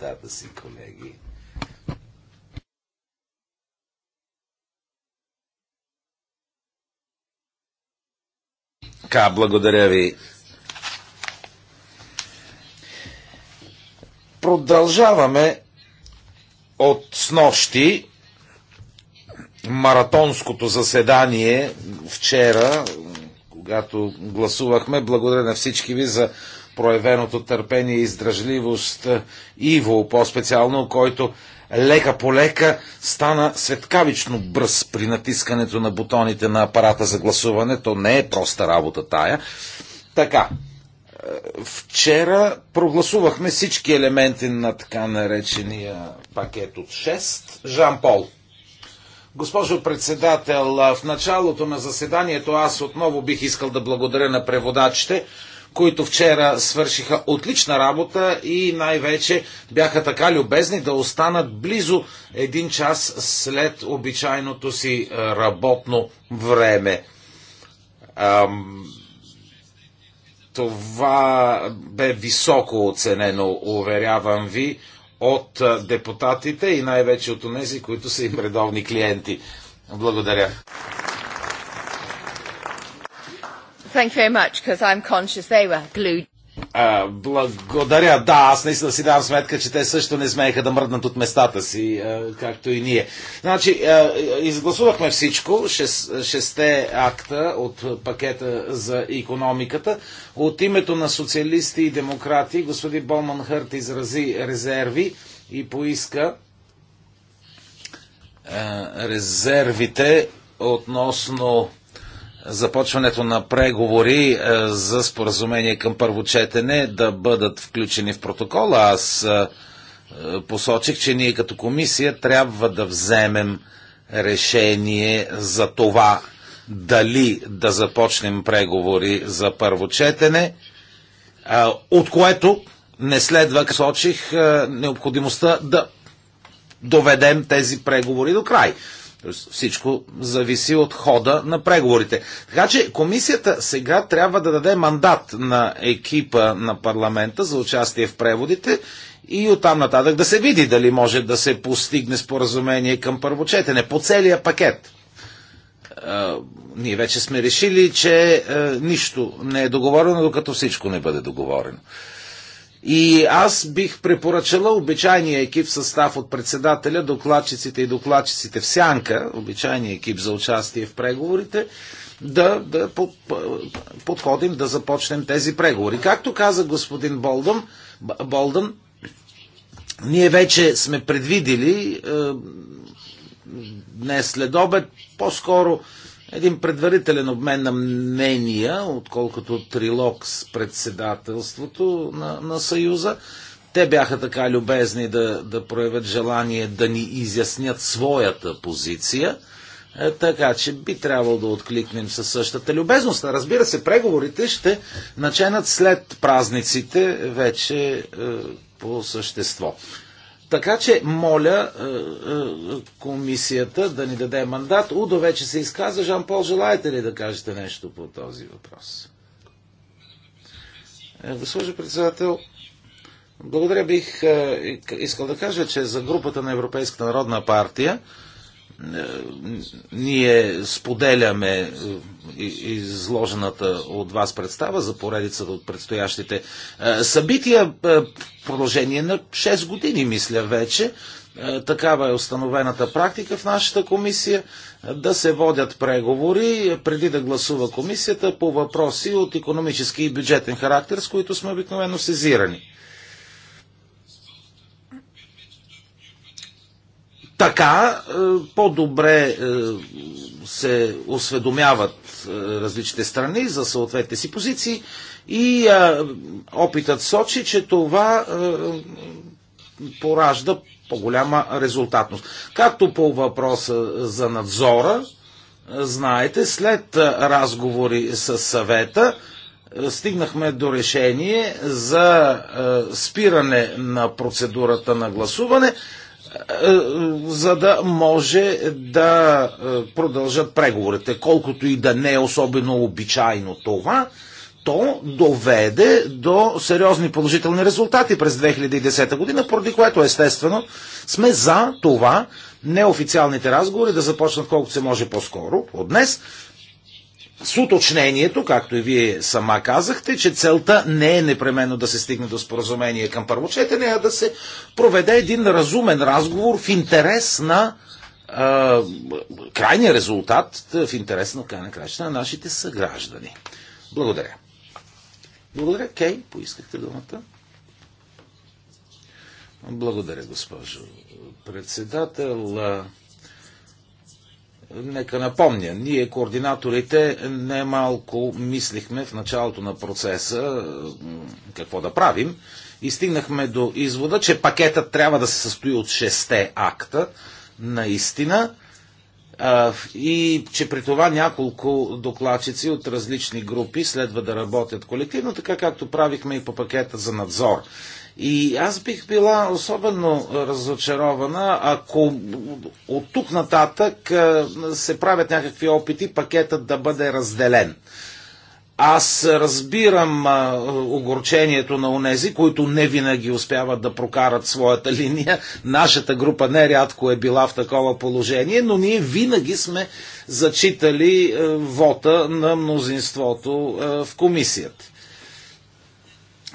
местата си, колеги. Така, благодаря ви. Продължаваме от снощи маратонското заседание вчера, когато гласувахме. Благодаря на всички ви за проявеното търпение и издръжливост е, Иво, по-специално, който лека по лека стана светкавично бърз при натискането на бутоните на апарата за гласуване. То не е проста работа тая. Така, е, вчера прогласувахме всички елементи на така наречения пакет от 6. Жан Пол. Госпожо председател, в началото на заседанието аз отново бих искал да благодаря на преводачите, които вчера свършиха отлична работа и най-вече бяха така любезни да останат близо един час след обичайното си е, работно време. Това бе високо оценено, уверявам ви, от е, депутатите и най-вече от тези, които са им редовни клиенти. Благодаря thank you very much, because I'm conscious they were glued. А, благодаря. Да, аз наистина си давам сметка, че те също не смееха да мръднат от местата си, а, както и ние. Значи, а, изгласувахме всичко, шест, шесте акта от пакета за економиката. От името на социалисти и демократи господин Болман Хърт изрази резерви и поиска резервите относно започването на преговори е, за споразумение към първо четене да бъдат включени в протокола. Аз е, е, посочих, че ние като комисия трябва да вземем решение за това дали да започнем преговори за първо четене, от което не следва, сочих, необходимостта да доведем тези преговори до край. Тоест всичко зависи от хода на преговорите. Така че комисията сега трябва да даде мандат на екипа на парламента за участие в преводите и оттам нататък да се види дали може да се постигне споразумение към първочетене по целия пакет. ние вече сме решили, че нищо не е договорено, докато всичко не бъде договорено. И аз бих препоръчала обичайния екип състав от председателя, докладчиците и докладчиците в сянка, обичайния екип за участие в преговорите, да, да подходим да започнем тези преговори. Както каза господин Болдън, Болдън ние вече сме предвидили е, днес след обед по-скоро един предварителен обмен на мнения, отколкото трилог с председателството на, на Съюза. Те бяха така любезни да, да проявят желание да ни изяснят своята позиция, е, така че би трябвало да откликнем със същата любезност. Разбира се, преговорите ще начинат след празниците вече е, по същество. Така че, моля е, е, комисията да ни даде мандат. Удо вече се изказа. Жан-Пол, желаете ли да кажете нещо по този въпрос? Е, госпожо председател, благодаря бих искал да кажа, че за групата на Европейската народна партия е, ние споделяме е, изложената от вас представа за поредицата от предстоящите е, събития в продължение на 6 години, мисля вече. Такава е установената практика в нашата комисия да се водят преговори преди да гласува комисията по въпроси от економически и бюджетен характер, с които сме обикновено сезирани. Така е, по-добре е, се осведомяват е, различните страни за съответните си позиции и опитът сочи, че това поражда по-голяма резултатност. Както по въпроса за надзора, знаете, след разговори с съвета, стигнахме до решение за спиране на процедурата на гласуване за да може да е, продължат преговорите. Колкото и да не е особено обичайно това, то доведе до сериозни положителни резултати през 2010 година, поради което естествено сме за това неофициалните разговори да започнат колкото се може по-скоро от днес с уточнението, както и вие сама казахте, че целта не е непременно да се стигне до споразумение към първо четене, а да се проведе един разумен разговор в интерес на крайния резултат, в интерес на крайна краща на нашите съграждани. Благодаря. Благодаря. Кей, поискахте думата. Благодаря, госпожо председател. Нека напомня, ние координаторите немалко мислихме в началото на процеса какво да правим и стигнахме до извода, че пакетът трябва да се състои от шесте акта, наистина, и че при това няколко докладчици от различни групи следва да работят колективно, така както правихме и по пакета за надзор. И аз бих била особено разочарована, ако от тук нататък се правят някакви опити пакетът да бъде разделен. Аз разбирам а, огорчението на онези, които не винаги успяват да прокарат своята линия. Нашата група нерядко е била в такова положение, но ние винаги сме зачитали а, вота на мнозинството а, в комисията.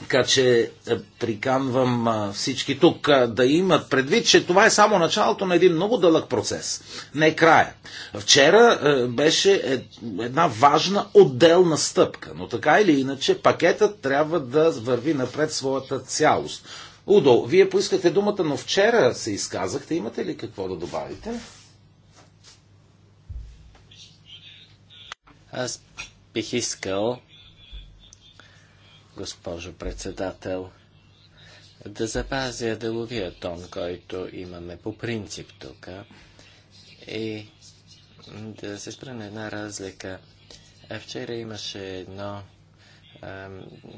Така че е, приканвам е, всички тук е, да имат предвид, че това е само началото на един много дълъг процес. Не е края. Вчера беше една важна отделна стъпка, но така или иначе пакетът трябва да върви напред своята цялост. Удо, вие поискахте думата, но вчера се изказахте. Имате ли какво да добавите? Аз бих искал госпожо председател, да запазя деловия тон, който имаме по принцип тук и да се спра на една разлика. Вчера имаше едно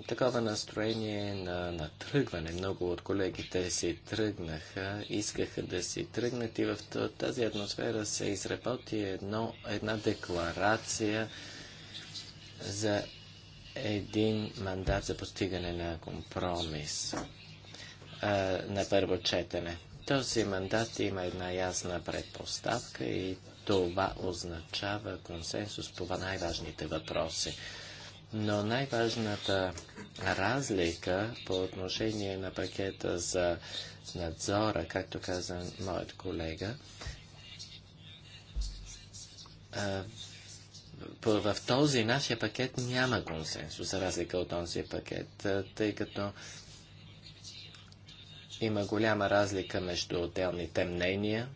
такова настроение на, на тръгване. Много от колегите си тръгнаха, искаха да си тръгнат и в тази атмосфера се изработи едно, една декларация за един мандат за постигане на компромис а, на първо четене. Този мандат има една ясна предпоставка и това означава консенсус по най-важните въпроси. Но най-важната разлика по отношение на пакета за надзора, както каза моят колега, в този нашия пакет няма консенсус, за разлика от този пакет, тъй като има голяма разлика между отделните мнения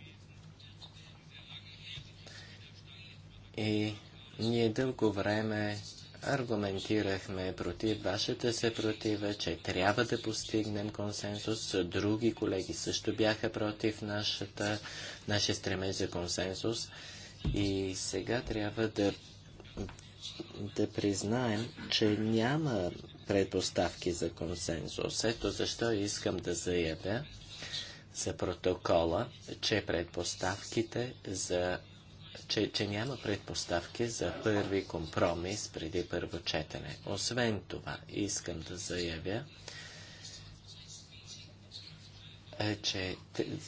и ние дълго време аргументирахме против вашата се протива, че трябва да постигнем консенсус. Други колеги също бяха против нашата, нашия стремеж за консенсус. И сега трябва да да признаем, че няма предпоставки за консенсус. Ето защо искам да заявя за протокола, че предпоставките за че, че няма предпоставки за първи компромис преди първо четене. Освен това, искам да заявя, е, че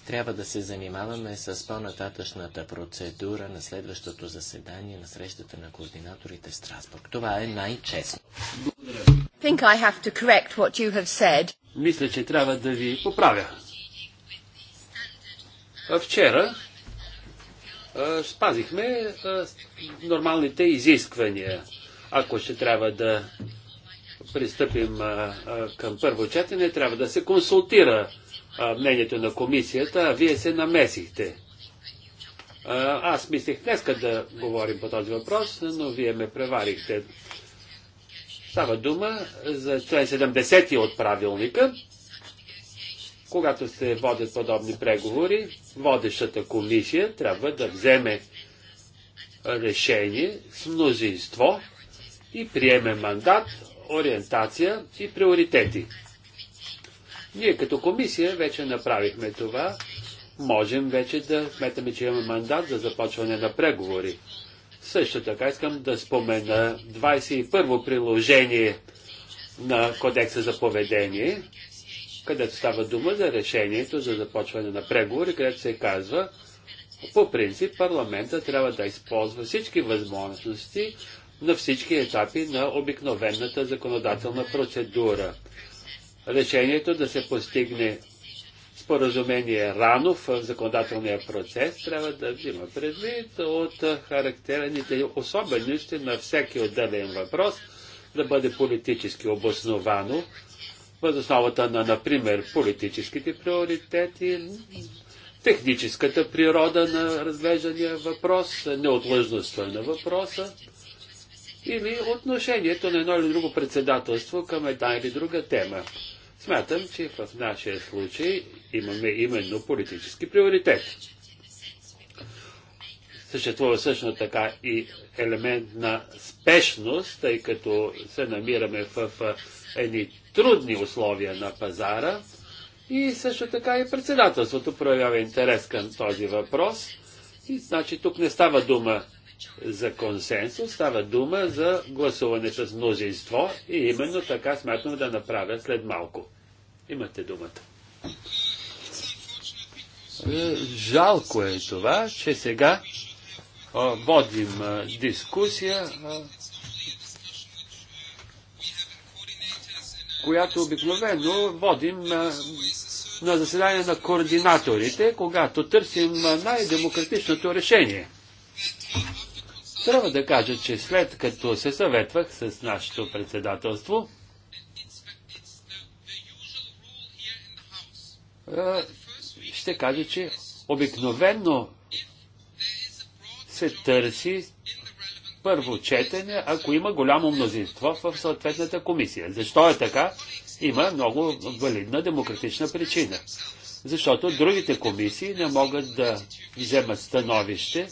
трябва да се занимаваме с по-нататъчната процедура на следващото заседание на срещата на координаторите в Страсбург. Това е най-честно. Мисля, че трябва да ви поправя. Вчера а, спазихме а, нормалните изисквания. Ако ще трябва да пристъпим а, към първо четене, трябва да се консултира а, мнението на комисията, а вие се намесихте. А, аз мислех днеска да говорим по този въпрос, но вие ме преварихте. Става дума за член 70 от правилника. Когато се водят подобни преговори, водещата комисия трябва да вземе решение с мнозинство и приеме мандат, ориентация и приоритети. Ние като комисия вече направихме това. Можем вече да сметаме, че имаме мандат за започване на преговори. Също така искам да спомена 21-во приложение на Кодекса за поведение, където става дума за решението за започване на преговори, където се казва, по принцип парламента трябва да използва всички възможности на всички етапи на обикновената законодателна процедура решението да се постигне споразумение рано в законодателния процес, трябва да взима предвид от характерните особености на всеки отделен въпрос, да бъде политически обосновано, въз основата на, например, политическите приоритети, техническата природа на разглеждания въпрос, неотлъжността на въпроса или отношението на едно или друго председателство към една или друга тема. Смятам, че в нашия случай имаме именно политически приоритет. Съществува също така и елемент на спешност, тъй като се намираме в едни трудни условия на пазара и също така и председателството проявява интерес към този въпрос. И, значи тук не става дума за консенсус, става дума за гласуване с мнозинство и именно така смятам да направя след малко. Имате думата. Е, жалко е това, че сега водим дискусия, която обикновено водим на заседание на координаторите, когато търсим най-демократичното решение. Трябва да кажа, че след като се съветвах с нашето председателство, ще кажа, че обикновено се търси първо четене, ако има голямо мнозинство в съответната комисия. Защо е така? Има много валидна демократична причина. Защото другите комисии не могат да вземат становище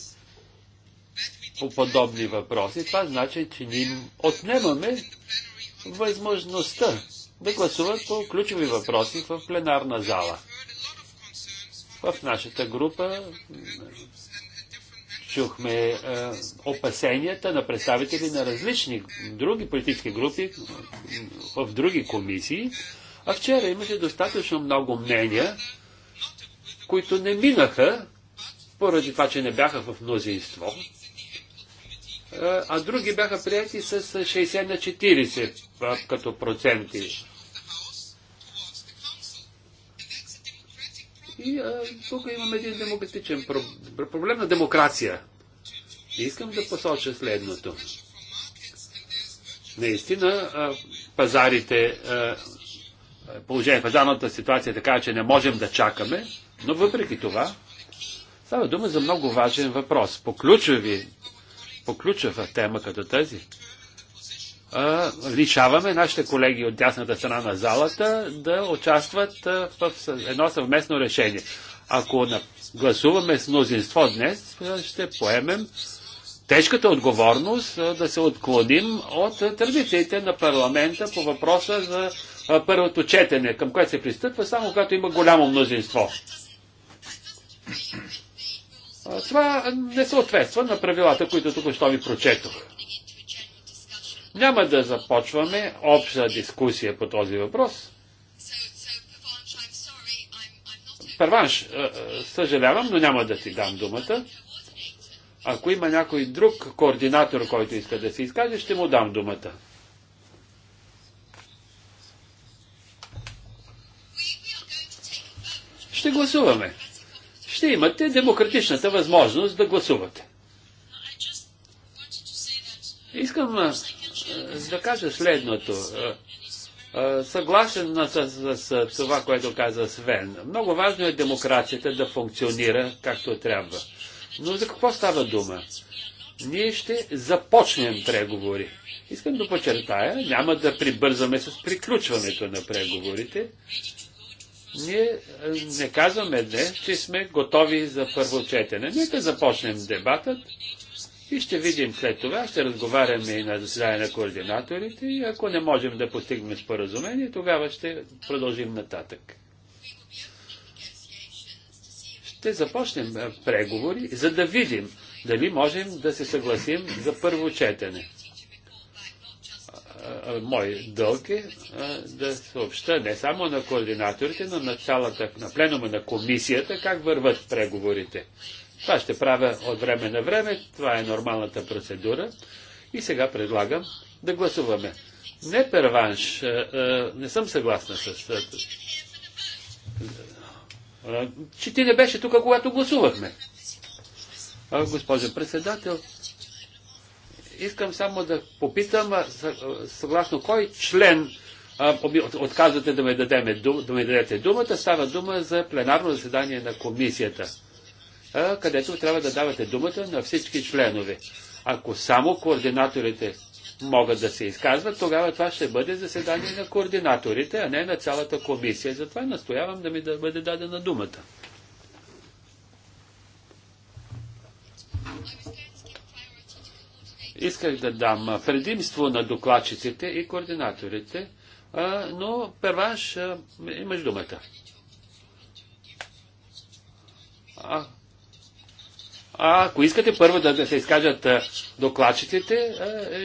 по подобни въпроси, това значи, че ни отнемаме възможността да гласуват по ключови въпроси в пленарна зала. В нашата група чухме е, опасенията на представители на различни други политически групи в други комисии, а вчера имаше достатъчно много мнения, които не минаха, поради това, че не бяха в мнозинство, а други бяха прияти с 60 на 40 като проценти. И а, тук имаме един демократичен проблем на демокрация. И искам да посоча следното. Наистина, а, пазарите, а, положение, пазарната ситуация е така, че не можем да чакаме, но въпреки това, става дума за много важен въпрос. По ключови по ключова тема като тази, а, лишаваме нашите колеги от дясната страна на залата да участват в едно съвместно решение. Ако гласуваме с мнозинство днес, ще поемем тежката отговорност да се отклоним от традициите на парламента по въпроса за първото четене, към което се пристъпва само когато има голямо мнозинство. Това не съответства на правилата, които тук що ви прочетох. Няма да започваме обща дискусия по този въпрос. Първанш, съжалявам, но няма да ти дам думата. Ако има някой друг координатор, който иска да се изкаже, ще му дам думата. Ще гласуваме ще имате демократичната възможност да гласувате. Искам да кажа следното. съгласен с, с, с това, което каза Свен. Много важно е демокрацията да функционира както трябва. Но за какво става дума? Ние ще започнем преговори. Искам да подчертая, няма да прибързаме с приключването на преговорите. Ние е, не казваме днес, че сме готови за първо четене. Нека започнем дебатът и ще видим след това. Ще разговаряме и на заседание на координаторите и ако не можем да постигнем споразумение, тогава ще продължим нататък. Ще започнем е, преговори, за да видим дали можем да се съгласим за първо четене мой дълг е да съобща не само на координаторите, но на цялата, на пленума на комисията, как върват преговорите. Това ще правя от време на време, това е нормалната процедура. И сега предлагам да гласуваме. Не перванш, не съм съгласна с... Че ти не беше тук, когато гласувахме. Госпожа председател, искам само да попитам, съгласно кой член отказвате да ме, дадеме, да ме дадете думата, става дума за пленарно заседание на комисията, където трябва да давате думата на всички членове. Ако само координаторите могат да се изказват, тогава това ще бъде заседание на координаторите, а не на цялата комисия. Затова настоявам да ми да бъде дадена думата. Исках да дам предимство на докладчиците и координаторите, но перваш имаш думата. А, а ако искате първо да, да се изкажат докладчиците,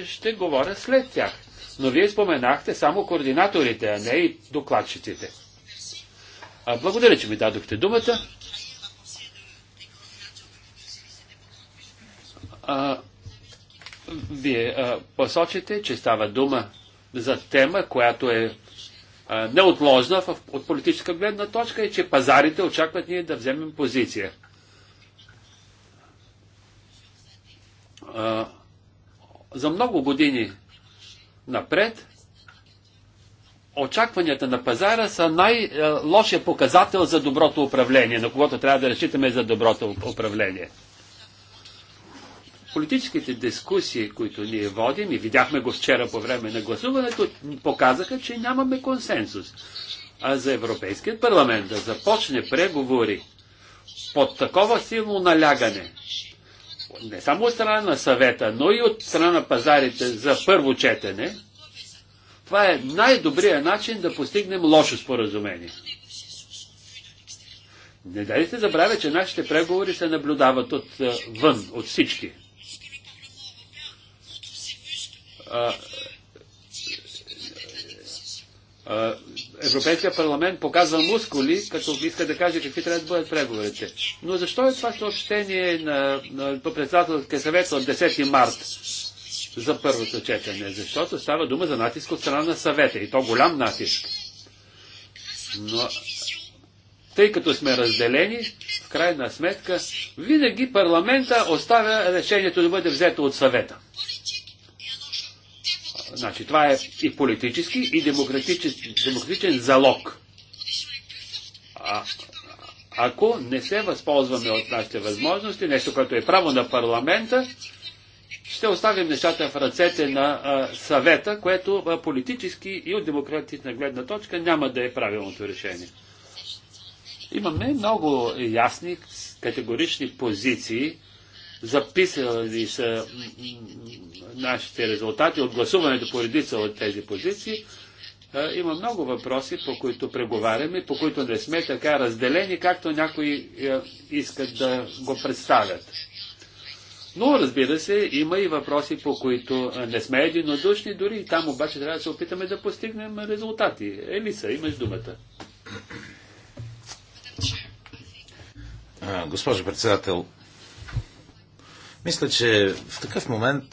ще говоря след тях. Но вие споменахте само координаторите, а не и докладчиците. А, благодаря, че ми дадохте думата. А, вие а, посочите, че става дума за тема, която е а, неотложна в, от политическа гледна точка и че пазарите очакват ние да вземем позиция. А, за много години напред очакванията на пазара са най-лошия показател за доброто управление, на когото трябва да разчитаме за доброто управление. Политическите дискусии, които ние водим и видяхме го вчера по време на гласуването, показаха, че нямаме консенсус. А за Европейският парламент да започне преговори под такова силно налягане, не само от страна на съвета, но и от страна на пазарите за първо четене, това е най-добрият начин да постигнем лошо споразумение. Не дайте забравя, че нашите преговори се наблюдават от е, вън, от всички. Европейския парламент показва мускули, като иска да каже какви трябва да бъдат преговорите. Но защо е това съобщение на, на, на председателския съвет от 10 март за първото четене? Защото става дума за натиск от страна на съвета и то голям натиск. Но тъй като сме разделени, в крайна сметка, винаги парламента оставя решението да бъде взето от съвета. Значи, това е и политически, и демократичен, демократичен залог. А, ако не се възползваме от нашите възможности, нещо, което е право на парламента, ще оставим нещата в ръцете на а, съвета, което а, политически и от демократична гледна точка няма да е правилното решение. Имаме много ясни, категорични позиции Записали са нашите резултати от гласуването по редица от тези позиции. Има много въпроси, по които преговаряме, по които не сме така разделени, както някои е, искат да го представят. Но, разбира се, има и въпроси, по които не сме единодушни, дори и там обаче трябва да се опитаме да постигнем резултати. Елиса, имаш думата. Госпожо председател, мисля, че в такъв момент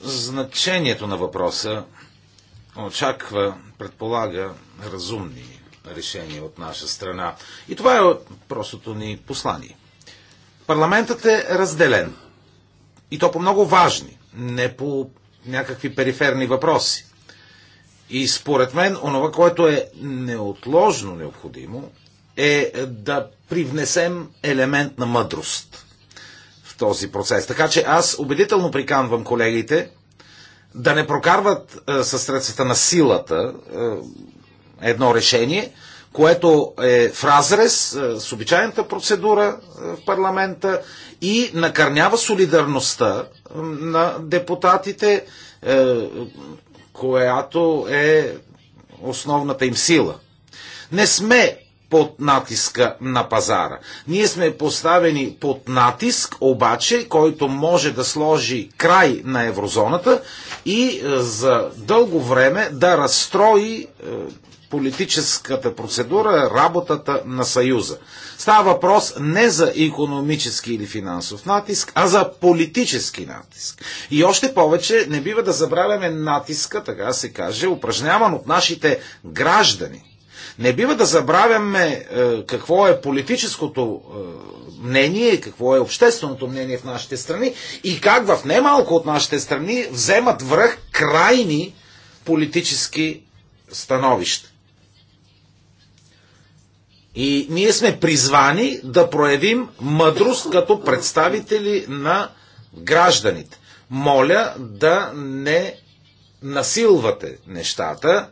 значението на въпроса очаква, предполага разумни решения от наша страна. И това е простото ни послание. Парламентът е разделен. И то по много важни, не по някакви периферни въпроси. И според мен, онова, което е неотложно необходимо, е да привнесем елемент на мъдрост в този процес. Така че аз убедително приканвам колегите да не прокарват е, със средствата на силата е, едно решение, което е в разрез е, с обичайната процедура е, в парламента и накърнява солидарността е, на депутатите, е, която е основната им сила. Не сме под натиска на пазара. Ние сме поставени под натиск, обаче, който може да сложи край на еврозоната и е, за дълго време да разстрои е, политическата процедура, работата на Съюза. Става въпрос не за економически или финансов натиск, а за политически натиск. И още повече не бива да забравяме натиска, така се каже, упражняван от нашите граждани не бива да забравяме е, какво е политическото е, мнение, какво е общественото мнение в нашите страни и как в немалко от нашите страни вземат връх крайни политически становища. И ние сме призвани да проявим мъдрост като представители на гражданите. Моля да не насилвате нещата,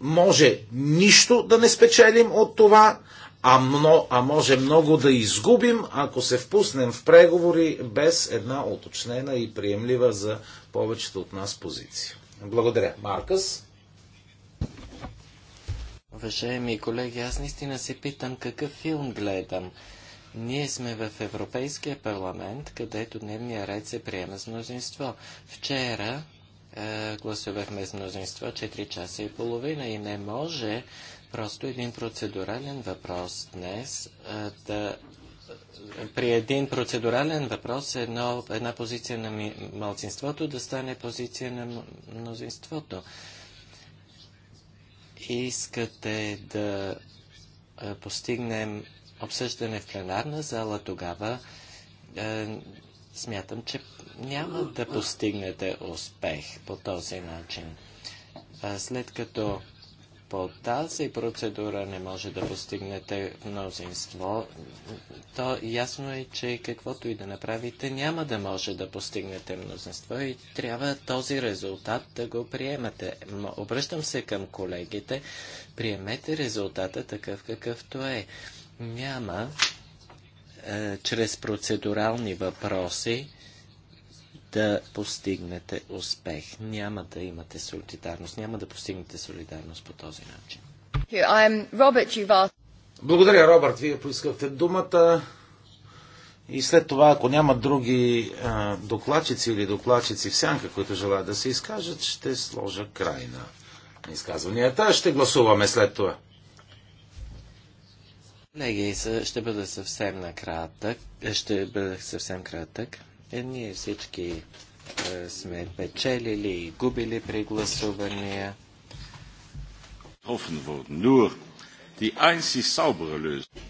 може нищо да не спечелим от това, а, мно, а може много да изгубим, ако се впуснем в преговори без една оточнена и приемлива за повечето от нас позиция. Благодаря. Маркъс? Уважаеми колеги, аз наистина се питам какъв филм гледам. Ние сме в Европейския парламент, където дневния ред се приема с мнозинство. Вчера е, гласувахме с мнозинство 4 часа и половина и не може просто един процедурален въпрос днес е, да при един процедурален въпрос едно, една позиция на малцинството да стане позиция на мнозинството. Искате да е, постигнем обсъждане в пленарна зала, тогава смятам, че няма да постигнете успех по този начин. След като по тази процедура не може да постигнете мнозинство, то ясно е, че каквото и да направите, няма да може да постигнете мнозинство и трябва този резултат да го приемате. Обръщам се към колегите, приемете резултата такъв какъвто е. Няма е, чрез процедурални въпроси да постигнете успех. Няма да имате солидарност, няма да постигнете солидарност по този начин. Благодаря, Робърт. Вие поискахте думата. И след това, ако няма други а, докладчици или докладчици в сянка, които желаят да се изкажат, ще сложа край на изказванията. Ще гласуваме след това. Колеги, ще бъда съвсем накратък. Ще бъда съвсем кратък. Е, ние всички е, сме печелили и губили при гласувания.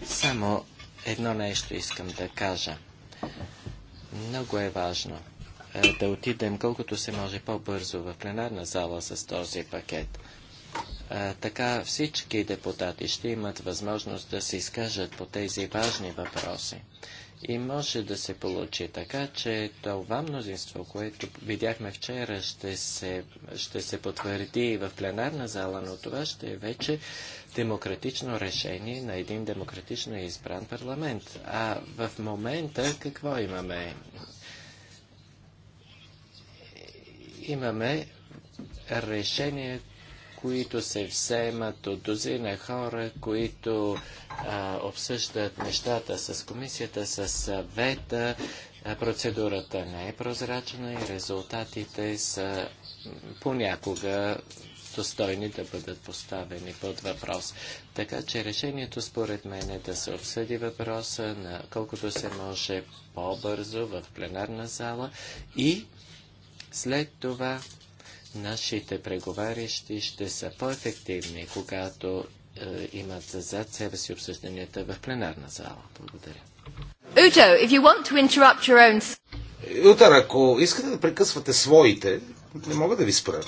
Само едно нещо искам да кажа. Много е важно е, да отидем колкото се може по-бързо в пленарна зала с този пакет. Е, така всички депутати ще имат възможност да се изкажат по тези важни въпроси. И може да се получи така, че това мнозинство, което видяхме вчера, ще се, ще се потвърди в пленарна зала, но това ще е вече демократично решение на един демократично избран парламент. А в момента какво имаме? Имаме решение, които се вземат от дози на хора, които а, обсъждат нещата с комисията, с съвета. Процедурата не е прозрачна и резултатите са понякога достойни да бъдат поставени под въпрос. Така че решението според мен е да се обсъди въпроса на колкото се може по-бързо в пленарна зала и след това Нашите преговарящи ще са по-ефективни, когато е, имат за себе си обсъжданията в пленарна зала. Благодаря. Уто, if you want to interrupt your own... Утър, ако искате да прекъсвате своите, не мога да ви спра.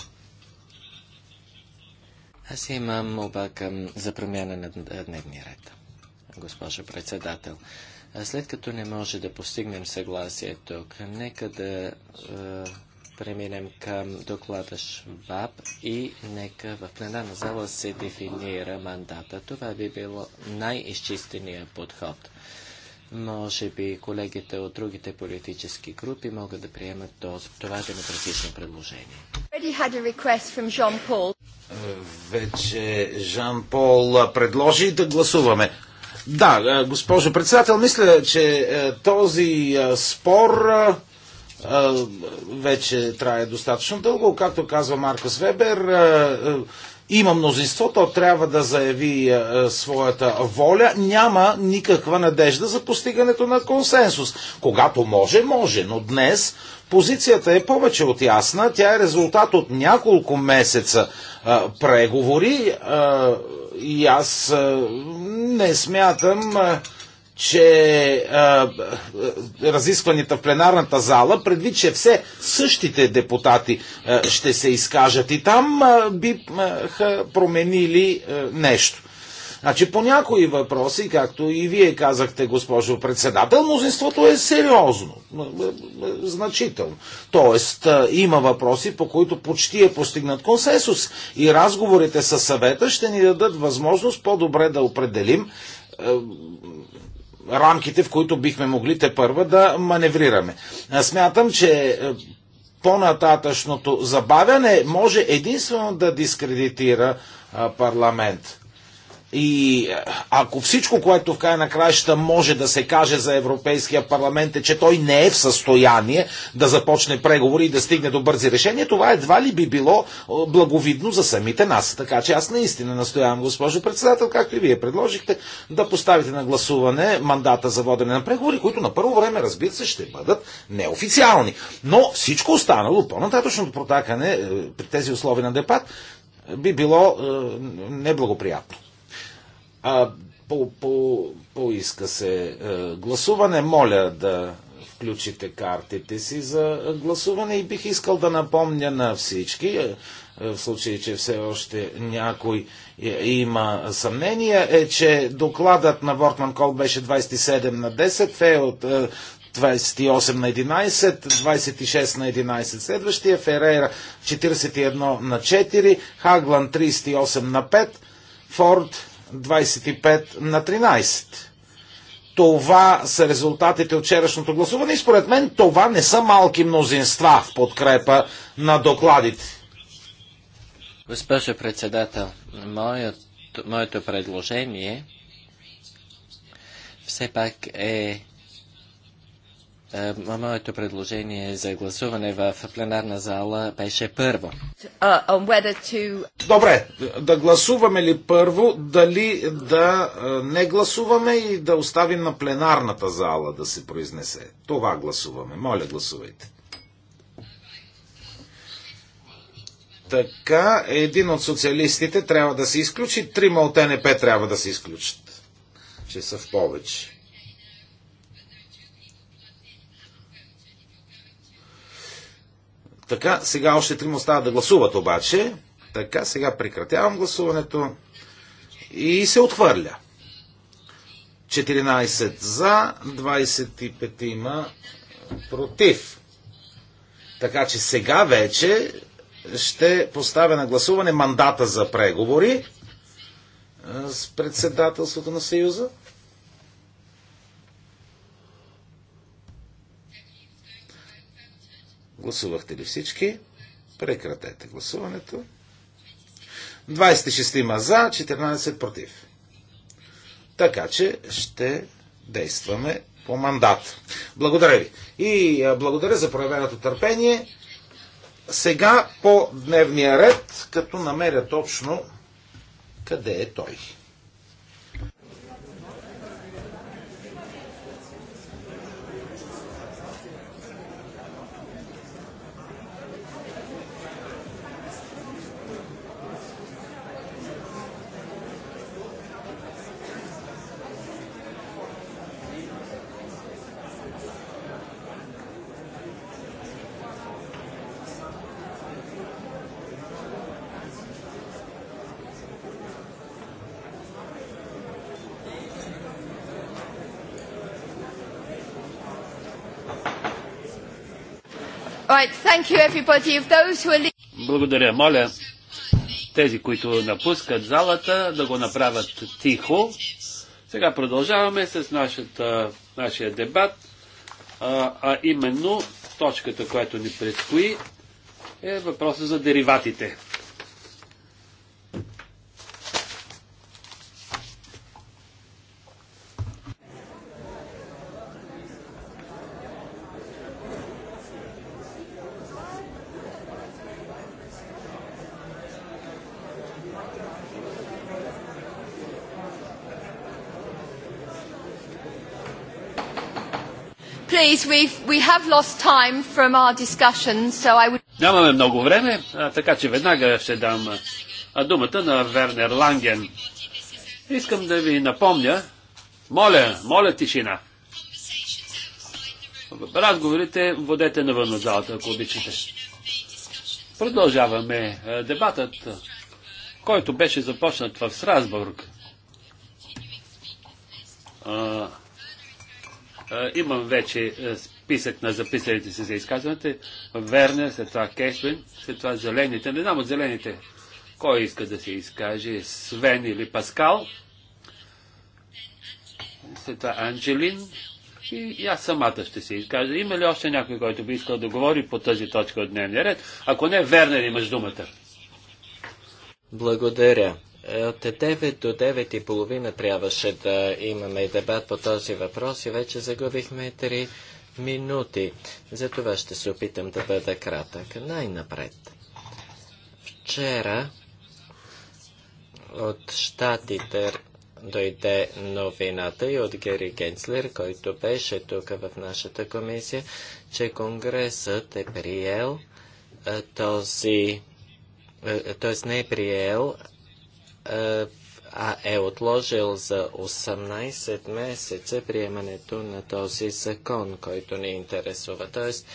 Аз имам обака за промяна на дневния ред, госпожо председател. След като не може да постигнем съгласие тук, нека да е, преминем към доклада Шваб и нека в пленарна зала се дефинира мандата. Това би било най-изчистения подход. Може би колегите от другите политически групи могат да приемат това демократично предложение. Вече Жан Пол предложи да гласуваме. Да, е, госпожо председател, мисля, че е, този е, спор вече трае достатъчно дълго. Както казва Маркус Вебер, има мнозинство, то трябва да заяви своята воля. Няма никаква надежда за постигането на консенсус. Когато може, може, но днес позицията е повече от ясна. Тя е резултат от няколко месеца преговори и аз не смятам че а, разискванията в пленарната зала, предвид, че все същите депутати а, ще се изкажат и там а, биха променили а, нещо. Значи по някои въпроси, както и вие казахте, госпожо председател, мнозинството е сериозно, значително. Тоест има въпроси, по които почти е постигнат консенсус и разговорите с съвета ще ни дадат възможност по-добре да определим рамките, в които бихме могли те първа да маневрираме. Смятам, че е, по-нататъчното забавяне може единствено да дискредитира парламент. И е, ако всичко, което в края на краища може да се каже за Европейския парламент е, че той не е в състояние да започне преговори и да стигне до бързи решения, това едва ли би било е, благовидно за самите нас. Така че аз наистина настоявам, госпожо председател, както и вие предложихте, да поставите на гласуване мандата за водене на преговори, които на първо време, разбира се, ще бъдат неофициални. Но всичко останало, по-нататъчното протакане е, при тези условия на депат, би било неблагоприятно. А, по, по, поиска се е, гласуване. Моля да включите картите си за гласуване и бих искал да напомня на всички, е, е, в случай, че все още някой има съмнение, е, че докладът на Вортман Кол беше 27 на 10, Фе от 28 на 11, 26 на 11 следващия, Ферейра 41 на 4, Хаглан 38 на 5, Форд 25 на 13. Това са резултатите от вчерашното гласуване и според мен това не са малки мнозинства в подкрепа на докладите. Госпожо председател, моето предложение все пак е е, моето предложение за гласуване в пленарна зала беше първо. Uh, Добре, да гласуваме ли първо, дали да е, не гласуваме и да оставим на пленарната зала да се произнесе. Това гласуваме. Моля, гласувайте. Така, един от социалистите трябва да се изключи, трима от НП трябва да се изключат. Че са в повече. Така, сега още трима остават да гласуват обаче. Така, сега прекратявам гласуването и се отхвърля. 14 за, 25 има против. Така че сега вече ще поставя на гласуване мандата за преговори с председателството на Съюза. Гласувахте ли всички? Прекратете гласуването. 26 има за, 14 против. Така че ще действаме по мандат. Благодаря ви. И благодаря за проявеното търпение. Сега по дневния ред, като намеря точно къде е той. Благодаря. Моля тези, които напускат залата, да го направят тихо. Сега продължаваме с нашата, нашия дебат, а, а именно точката, която ни предстои, е въпроса за дериватите. Нямаме много време, така че веднага ще дам думата на Вернер Ланген. Искам да ви напомня, моля, моля тишина. Разговорите водете навън от залата, ако обичате. Продължаваме дебатът, който беше започнат в Страсбург. Имам вече списък на записалите се за изказването. Верне, след това Кешвин, след това зелените. Не знам от зелените кой иска да се изкаже, Свен или Паскал. След това Анджелин. И, и аз самата ще се изкажа. Има ли още някой, който би искал да говори по тази точка от дневния ред? Ако не, Вернер имаш думата. Благодаря. От 9 до 9 и половина трябваше да имаме дебат по този въпрос и вече загубихме 3 минути. Затова ще се опитам да бъда кратък. Най-напред. Вчера от щатите дойде новината и от Гери Генцлер, който беше тук в нашата комисия, че Конгресът е приел този т.е. не е приел, е, а е отложил за 18 месеца приемането на този закон, който ни интересува. Тоест,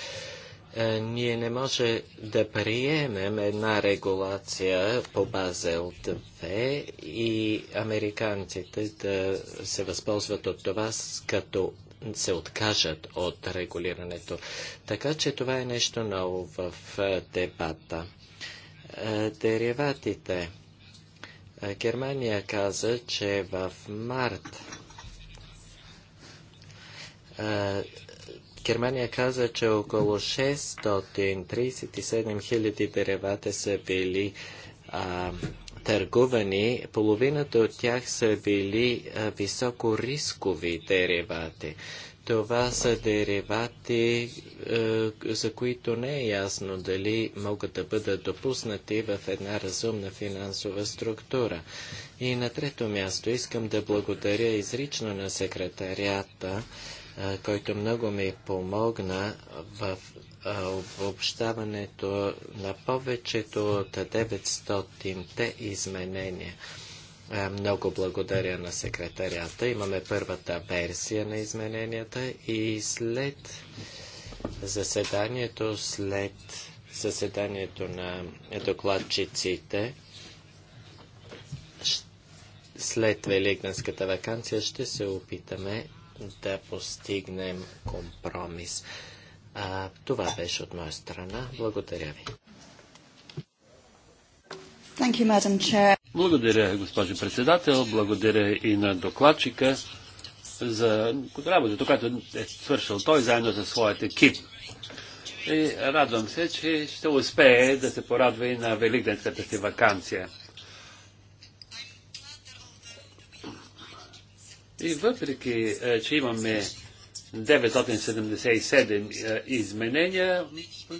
е, ние не може да приемем една регулация по Базел 2 и американците да се възползват от това, като се откажат от регулирането. Така че това е нещо ново в е, дебата. Е, дериватите. Германия каза, че в март Германия каза, че около 637 000 деревата са били а, търгувани. Половината от тях са били високорискови високо деревати. Това са деривати, е, за които не е ясно дали могат да бъдат допуснати в една разумна финансова структура. И на трето място искам да благодаря изрично на секретарията, е, който много ми помогна в е, обобщаването на повечето от 900-те изменения. Е, много благодаря на секретарята. Имаме първата версия на измененията и след заседанието, след заседанието на докладчиците, след Великденската вакансия ще се опитаме да постигнем компромис. А, това беше от моя страна. Благодаря ви благодаря, госпожо председател. Благодаря и на докладчика за работата, която е свършил той заедно за своят екип. И радвам се, че ще успее да се порадва и на великденската си вакансия. И въпреки, е, че имаме 977 е, изменения,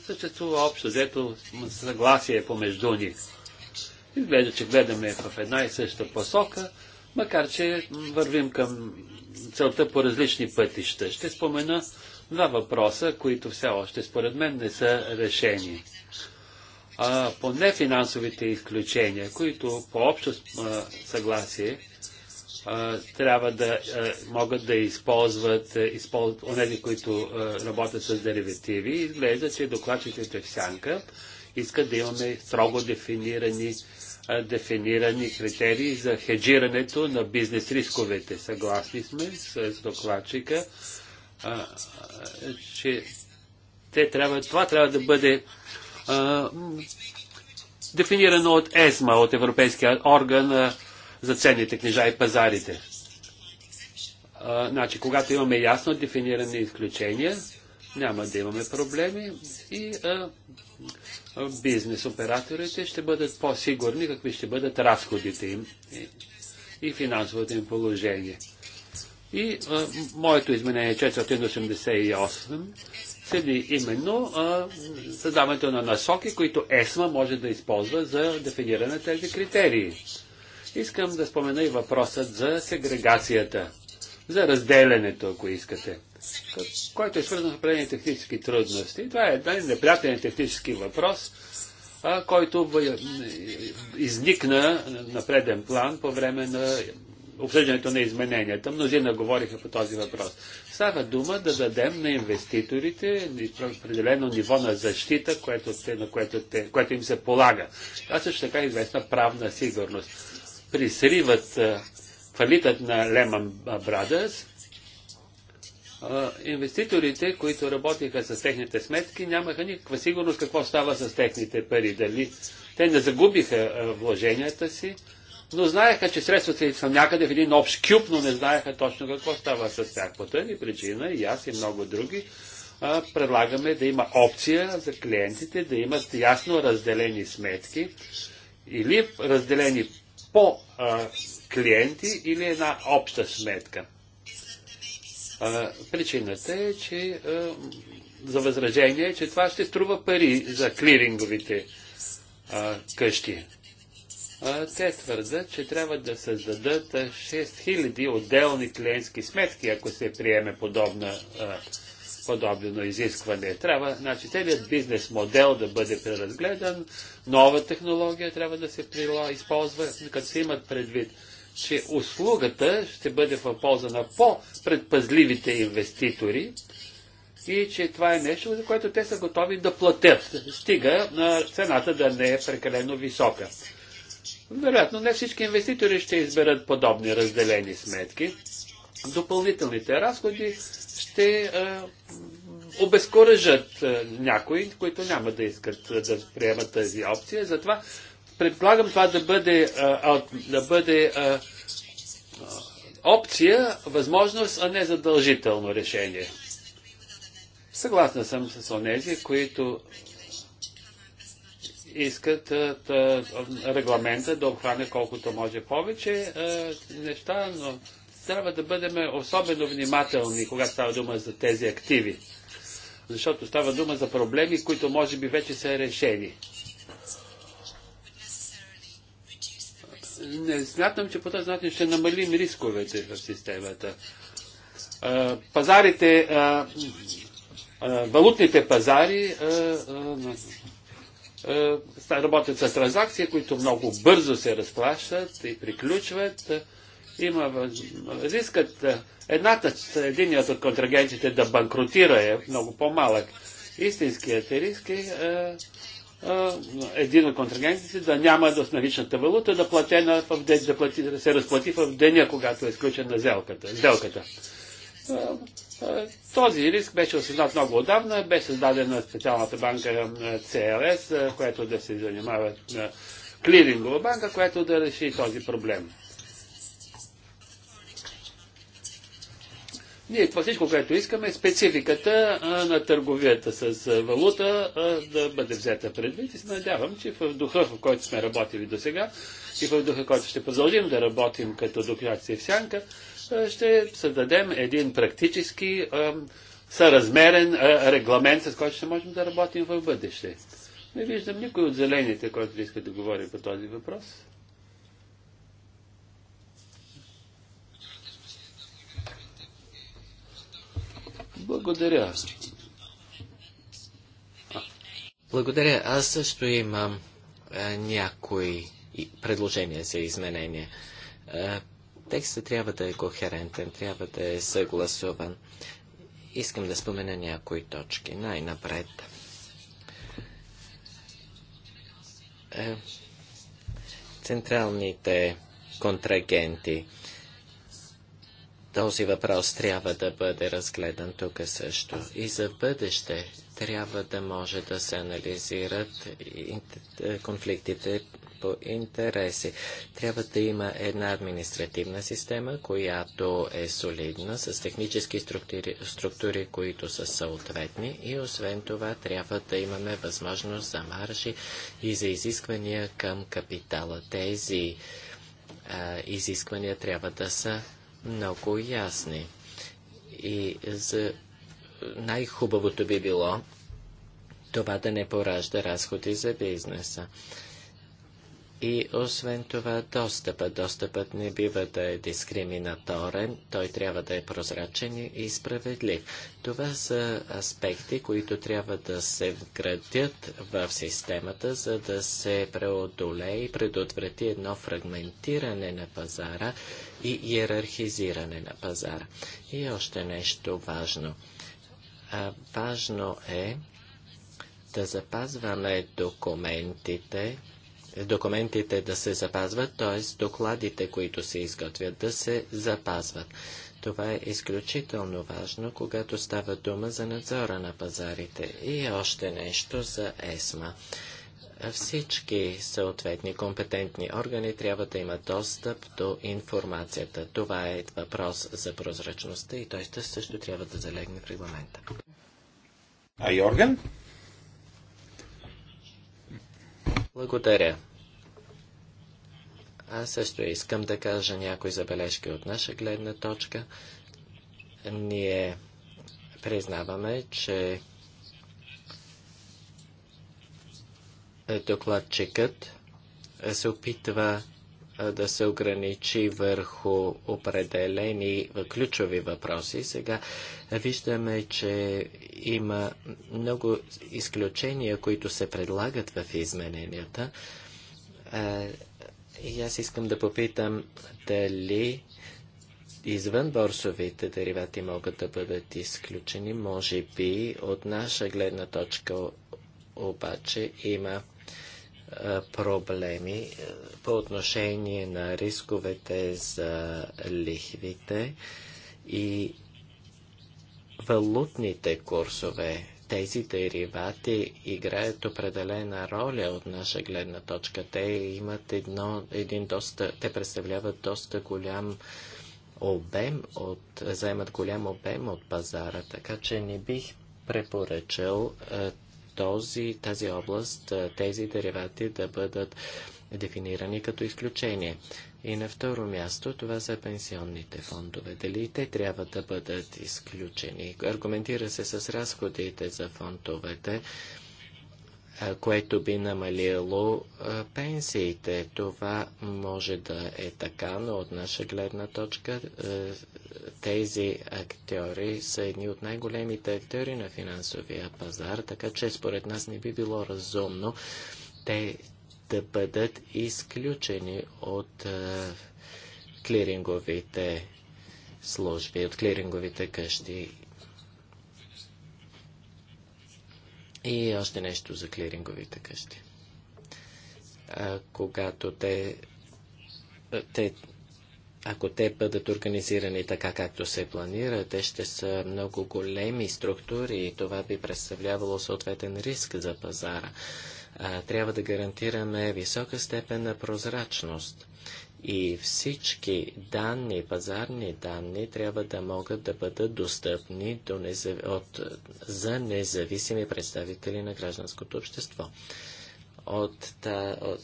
съществува общо взето съгласие помежду ни. Изглежда, че гледаме в една и съща посока, макар че вървим към целта по различни пътища. Ще спомена два въпроса, които все още според мен не са решени. А, по нефинансовите изключения, които по общо а, съгласие а, трябва да а, могат да използват, използват онези, които а, работят с деривативи, изглежда, че докладчиците в сянка искат да имаме строго дефинирани дефинирани критерии за хеджирането на бизнес рисковете. Съгласни сме с докладчика, че те трябва, това трябва да бъде а, дефинирано от ЕСМА, от Европейския орган а, за ценните книжа и пазарите. А, значи, когато имаме ясно дефинирани изключения, няма да имаме проблеми и а, бизнес операторите ще бъдат по-сигурни какви ще бъдат разходите им и финансовото им положение. И а, моето изменение 488 седи именно а, създаването на насоки, които ЕСМА може да използва за дефиниране на тези критерии. Искам да спомена и въпросът за сегрегацията, за разделянето, ако искате който е свързан с определени технически трудности. Това е един неприятен технически въпрос, а, който изникна на преден план по време на обсъждането на измененията. Мнозина говориха по този въпрос. Става дума да дадем на инвеститорите определено ниво на защита, което те, на което, те, което им се полага. Това също така е известна правна сигурност. При сривът, фалитът на Lehman Brothers инвеститорите, които работиха с техните сметки, нямаха никаква сигурност какво става с техните пари. Дали те не загубиха вложенията си, но знаеха, че средствата са някъде в един общ кюб, но не знаеха точно какво става с тях. По тази причина и аз и много други предлагаме да има опция за клиентите да имат ясно разделени сметки или разделени по клиенти или една обща сметка причината е, че а, за възражение, че това ще струва пари за клиринговите а, къщи. А, те твърдат, че трябва да създадат 6000 отделни клиентски сметки, ако се приеме подобна, а, подобно изискване. Трябва, значи, целият бизнес модел да бъде преразгледан, нова технология трябва да се прило, използва, като се имат предвид че услугата ще бъде в полза на по-предпазливите инвеститори и че това е нещо, за което те са готови да платят, стига на цената да не е прекалено висока. Вероятно, не всички инвеститори ще изберат подобни разделени сметки. Допълнителните разходи ще а, обезкуражат някои, които няма да искат да приемат тази опция. Затова Предполагам това да бъде, а, да бъде а, опция, възможност, а не задължително решение. Съгласна съм с онези, които искат а, та, регламента да обхване колкото може повече а, неща, но трябва да бъдем особено внимателни, когато става дума за тези активи. Защото става дума за проблеми, които може би вече са решени. не смятам, че по този начин ще намалим рисковете в системата. Пазарите, валутните пазари работят с транзакции, които много бързо се разплащат и приключват. Има рискът едната, единият от контрагентите да банкротира е много по-малък. Истинският риск е един от контрагентите да няма да с наличната валута да, платена в ден, да, плати, да се разплати в деня, когато е изключена сделката. сделката. Този риск беше осъзнат много отдавна, беше създадена специалната банка CLS, която да се занимава клирингова банка, която да реши този проблем. Ние това всичко, което искаме, е спецификата а, на търговията с а, валута а, да бъде взета предвид и се надявам, че в духа, в който сме работили до сега и в духа, в който ще продължим да работим като докладци в сянка, ще създадем един практически съразмерен регламент, с който ще можем да работим в бъдеще. Не виждам никой от зелените, който иска да говори по този въпрос. Благодаря. Благодаря. Аз също имам а, е, някои предложения за изменения. А, е, текстът трябва да е кохерентен, трябва да е съгласуван. Искам да спомена някои точки. Най-напред. Е, централните контрагенти. Този въпрос трябва да бъде разгледан тук също. И за бъдеще трябва да може да се анализират е, конфликтите по интереси. Трябва да има една административна система, която е солидна, с технически структури, структури, които са съответни и освен това трябва да имаме възможност за маржи и за изисквания към капитала. Тези а, е, изисквания трябва да са много ясни. И за най-хубавото би било това да не поражда разходи за бизнеса. И освен това, достъпът. Достъпът не бива да е дискриминаторен, той трябва да е прозрачен и справедлив. Това са аспекти, които трябва да се вградят в системата, за да се преодолее и предотврати едно фрагментиране на пазара и иерархизиране на пазара. И още нещо важно. А, важно е да запазваме документите, документите да се запазват, т.е. докладите, които се изготвят, да се запазват. Това е изключително важно, когато става дума за надзора на пазарите. И още нещо за ЕСМА. Всички съответни компетентни органи трябва да имат достъп до информацията. Това е въпрос за прозрачността и той също трябва да залегне в регламента. А Йорген? Благодаря. Аз също искам да кажа някои забележки от наша гледна точка. Ние признаваме, че докладчикът се опитва да се ограничи върху определени ключови въпроси. Сега виждаме, че има много изключения, които се предлагат в измененията. И аз искам да попитам дали извън борсовите деривати могат да бъдат изключени. Може би от наша гледна точка обаче има проблеми по отношение на рисковете за лихвите и валутните курсове. Тези деривати играят определена роля от наша гледна точка. Те имат едно, един доста, те представляват доста голям обем от, заемат голям обем от пазара, така че не бих препоръчал този, тази област тези деривати да бъдат дефинирани като изключение. И на второ място това са пенсионните фондове. Дали те трябва да бъдат изключени? Аргументира се с разходите за фондовете което би намалило пенсиите. Това може да е така, но от наша гледна точка тези актьори са едни от най-големите актьори на финансовия пазар, така че според нас не би било разумно те да бъдат изключени от клиринговите служби, от клиринговите къщи И още нещо за клиринговите къщи. А, когато те, те ако те бъдат организирани така, както се планира, те ще са много големи структури и това би представлявало съответен риск за пазара. А, трябва да гарантираме висока степен на прозрачност. И всички данни, пазарни данни, трябва да могат да бъдат достъпни до незави... от... за независими представители на гражданското общество. От, та... от...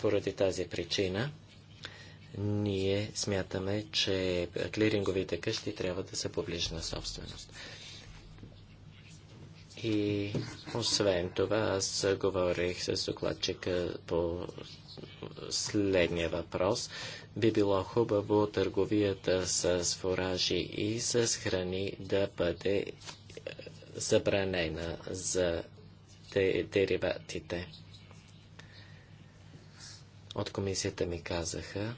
Поради тази причина, ние смятаме, че клиринговите къщи трябва да са публична собственост. И освен това, аз говорих с докладчика по следния въпрос. Би било хубаво търговията с фуражи и с храни да бъде е, забранена за дериватите. От комисията ми казаха,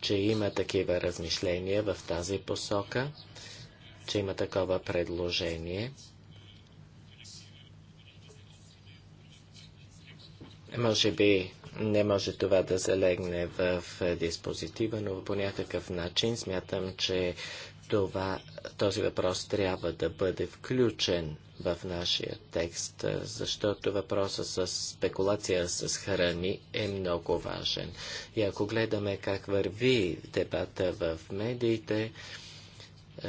че има такива размишления в тази посока, че има такова предложение. Може би не може това да залегне в диспозитива, но по някакъв начин смятам, че това, този въпрос трябва да бъде включен в нашия текст, защото въпроса с спекулация с храни е много важен. И ако гледаме как върви дебата в медиите,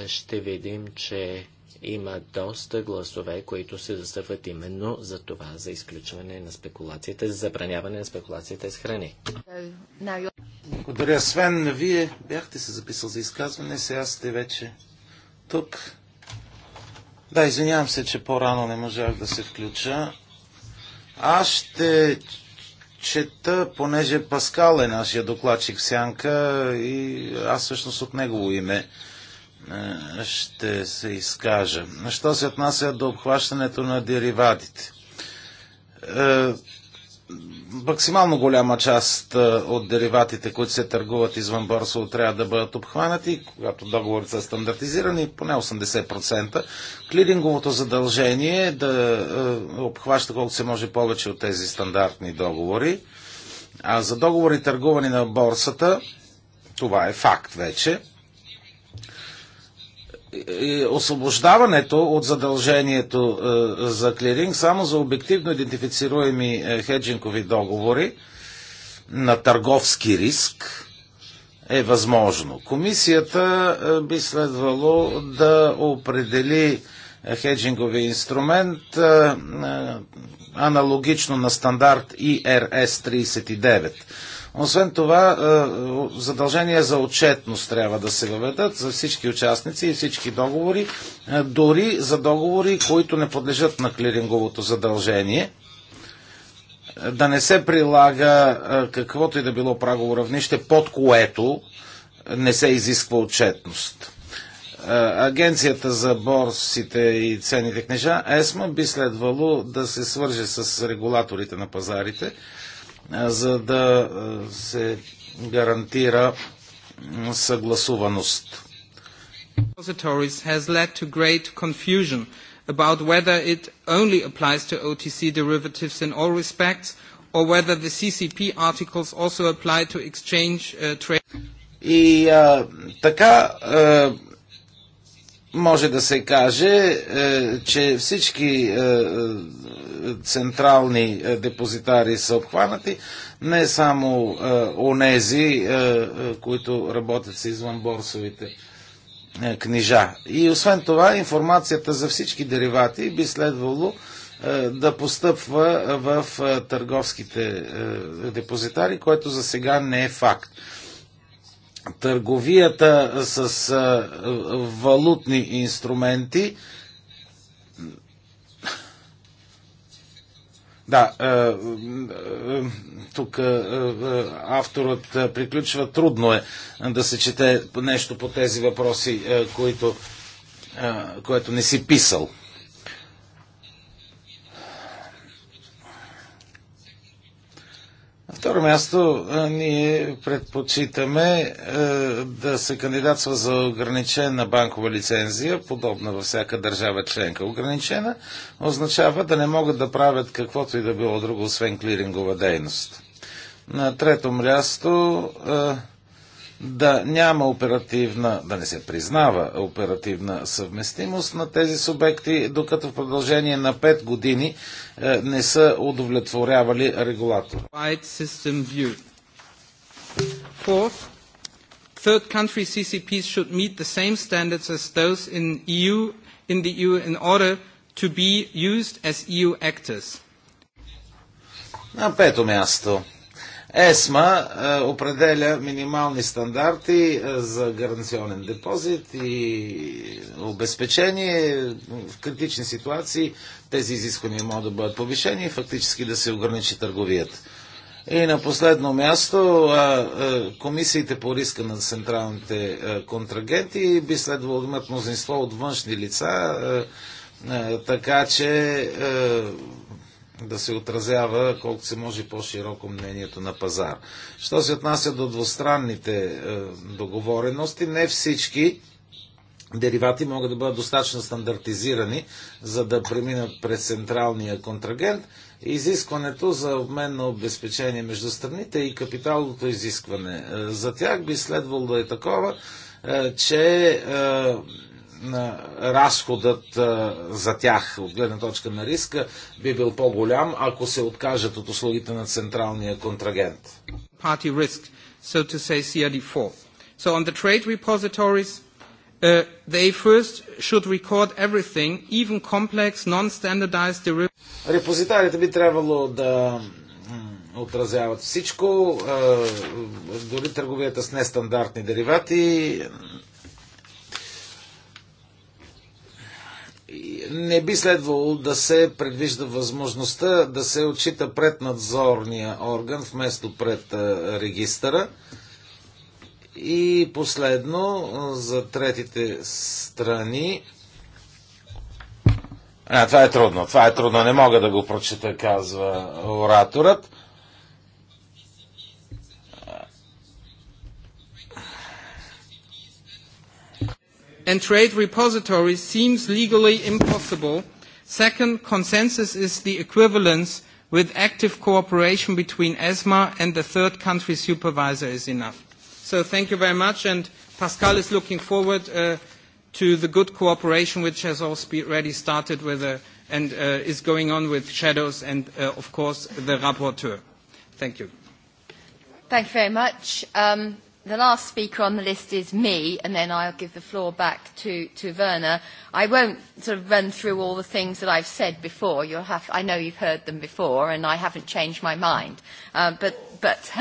ще видим, че има доста гласове, които се застъпват именно за това, за изключване на спекулацията, за забраняване на спекулациите с храни. Благодаря, Свен. Вие бяхте се записал за изказване, сега сте вече тук. Да, извинявам се, че по-рано не можах да се включа. Аз ще чета, понеже Паскал е нашия докладчик в Сянка и аз всъщност от негово име е, ще се изкажа. Що се отнася до обхващането на дериватите? Е, максимално голяма част е, от дериватите, които се търгуват извън борсово, трябва да бъдат обхванати, когато договорите са стандартизирани, поне 80%. Клидинговото задължение е да обхваща колкото се може повече от тези стандартни договори. А за договори търгувани на борсата, това е факт вече освобождаването от задължението е, за клиринг само за обективно идентифицируеми е, хеджингови договори на търговски риск е възможно. Комисията е, би следвало да определи хеджингови инструмент аналогично на стандарт IRS 39 освен това, е, задължения за отчетност трябва да се въведат за всички участници и всички договори, е, дори за договори, които не подлежат на клиринговото задължение. Е, да не се прилага каквото и да било прагово равнище, под което не се изисква отчетност. Агенцията за борсите и ценните книжа, ЕСМА, би следвало да се свърже с регулаторите на пазарите, за да се гарантира съгласуваност. has led to great confusion about whether it only applies to OTC derivatives in all respects or whether the CCP articles also apply to exchange uh, trade. И а, така а, може да се каже, е, че всички е, е, централни депозитари са обхванати, не само онези, които работят с извънборсовите книжа. И освен това, информацията за всички деривати би следвало да постъпва в търговските депозитари, което за сега не е факт. Търговията с валутни инструменти Да, тук авторът приключва. Трудно е да се чете нещо по тези въпроси, които, което не си писал. второ място, ние предпочитаме да се кандидатства за ограничена банкова лицензия, подобна във всяка държава членка. Ограничена означава да не могат да правят каквото и да било друго, освен клирингова дейност. На трето място, да няма оперативна, да не се признава оперативна съвместимост на тези субекти, докато в продължение на 5 години е, не са удовлетворявали регулатор. Fourth, third country CCPs should meet the same standards as those in EU in the EU in order to be used as EU actors. На пето място ЕСМА е, определя минимални стандарти е, за гаранционен депозит и обезпечение. В критични ситуации тези изисквания могат да бъдат повишени и фактически да се ограничи търговията. И на последно място, е, комисиите по риска на централните контрагенти би следвало да имат мнозинство от външни лица, така че да се отразява колкото се може по-широко мнението на пазар. Що се отнася до двустранните е, договорености, не всички деривати могат да бъдат достатъчно стандартизирани, за да преминат през централния контрагент. Изискването за обмен на обезпечение между страните и капиталното изискване е, за тях би следвало да е такова, е, че разходът за тях от гледна точка на риска би бил по-голям, ако се откажат от услугите на централния контрагент. Party risk, so to say CRD4. So on the trade repositories, uh, they first should record everything, even complex, non-standardized derivatives. Репозитарите би трябвало да отразяват всичко, дори търговията с нестандартни деривати, не би следвало да се предвижда възможността да се отчита пред надзорния орган вместо пред регистъра. И последно, за третите страни. А, това е трудно, това е трудно, не мога да го прочета, казва ораторът. and trade repositories seems legally impossible. Second, consensus is the equivalence with active cooperation between ESMA and the third country supervisor is enough. So thank you very much, and Pascal is looking forward uh, to the good cooperation which has already started with uh, and uh, is going on with shadows and, uh, of course, the rapporteur. Thank you. Thank you very much. Um, the last speaker on the list is me, and then I'll give the floor back to, to Werner. I won't sort of run through all the things that I've said before. You'll have, I know you've heard them before, and I haven't changed my mind. Uh, but but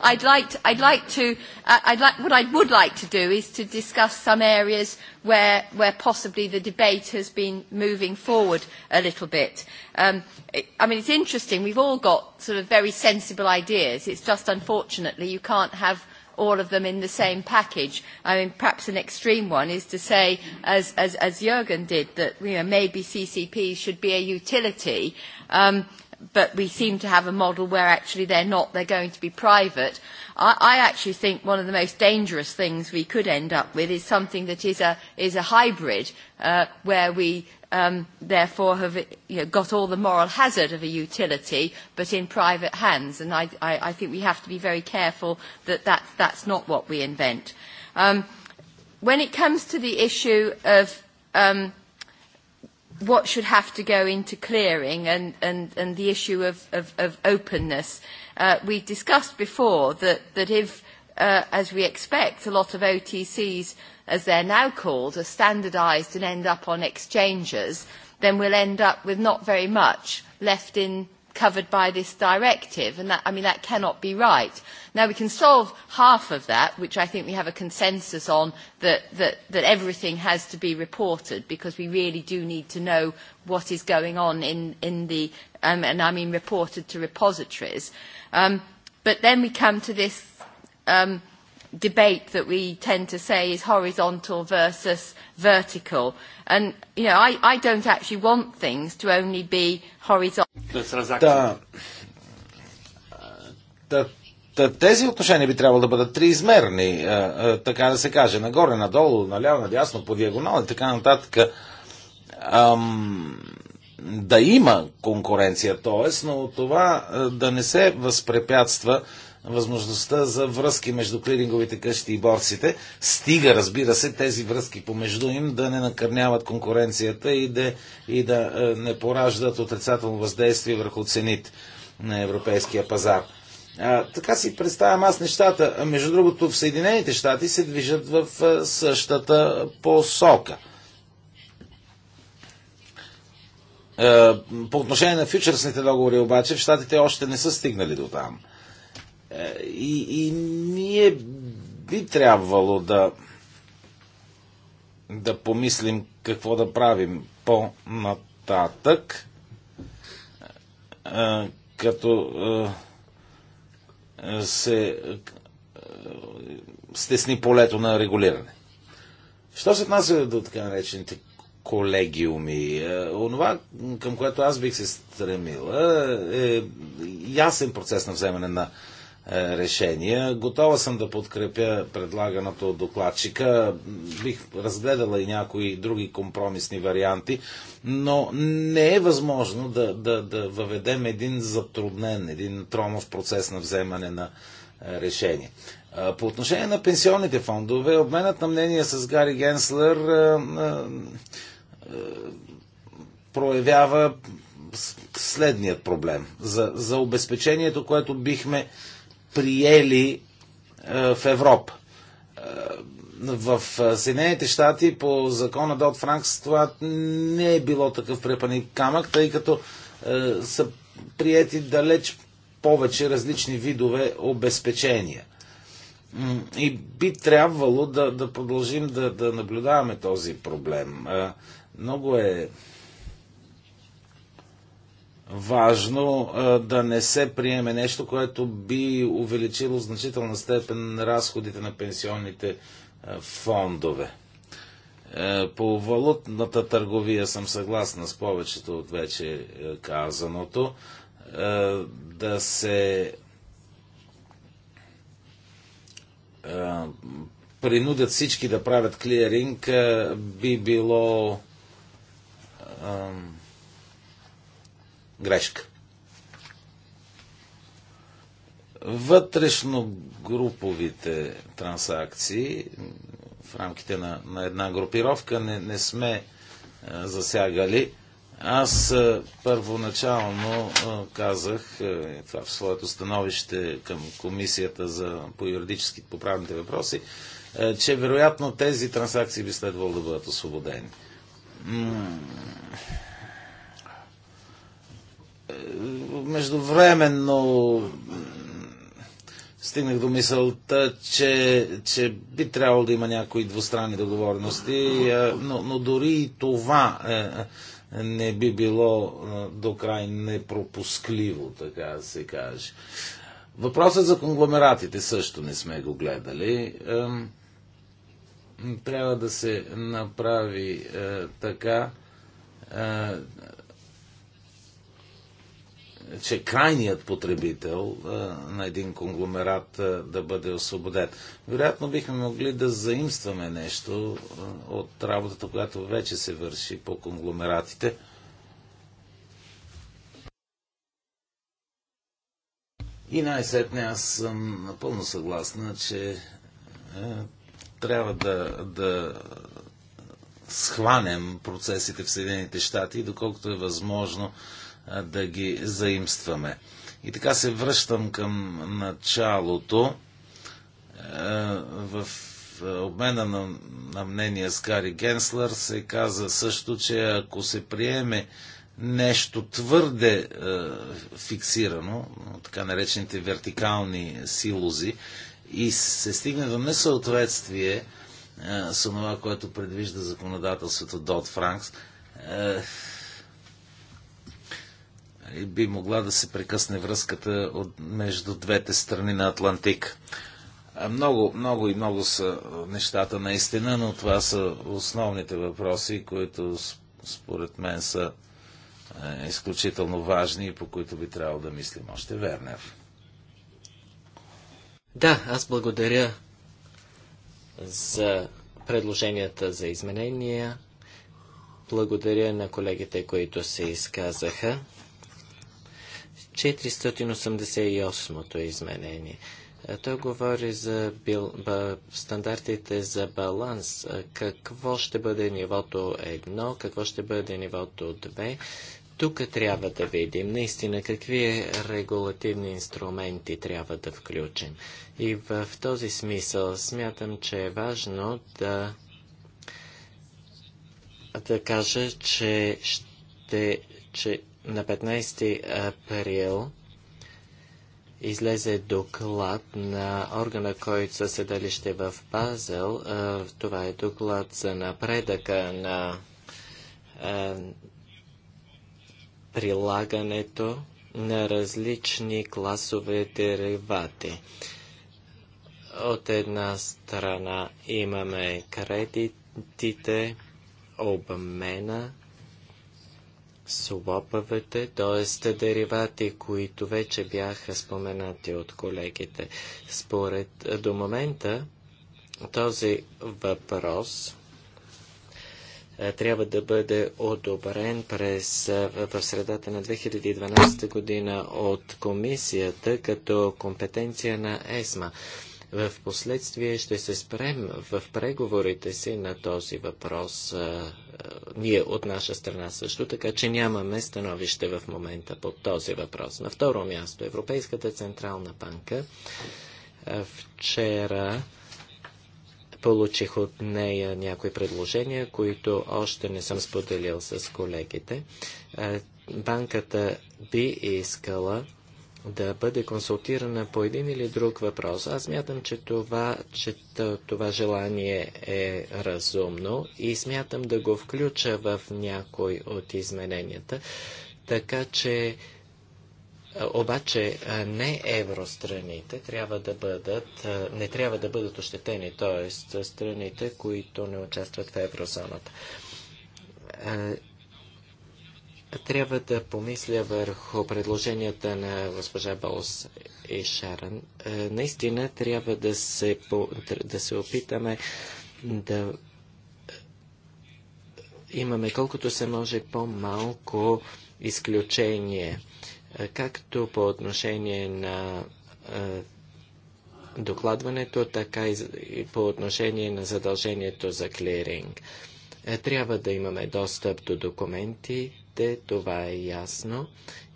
I'd like to, I'd like to uh, I'd like, what I would like to do is to discuss some areas where, where possibly the debate has been moving forward a little bit. Um, it, I mean, it's interesting. We've all got sort of very sensible ideas. It's just unfortunately you can't have all of them in the same package. I mean, perhaps an extreme one is to say, as, as, as Jürgen did, that you know, maybe CCP should be a utility. Um, but we seem to have a model where actually they're not, they're going to be private. I, I actually think one of the most dangerous things we could end up with is something that is a, is a hybrid, uh, where we um, therefore have you know, got all the moral hazard of a utility, but in private hands. And I, I, I think we have to be very careful that, that that's not what we invent. Um, when it comes to the issue of um, – what should have to go into clearing and, and, and the issue of, of, of openness. Uh, we discussed before that, that if, uh, as we expect, a lot of OTCs, as they're now called, are standardised and end up on exchanges, then we'll end up with not very much left in covered by this directive. And that, I mean, that cannot be right. Now, we can solve half of that, which I think we have a consensus on, that, that, that everything has to be reported because we really do need to know what is going on in, in the, um, and I mean reported to repositories. Um, but then we come to this um, debate that we tend to say is horizontal versus vertical. And, you know, I, I don't actually want things to only be horizontal. тези отношения би трябвало да бъдат триизмерни, така да се каже, нагоре, надолу, наляво, надясно, по диагонал и така нататък. Ам, да има конкуренция, т.е., но това да не се възпрепятства възможността за връзки между клиринговите къщи и борците. Стига, разбира се, тези връзки помежду им да не накърняват конкуренцията и да, и да е, не пораждат отрицателно въздействие върху цените на европейския пазар. А, така си представям аз нещата. А между другото, в Съединените щати се движат в е, същата посока. Е, по отношение на фьючерсните договори обаче, в щатите още не са стигнали до там. Е, и, и ние би трябвало да, да помислим какво да правим по-нататък, е, като е, се стесни полето на регулиране. Що се отнася до така наречените колегиуми. Онова, към което аз бих се стремила, е ясен процес на вземане на е, решения. Готова съм да подкрепя предлаганото от докладчика. Бих разгледала и някои други компромисни варианти, но не е възможно да, да, да въведем един затруднен, един тромов процес на вземане на е, решение. По отношение на пенсионните фондове, обменът на мнение с Гари Генслер е, проявява следният проблем. За, за обезпечението, което бихме приели е, в Европа. Е, в е, Съединените щати по закона Дот Франкс това не е било такъв препани камък, тъй като са приети далеч повече различни видове обезпечения. И би трябвало да, да продължим да, да наблюдаваме този проблем. Много е важно да не се приеме нещо, което би увеличило значителна степен разходите на пенсионните фондове. По валутната търговия съм съгласна с повечето от вече е, казаното. Да се принудят всички да правят клиринг би било грешка. Вътрешногруповите транзакции в рамките на, на една групировка не, не сме а, е, засягали. Аз а, е, първоначално а, е, казах, а, това в своето становище към Комисията за, по юридически поправните въпроси, а, че вероятно тези транзакции би следвало да бъдат освободени междувременно стигнах до мисълта, че, че би трябвало да има някои двустранни договорности, но, но дори и това е, е, не би било е, до край непропускливо, така да се каже. Въпросът за конгломератите също не сме го гледали. Трябва да се направи така, че крайният потребител на един конгломерат да бъде освободен. Вероятно бихме могли да заимстваме нещо от работата, която вече се върши по конгломератите. И най-сетне аз съм напълно съгласна, че трябва да, да схванем процесите в Съединените щати, доколкото е възможно да ги заимстваме. И така се връщам към началото в обмена на, на мнения с Кари Генслер се каза също, че ако се приеме нещо твърде е, фиксирано, така наречените вертикални силузи, и се стигне до несъответствие е, с това, което предвижда законодателството Дот Франкс, е, би могла да се прекъсне връзката от, между двете страни на Атлантик. Много, много и много са нещата наистина, но това са основните въпроси, които според мен са е, изключително важни и по които би трябвало да мислим още. Вернер. Да, аз благодаря за предложенията за изменения. Благодаря на колегите, които се изказаха. 488-то изменение. Той говори за бил, ба, стандартите за баланс. Какво ще бъде нивото 1, какво ще бъде нивото 2. Тук трябва да видим наистина какви регулативни инструменти трябва да включим. И в този смисъл смятам, че е важно да, да кажа, че, ще, че на 15 април излезе доклад на органа, който със седалище в Пазел. Това е доклад за напредъка на прилагането на различни класове деривати. От една страна имаме кредитите, обмена слоповете, т.е. деривати, които вече бяха споменати от колегите. Според до момента този въпрос трябва да бъде одобрен през, в средата на 2012 година от комисията като компетенция на ЕСМА. В последствие ще се спрем в преговорите си на този въпрос. Ние от наша страна също, така че нямаме становище в момента по този въпрос. На второ място Европейската Централна банка. Вчера получих от нея някои предложения, които още не съм споделил с колегите. Банката би искала да бъде консултирана по един или друг въпрос. Аз мятам, че това, че това желание е разумно и смятам да го включа в някой от измененията, така че обаче не евространите трябва да бъдат, не трябва да бъдат ощетени, т.е. страните, които не участват в еврозоната трябва да помисля върху предложенията на госпожа Болс и Шаран. Е, наистина трябва да се, да се опитаме да е, имаме колкото се може по-малко изключение, е, както по отношение на докладването, така и по отношение на задължението за клиринг. Трябва да имаме достъп до документи, дадете, това е ясно.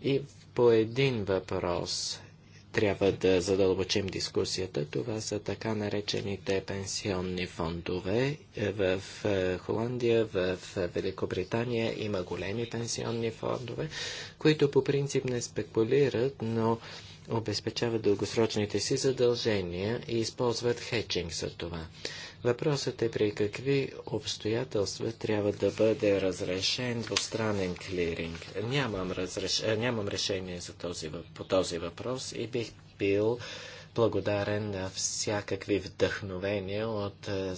И по един въпрос трябва да задълбочим дискусията. Това са така наречените пенсионни фондове. В е, Холандия, в е, Великобритания има големи пенсионни фондове, които по принцип не спекулират, но обезпечават дългосрочните си задължения и използват хеджинг за това. Въпросът е при какви обстоятелства трябва да бъде разрешен двустранен клиринг. Нямам, разреш... Е, нямам решение за този... по този въпрос и бих бил благодарен на всякакви вдъхновения от е,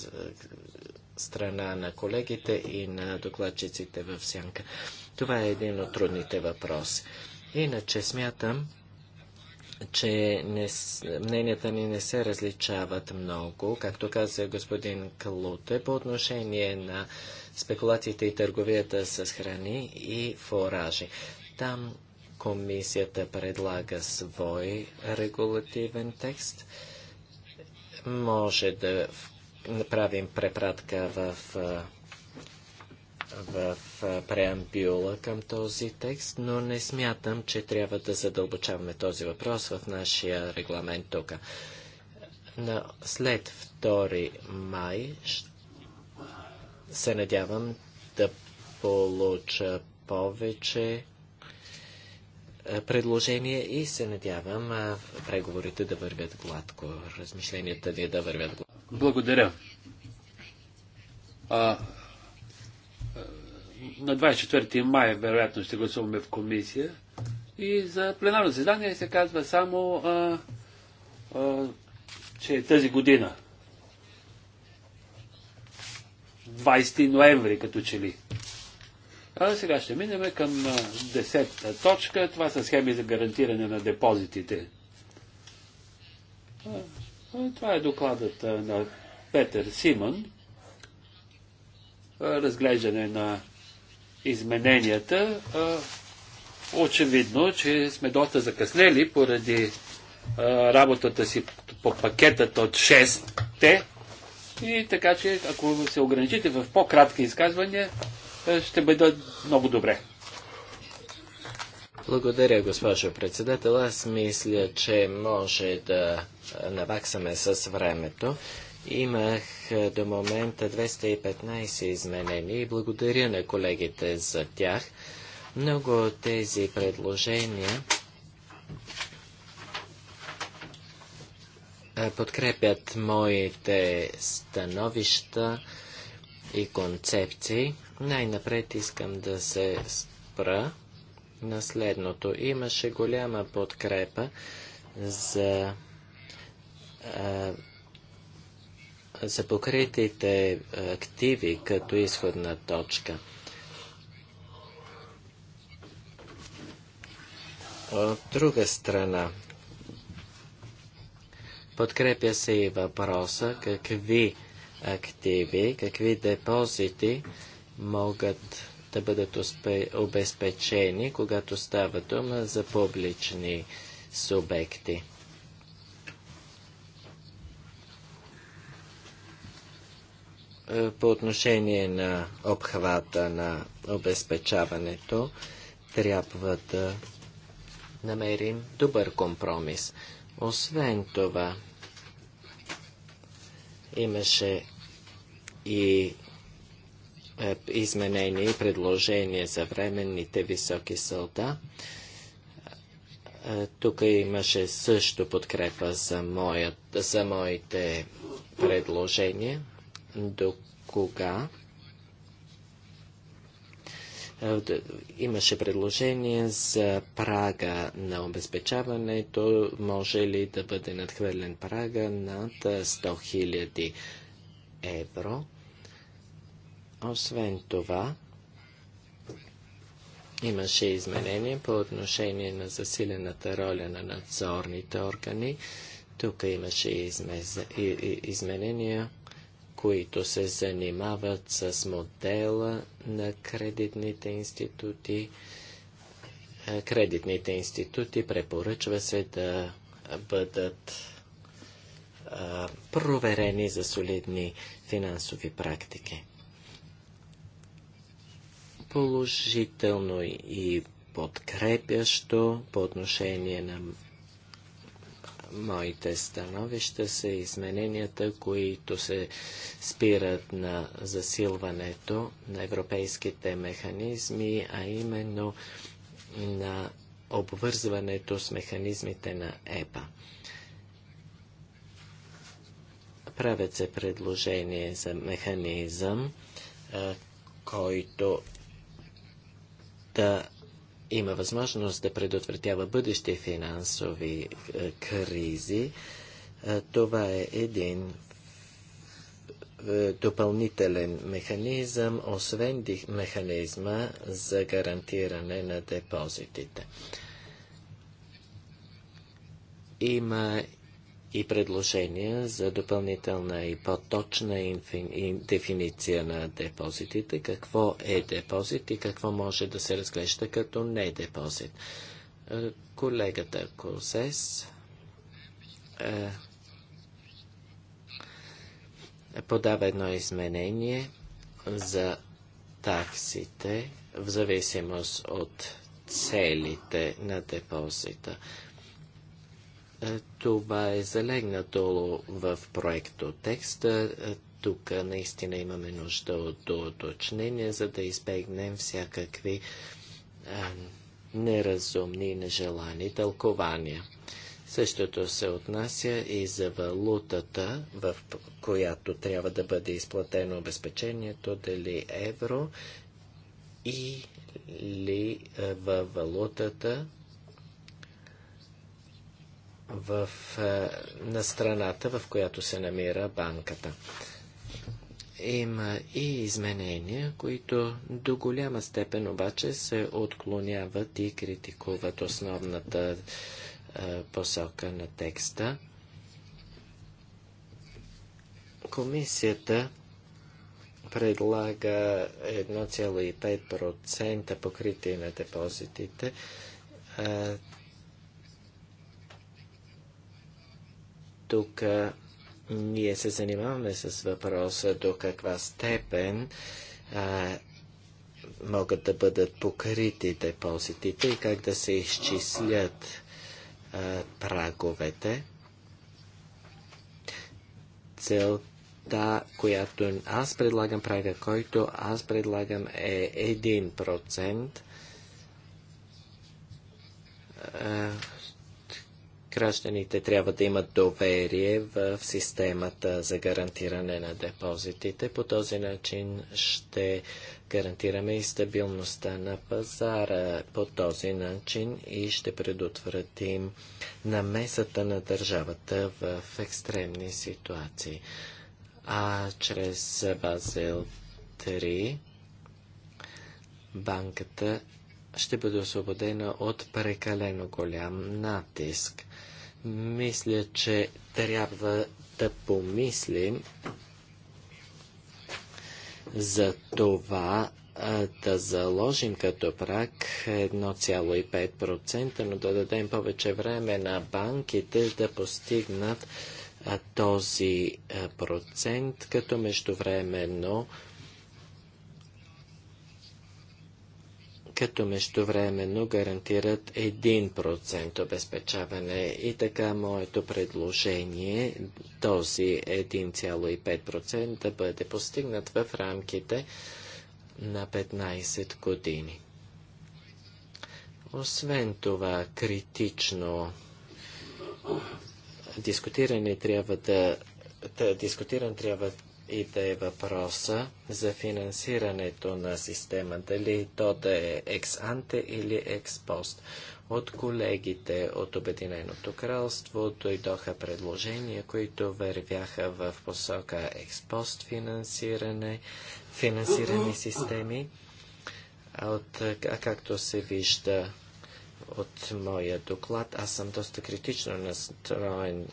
страна на колегите и на докладчиците в Сянка. Това е един от трудните въпроси. Иначе смятам, че не, мненията ни не се различават много, както каза господин Калуте, по отношение на спекулациите и търговията с храни и форажи. Там комисията предлага свой регулативен текст. Може да направим препратка в в преамбюла към този текст, но не смятам, че трябва да задълбочаваме този въпрос в нашия регламент тук. Но след 2 май се надявам да получа повече предложения и се надявам преговорите да вървят гладко, размишленията ви да вървят гладко. Благодаря. А, на 24 май вероятно ще гласуваме в комисия и за пленарно заседание се казва само, а, а, че е тази година. 20 ноември, като че ли. А сега ще минем към 10 точка. Това са схеми за гарантиране на депозитите. Това е докладът на Петър Симън. Разглеждане на измененията. Очевидно, че сме доста закъснели поради работата си по пакетът от 6-те. И така, че ако се ограничите в по-кратки изказвания, ще бъде много добре. Благодаря, госпожо председател. Аз мисля, че може да наваксаме с времето. Имах до момента 215 изменения и благодаря на колегите за тях. Много от тези предложения подкрепят моите становища и концепции. Най-напред искам да се спра на следното. Имаше голяма подкрепа за а, за покритите е, активи като изходна точка. От друга страна, подкрепя се и въпроса какви активи, какви депозити могат да бъдат обезпечени, когато става дума за публични субекти. Е, по отношение на обхвата на обезпечаването трябва да намерим добър компромис. Освен това, имаше и е, изменение и предложение за временните високи сълда. Е, тук имаше също подкрепа за, моят, за моите предложения до кога е, имаше предложение за прага на обезпечаването. Може ли да бъде надхвърлен прага над 100 е, 000 евро? Освен това, имаше изменение по отношение на засилената роля на надзорните органи. Тук имаше изменения които се занимават с модела на кредитните институти. Е, кредитните институти препоръчва се да бъдат проверени за солидни финансови практики. Положително и подкрепящо по отношение на моите становища са измененията, които се спират на засилването на европейските механизми, а именно на обвързването с механизмите на ЕПА. Правят се предложение за механизъм, който да има възможност да предотвратява бъдещи финансови е, кризи, е, това е един е, допълнителен механизъм, освен механизма за гарантиране на депозитите. Има и предложения за допълнителна и по-точна дефиниция на депозитите, какво е депозит и какво може да се разглежда като не депозит. Е, колегата Козес е, подава едно изменение за таксите в зависимост от целите на депозита. Е, това е залегнато в проекто текста. Е, тук наистина имаме нужда от уточнение, за да избегнем всякакви а, е, неразумни и нежелани тълкования. Същото се отнася и за валутата, в която трябва да бъде изплатено обезпечението, дали евро или във валутата, в, е, на страната, в която се намира банката. Има и изменения, които до голяма степен обаче се отклоняват и критикуват основната е, посока на текста. Комисията предлага 1,5% покритие на депозитите. Е, Тук ние се занимаваме с въпроса до каква степен а, могат да бъдат покрити депозитите и как да се изчислят а, праговете. Целта, която аз предлагам, прага, който аз предлагам е 1%. А, Гражданите трябва да имат доверие в системата за гарантиране на депозитите. По този начин ще гарантираме и стабилността на пазара. По този начин и ще предотвратим намесата на държавата в екстремни ситуации. А чрез Базел 3 банката ще бъде освободена от прекалено голям натиск. Мисля, че трябва да помислим за това да заложим като прак 1,5%, но да дадем повече време на банките да постигнат този процент, като междувременно като междувременно гарантират 1% обезпечаване. И така моето предложение този 1,5% да бъде постигнат в рамките на 15 години. Освен това, критично дискутиране трябва да, да дискутиран трябва и да е въпроса за финансирането на система, дали то да е екс-анте или екс-пост. От колегите от Обединеното кралство дойдоха предложения, които вървяха в посока експост финансиране, финансирани системи. А, от, а както се вижда от моя доклад, аз съм доста критично настроен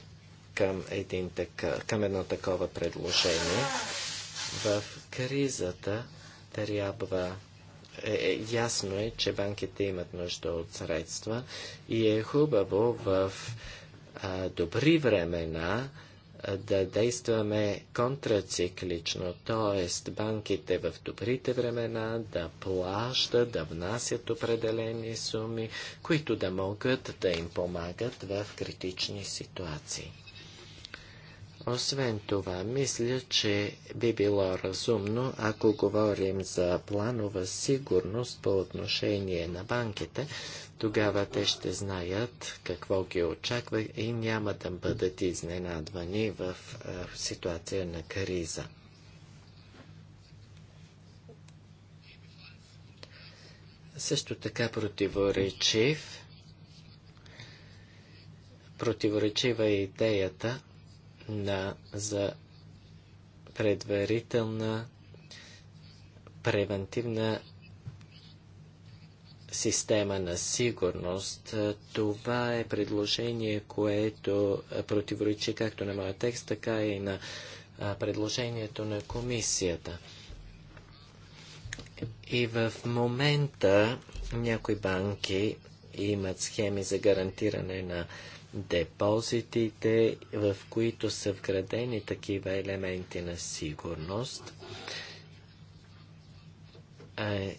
към, един, към едно такова предложение. В кризата трябва е, е, ясно е, че банките имат нужда от средства и е хубаво в а, добри времена а, да действаме контрациклично, т.е. банките в добрите времена да плащат, да внасят определени суми, които да могат да им помагат в критични ситуации. Освен това, мисля, че би било разумно, ако говорим за планова сигурност по отношение на банките, тогава те ще знаят какво ги очаква и няма да бъдат изненадвани в ситуация на криза. Също така противоречив, противоречива е идеята, на, за предварителна превентивна система на сигурност. Това е предложение, което противоречи както на моя текст, така и на предложението на комисията. И в момента някои банки имат схеми за гарантиране на депозитите, в които са вградени такива елементи на сигурност. Е,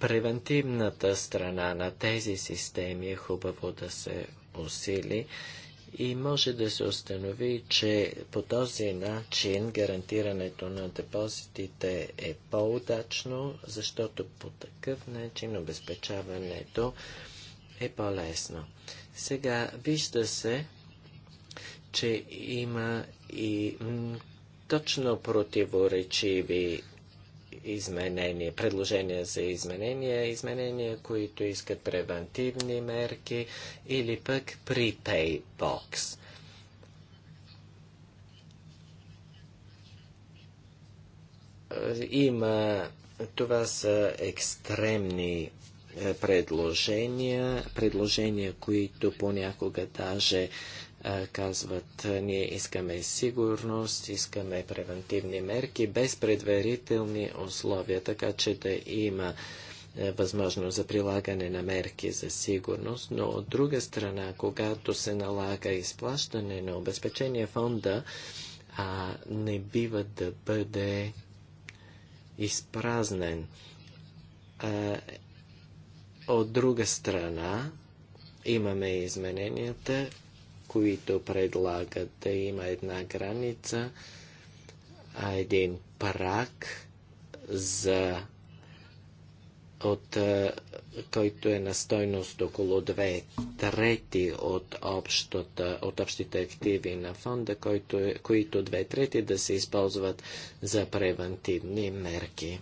превентивната страна на тези системи е хубаво да се усили и може да се установи, че по този начин гарантирането на депозитите е по-удачно, защото по такъв начин обезпечаването е по-лесно. Сега вижда се, че има и точно противоречиви изменения, предложения за изменения, изменения, които искат превентивни мерки или пък prepay box. Има, това са екстремни е, предложения, предложения, които понякога даже е, казват, е, ние искаме сигурност, искаме превентивни мерки без предварителни условия, така че да има възможност за прилагане на мерки за сигурност, но от друга страна, когато се налага изплащане на обезпечение фонда, а не бива да бъде изпразнен. А, от друга страна, имаме измененията, които предлагат да има една граница, а един прак за от който е на стойност около две трети от, общата, от общите активи на фонда, който, е, които две трети да се използват за превентивни мерки.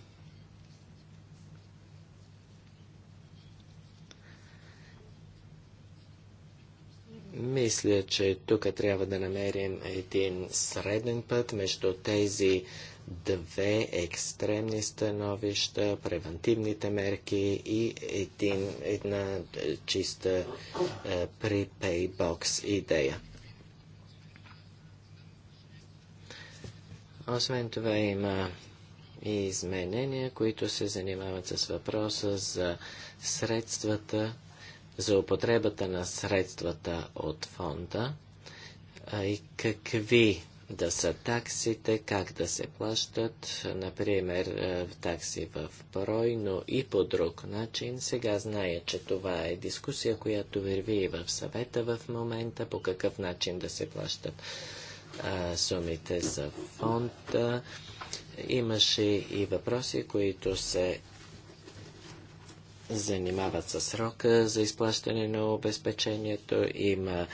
Мисля, че тук трябва да намерим един среден път между тези две екстремни становища, превентивните мерки и един, една е, чиста е, prepay идея. Освен това има и изменения, които се занимават с въпроса за средствата, за употребата на средствата от фонда и какви да са таксите, как да се плащат, например, такси в брой, но и по друг начин. Сега зная, че това е дискусия, която върви и в съвета в момента, по какъв начин да се плащат а, сумите за фонда. Имаше и въпроси, които се занимават с срока за изплащане на обезпечението. Има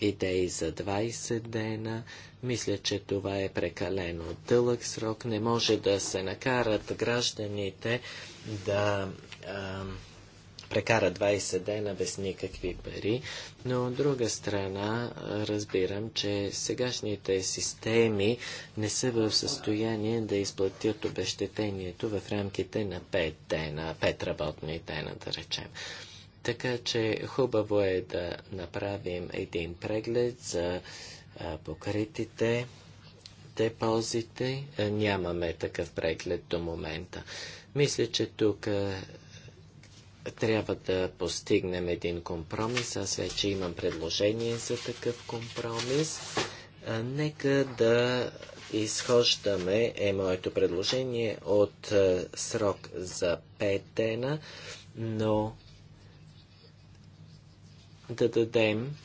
идеи за 20 дена. Мисля, че това е прекалено дълъг срок. Не може да се накарат гражданите да а, прекара 20 дена без никакви пари, но от друга страна разбирам, че сегашните системи не са в състояние да изплатят обещетението в рамките на 5 дена, 5 работни дена, да речем. Така че хубаво е да направим един преглед за покритите депозите. Нямаме такъв преглед до момента. Мисля, че тук е, трябва да постигнем един компромис. Аз вече имам предложение за такъв компромис. нека да изхождаме, е моето предложение, от срок за 5 дена, но да дадем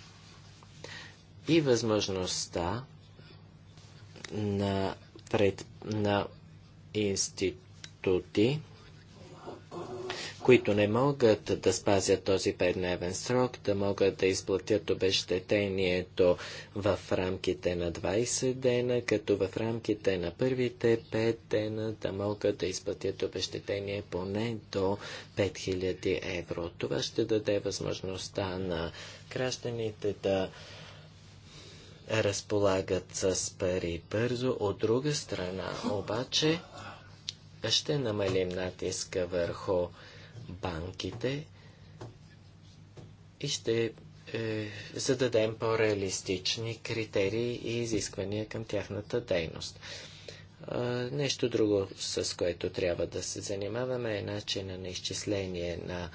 и възможността на, пред, на институти, които не могат да спазят този 5-дневен срок, да могат да изплатят обещетението в рамките на 20 дена, като в рамките на първите 5 дена да могат да изплатят обещетение поне до 5000 евро. Това ще даде възможността на гражданите да разполагат с пари бързо. От друга страна, обаче, ще намалим натиска върху банките и ще е, зададем по-реалистични критерии и изисквания към тяхната дейност. Е, нещо друго, с което трябва да се занимаваме е начина на изчисление на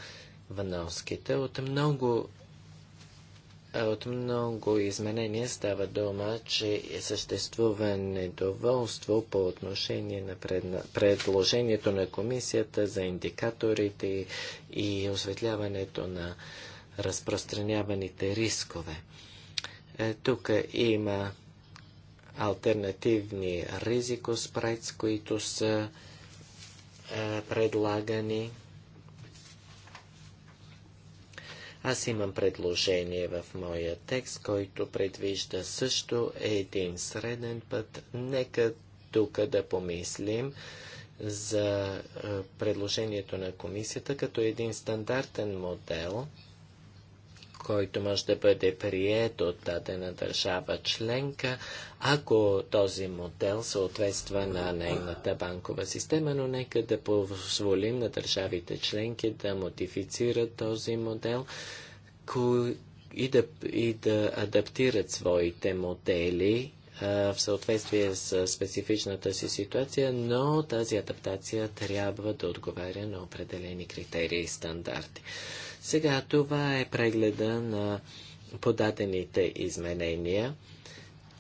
вноските. От много от много изменения става дума, че е съществува недоволство по отношение на предна... предложението на комисията за индикаторите и осветляването на разпространяваните рискове. Е, тук има альтернативни ризикоспрайц, които са е, предлагани. Аз имам предложение в моя текст, който предвижда също един среден път. Нека тук да помислим за предложението на комисията като един стандартен модел – който може да бъде прият от дадена държава членка, ако този модел съответства на нейната банкова система, но нека да позволим на държавите членки да модифицират този модел и да, и да адаптират своите модели в съответствие с специфичната си ситуация, но тази адаптация трябва да отговаря на определени критерии и стандарти. Сега това е прегледа на подадените изменения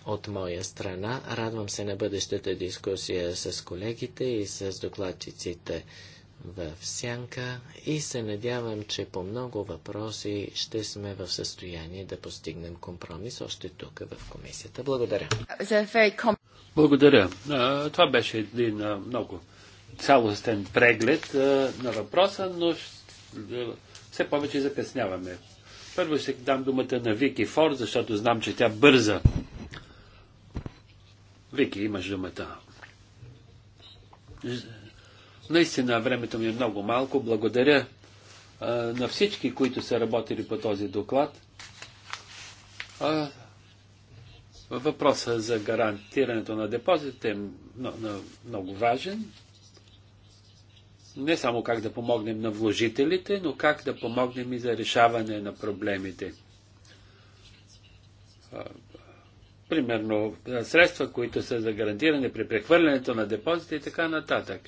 от моя страна. Радвам се на бъдещата дискусия с колегите и с докладчиците в сянка и се надявам, че по много въпроси ще сме в състояние да постигнем компромис още тук в комисията. Благодаря. Благодаря. Това беше един много цялостен преглед на въпроса, но все повече закъсняваме. Първо ще дам думата на Вики Фор, защото знам, че тя бърза. Вики, имаш думата. Наистина, времето ми е много малко. Благодаря а, на всички, които са работили по този доклад. А, въпросът за гарантирането на депозитите е много важен не само как да помогнем на вложителите, но как да помогнем и за решаване на проблемите. Примерно средства, които са за гарантиране при прехвърлянето на депозити и така нататък.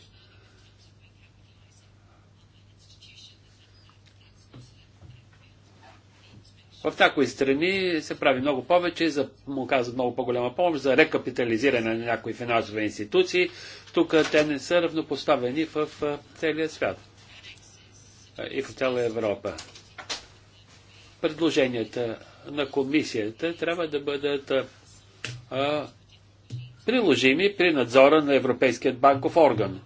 В някои страни се прави много повече, за, му казват много по-голяма помощ за рекапитализиране на някои финансови институции. Тук те не са равнопоставени в целия свят и в цяла Европа. Предложенията на комисията трябва да бъдат а, приложими при надзора на Европейският банков орган,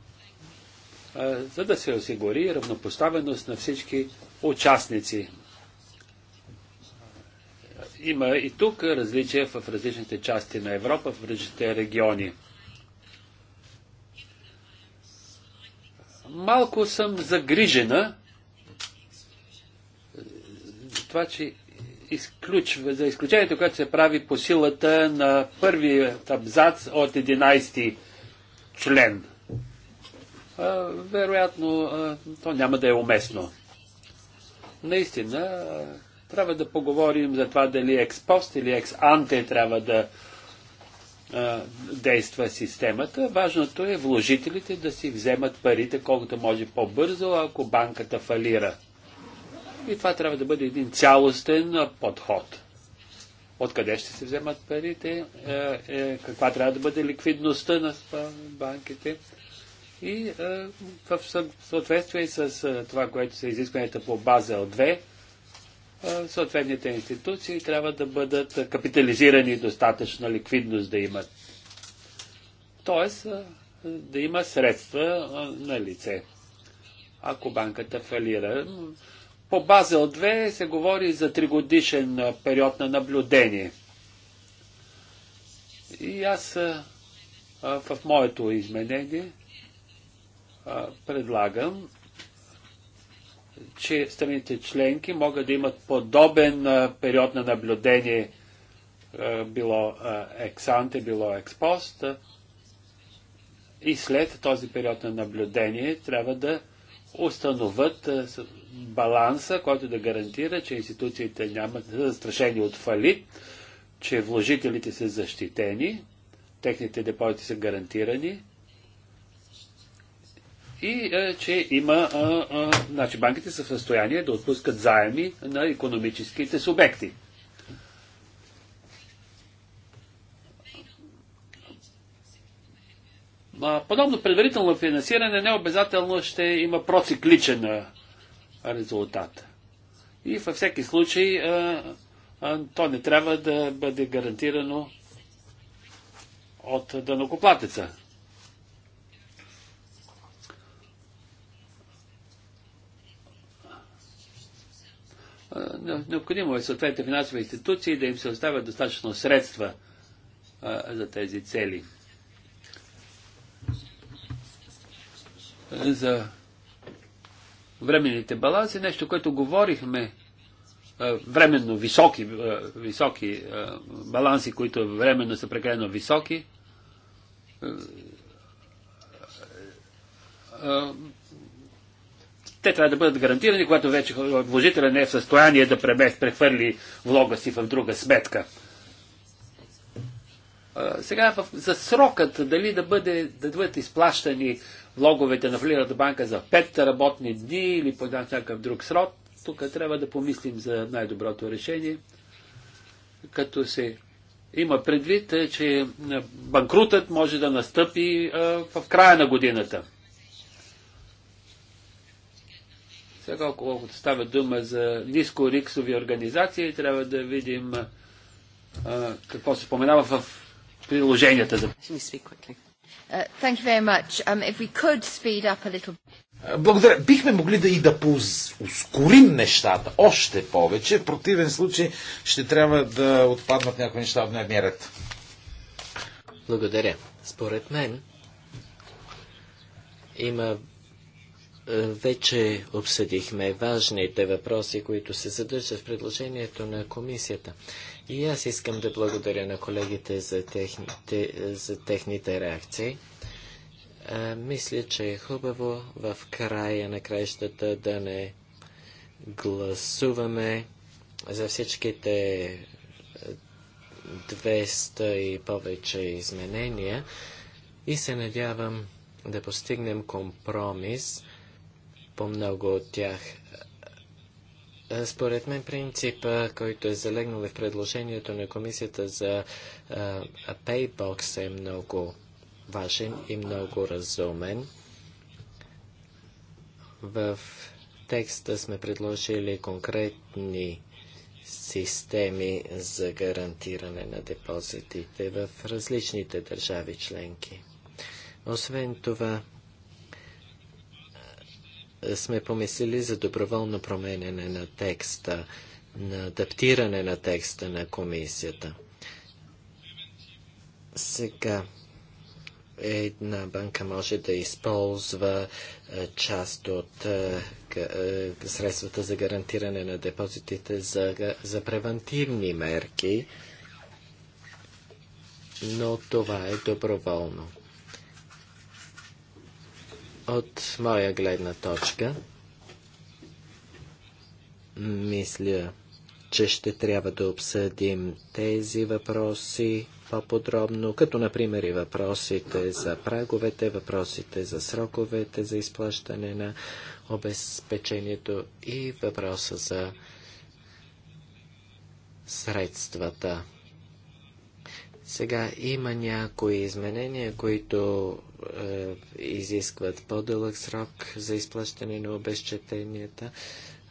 а, за да се осигури равнопоставеност на всички участници има и тук различия в различните части на Европа, в различните региони. Малко съм загрижена това, че изключва, за изключението, което се прави по силата на първият абзац от 11 член. А, вероятно, а, то няма да е уместно. Наистина, трябва да поговорим за това дали експост или екс-анте трябва да а, действа системата. Важното е вложителите да си вземат парите колкото може по-бързо, ако банката фалира. И това трябва да бъде един цялостен подход. Откъде ще се вземат парите, е, е, каква трябва да бъде ликвидността на банките. И е, в съответствие с е, това, което са изискванията по Базел 2, съответните институции трябва да бъдат капитализирани достатъчно ликвидност да имат. Тоест да има средства на лице. Ако банката фалира, по Базел 2 се говори за тригодишен период на наблюдение. И аз в моето изменение предлагам че страните членки могат да имат подобен период на наблюдение, било ексанте, било експост. И след този период на наблюдение трябва да установят баланса, който да гарантира, че институциите нямат застрашени от фалит, че вложителите са защитени, техните депозити са гарантирани и е, че има, е, е, значи банките са в състояние да отпускат заеми на економическите субекти. Подобно предварително финансиране не обязателно ще има процикличен е, резултат. И във всеки случай е, е, то не трябва да бъде гарантирано от дънокоплатеца. Е, е, необходимо е съответните финансови институции да им се оставят достатъчно средства е, за тези цели. За временните баланси, нещо, което говорихме, временно високи, високи баланси, които временно са прекалено високи, те трябва да бъдат гарантирани, когато вече вложителя не е в състояние да премест, прехвърли влога си в друга сметка. Сега за срокът, дали да, бъде, да бъдат изплащани влоговете на Флирата банка за 5 работни дни или по някакъв друг срок, тук трябва да помислим за най-доброто решение, като се има предвид, е, че е, банкрутът може да настъпи е, в края на годината. Сега, колкото става дума за ниско риксови организации, трябва да видим а, какво се споменава в приложенията за. Благодаря. Бихме могли да и да ускорим нещата още повече. В противен случай ще трябва да отпаднат някои неща от дневния ред. Благодаря. Според мен има е, вече обсъдихме важните въпроси, които се задържат в предложението на комисията. И аз искам да благодаря на колегите за техните, за техните реакции. А, е, мисля, че е хубаво в края на краищата да не гласуваме за всичките 200 и повече изменения и се надявам да постигнем компромис, по много от тях. Е, според мен принципа, който е залегнал в предложението на комисията за е, Paybox е много важен и много разумен. В текста сме предложили конкретни системи за гарантиране на депозитите в различните държави членки. Освен това, сме помислили за доброволно променене на текста, на адаптиране на текста на комисията. Сега една банка може да използва е, част от е, е, средствата за гарантиране на депозитите за, за превентивни мерки, но това е доброволно. От моя гледна точка, мисля, че ще трябва да обсъдим тези въпроси по-подробно, като например и въпросите за праговете, въпросите за сроковете за изплащане на обезпечението и въпроса за средствата. Сега има някои изменения, които е, изискват по-дълъг срок за изплащане на обезчетенията.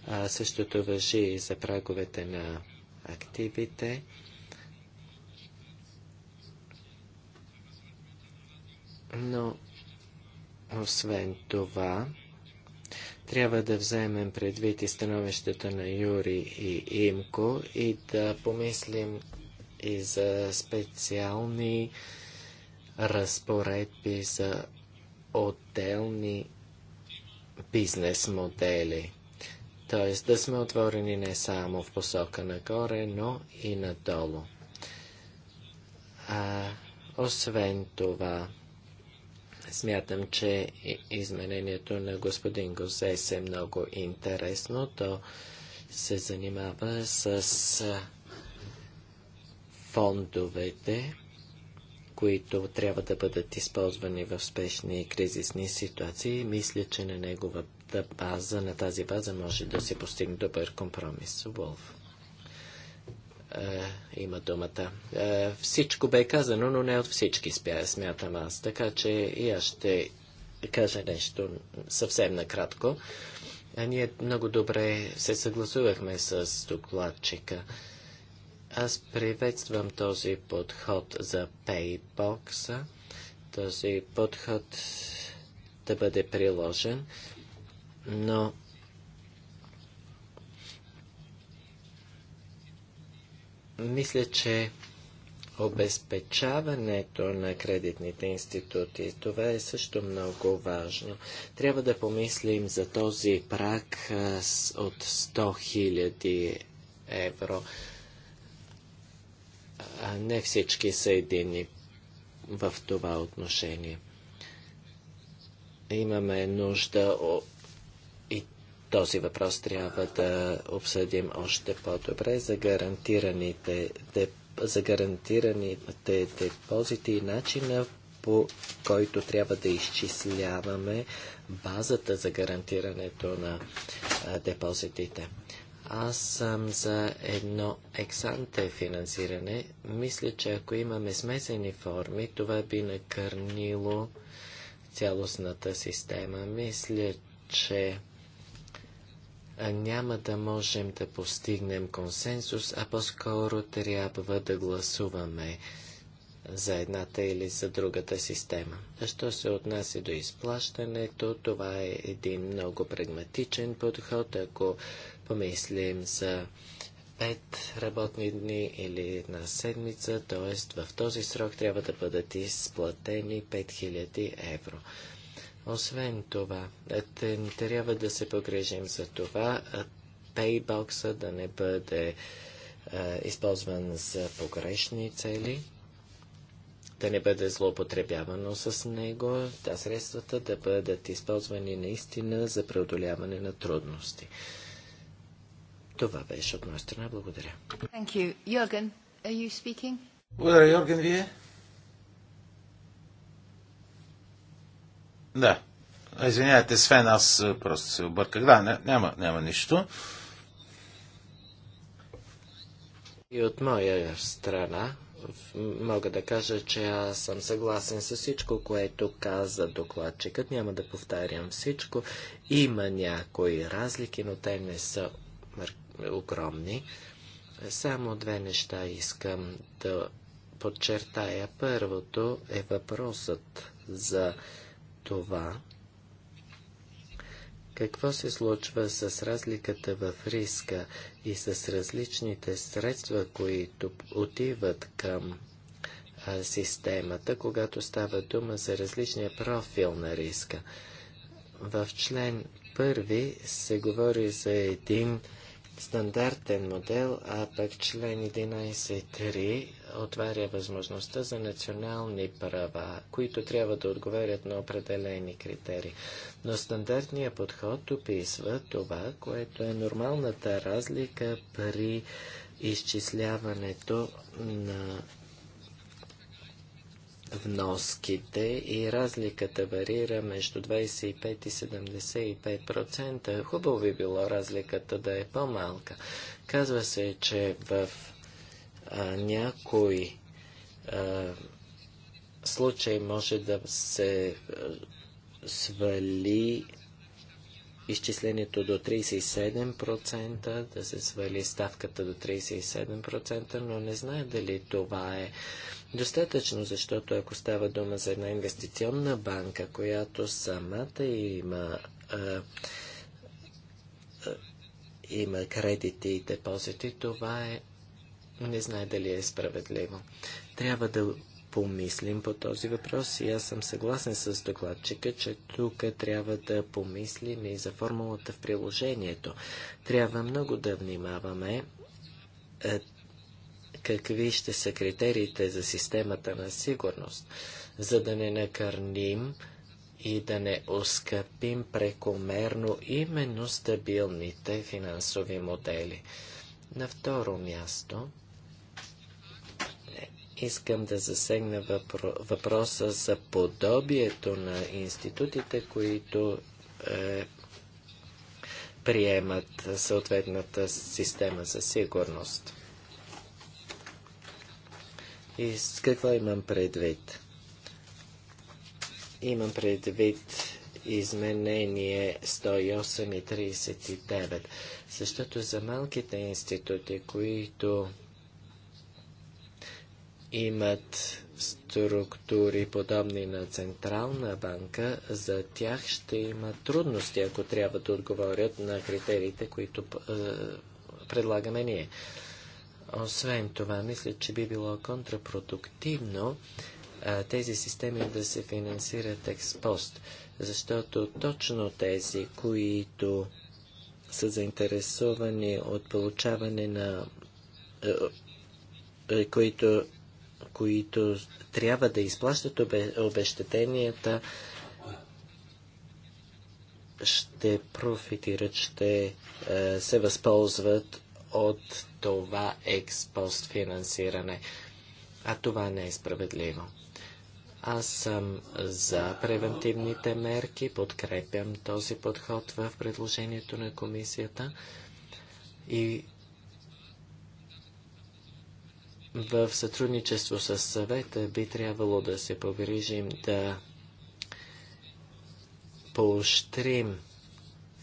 А същото въжи и за праговете на активите. Но, освен това, трябва да вземем предвид и становищата на Юри и Имко и да помислим и за специални разпоредби за отделни бизнес модели. Т.е. да сме отворени не само в посока нагоре, но и надолу. А, освен това, смятам, че изменението на господин Гозес е много интересно. То се занимава с фондовете, които трябва да бъдат използвани в спешни и кризисни ситуации. Мисля, че на неговата база, на тази база може да се постигне добър компромис. Волф е, има думата. Е, всичко бе казано, но не от всички спя, смятам аз, така че и аз ще кажа нещо съвсем накратко. А е, ние много добре се съгласувахме с докладчика. Аз приветствам този подход за Paybox, този подход да бъде приложен, но мисля, че обезпечаването на кредитните институти, това е също много важно. Трябва да помислим за този прак от 100 000 евро не всички са едини в това отношение. Имаме нужда и този въпрос трябва да обсъдим още по-добре за гарантираните, за гарантираните депозити и начина по който трябва да изчисляваме базата за гарантирането на депозитите. Аз съм за едно ексанте финансиране. Мисля, че ако имаме смесени форми, това би накърнило цялостната система. Мисля, че няма да можем да постигнем консенсус, а по-скоро трябва да гласуваме за едната или за другата система. А що се отнася до изплащането, това е един много прагматичен подход. Ако помислим за пет работни дни или една седмица, т.е. в този срок трябва да бъдат изплатени 5000 евро. Освен това, е, трябва да се погрежим за това, е, пейбокса да не бъде е, използван за погрешни цели, да не бъде злоупотребявано с него, да средствата да бъдат използвани наистина за преодоляване на трудности. Това беше от моя страна. Благодаря. Thank you. Jürgen, are you speaking? Благодаря, Йорген, вие? Да. Извинявайте, Свен, аз просто се обърках. Да, не, няма, няма нищо. И от моя страна мога да кажа, че аз съм съгласен с всичко, което каза докладчикът. Няма да повтарям всичко. Има някои разлики, но те не са маркирани огромни. Само две неща искам да подчертая. Първото е въпросът за това, какво се случва с разликата в риска и с различните средства, които отиват към системата, когато става дума за различния профил на риска. В член първи се говори за един стандартен модел, а пък член 11.3 отваря възможността за национални права, които трябва да отговарят на определени критерии. Но стандартният подход описва това, което е нормалната разлика при изчисляването на вноските и разликата варира между 25 и 75%. Хубаво би било разликата да е по-малка. Казва се, че в а, някой а, случай може да се а, свали изчислението до 37%, да се свали ставката до 37%, но не знае дали това е достатъчно, защото ако става дума за една инвестиционна банка, която самата има, а, а, има кредити и депозити, това е не знае дали е справедливо. Трябва да помислим по този въпрос и аз съм съгласен с докладчика, че тук трябва да помислим и за формулата в приложението. Трябва много да внимаваме какви ще са критериите за системата на сигурност, за да не накърним и да не оскъпим прекомерно именно стабилните финансови модели. На второ място искам да засегна въпро... въпроса за подобието на институтите, които е, приемат съответната система за сигурност. И с какво имам предвид? Имам предвид изменение 108 и 39, защото за малките институти, които имат структури, подобни на Централна банка, за тях ще има трудности, ако трябва да отговорят на критериите, които е, предлагаме ние. Освен това, мисля, че би било контрапродуктивно тези системи да се финансират експост, защото точно тези, които са заинтересовани от получаване на които, които трябва да изплащат обещетенията, ще профитират, ще се възползват от това експост финансиране. А това не е справедливо. Аз съм за превентивните мерки, подкрепям този подход в предложението на комисията и в сътрудничество с съвета би трябвало да се погрижим да поощрим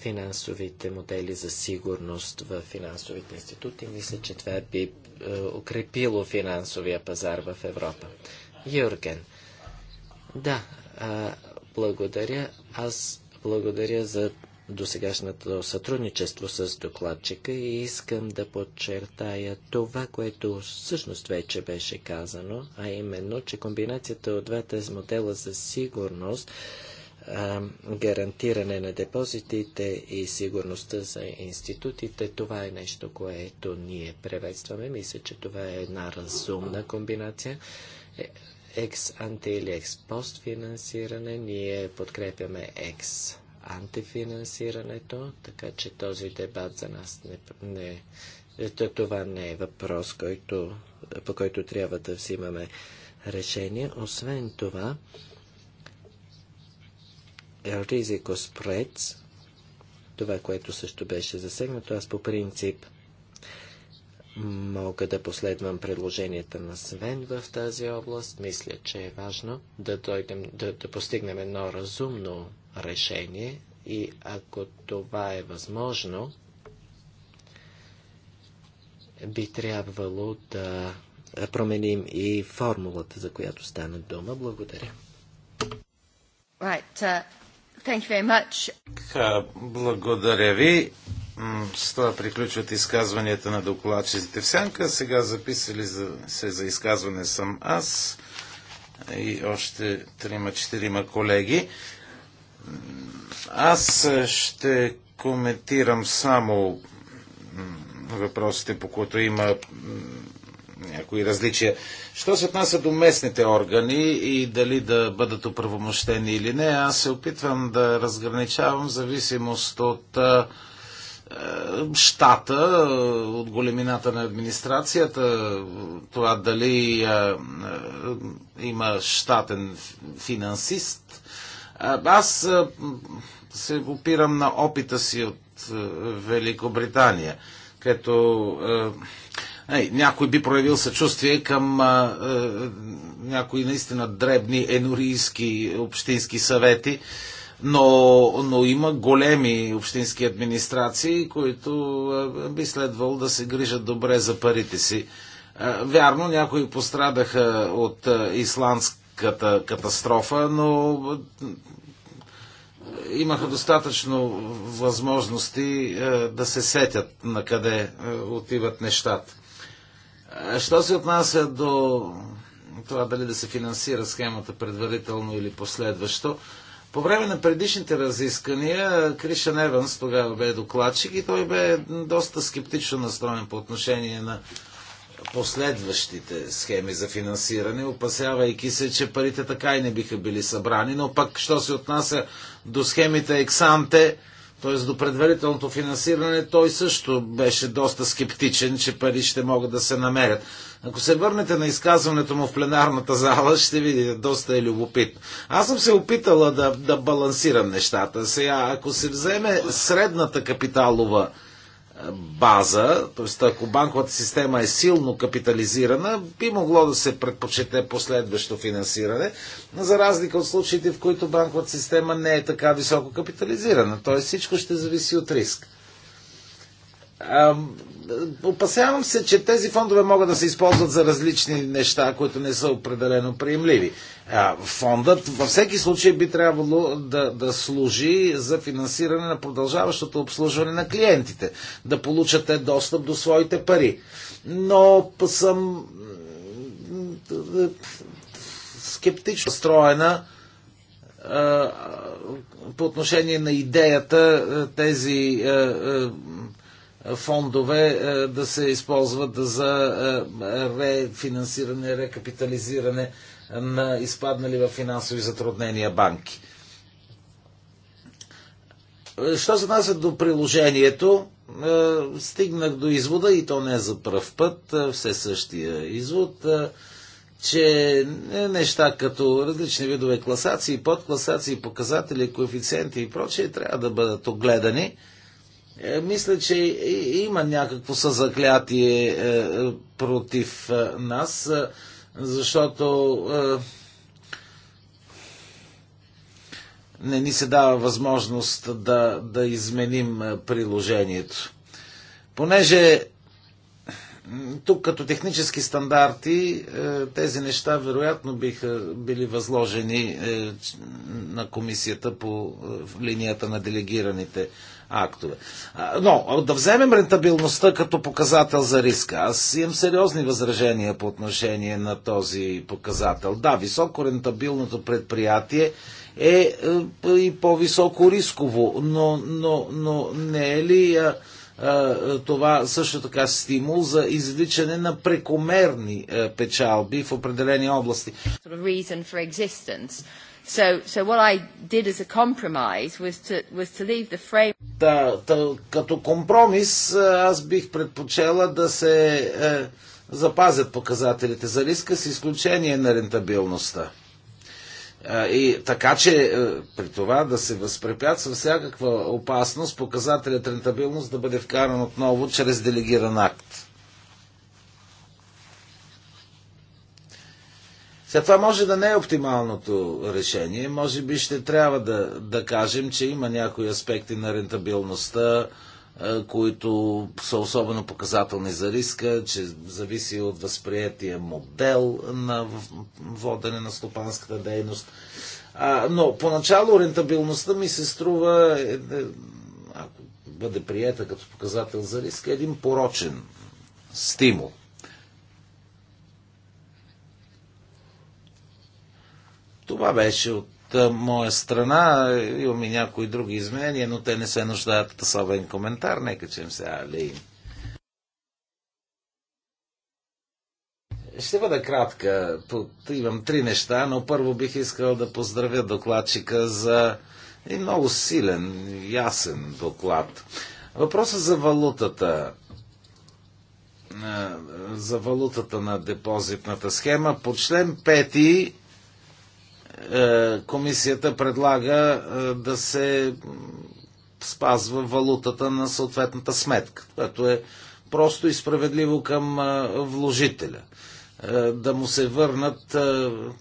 финансовите модели за сигурност в финансовите институти. Мисля, че това би е, укрепило финансовия пазар в Европа. Юрген. Да, благодаря. Аз благодаря за досегашното сътрудничество с докладчика и искам да подчертая това, което всъщност вече беше казано, а именно, че комбинацията от двата модела за сигурност гарантиране на депозитите и сигурността за институтите, това е нещо, което ние приветстваме. Мисля, че това е една разумна комбинация. Е, екс анти или екс-пост финансиране, ние подкрепяме екс антифинансирането, така че този дебат за нас не, не е, това не е въпрос, който, по който трябва да взимаме решение. Освен това, Ризико спрец, това, което също беше засегнато, аз по принцип мога да последвам предложенията на Свен в тази област. Мисля, че е важно да, дойдем, да, да постигнем едно разумно решение и ако това е възможно, би трябвало да променим и формулата, за която стана дума. Благодаря. Right, uh... Thank you very much. Благодаря ви. С това приключват изказванията на докладчиците в сянка. Сега записали за, се за изказване съм аз и още трима-четирима колеги. Аз е, ще коментирам само въпросите, по които има някои различия. Що се отнася до местните органи и дали да бъдат оправомощени или не, аз се опитвам да разграничавам в зависимост от е, щата, от големината на администрацията, това дали е, е, има щатен финансист. Аз се опирам на опита си от Великобритания, като Ей, някой би проявил съчувствие към а, а, някои наистина дребни енорийски общински съвети, но, но има големи общински администрации, които а, би следвало да се грижат добре за парите си. А, вярно, някои пострадаха от а, исландската катастрофа, но имаха достатъчно възможности да се сетят на къде отиват нещата. Що се отнася до това дали да се финансира схемата предварително или последващо, по време на предишните разискания Кришан Еванс тогава бе докладчик и той бе доста скептично настроен по отношение на последващите схеми за финансиране, опасявайки се, че парите така и не биха били събрани, но пък, що се отнася до схемите ексанте, т.е. до предварителното финансиране, той също беше доста скептичен, че пари ще могат да се намерят. Ако се върнете на изказването му в пленарната зала, ще видите, доста е любопитно. Аз съм се опитала да, да балансирам нещата. Сега, ако се вземе средната капиталова база, т.е. ако банковата система е силно капитализирана, би могло да се предпочете последващо финансиране, за разлика от случаите, в които банковата система не е така високо капитализирана. Т.е. всичко ще зависи от риск опасявам се, че тези фондове могат да се използват за различни неща, които не са определено приемливи. Фондът във всеки случай би трябвало да, да служи за финансиране на продължаващото обслужване на клиентите, да получат достъп до своите пари. Но съм скептично строена по отношение на идеята тези фондове е, да се използват за е, рефинансиране, рекапитализиране на изпаднали в финансови затруднения банки. Що се нася до приложението, е, стигнах до извода, и то не за пръв път, все същия извод, че неща като различни видове класации, подкласации, показатели, коефициенти и прочие, трябва да бъдат огледани – е, мисля, че има някакво съзаклятие е, е, против нас, защото не ни се дава възможност да, да изменим приложението. Понеже тук като технически стандарти тези неща вероятно биха били възложени на комисията по линията на делегираните актове. Но да вземем рентабилността като показател за риска. Аз имам сериозни възражения по отношение на този показател. Да, високо рентабилното предприятие е, е и по-високо рисково, но, но, но не е ли а, а, това също така стимул за извличане на прекомерни а, е, печалби в определени области? So, so what I did as a compromise was to, was to leave the frame... Да, да, като компромис аз бих предпочела да се е, запазят показателите за риска с изключение на рентабилността. Е, и така че е, при това да се възпрепятства всякаква опасност показателят рентабилност да бъде вкаран отново чрез делегиран акт. Сега това може да не е оптималното решение. Може би ще трябва да, да кажем, че има някои аспекти на рентабилността, е, които са особено показателни за риска, че зависи от възприятия модел на водене на стопанската дейност. А, но поначало рентабилността ми се струва, е, е, ако бъде приета като показател за риска, един порочен стимул. Това беше от моя страна. Имам и някои други изменения, но те не се нуждаят от особен коментар. Нека чуем се, Лейн. Ще бъда кратка. Имам три неща, но първо бих искал да поздравя докладчика за е много силен, ясен доклад. Въпросът за валутата за валутата на депозитната схема по член е, комисията предлага е, да се спазва валутата на съответната сметка, което е просто и справедливо към е, вложителя. Да му се върнат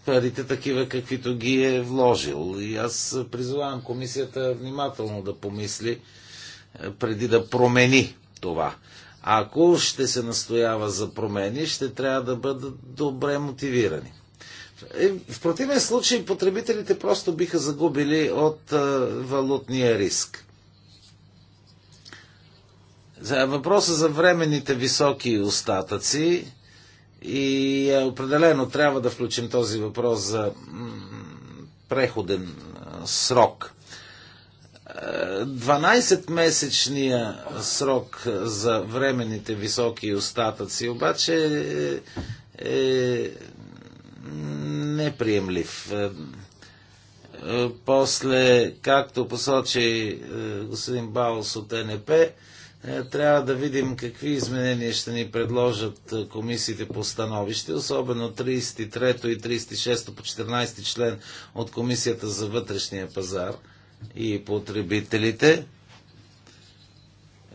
парите такива, каквито ги е вложил. И аз призовавам комисията внимателно да помисли преди да промени това. Ако ще се настоява за промени, ще трябва да бъдат добре мотивирани. Е, в противен случай потребителите просто биха загубили от е, валутния риск. За въпроса за временните високи остатъци и е, определено трябва да включим този въпрос за преходен срок. 12-месечния срок за временните високи остатъци обаче е неприемлив. Е, е, после, както посочи е, господин Баус от НП, трябва да видим какви изменения ще ни предложат комисиите по становище, особено 33-то и 36-то по 14 член от Комисията за вътрешния пазар и потребителите.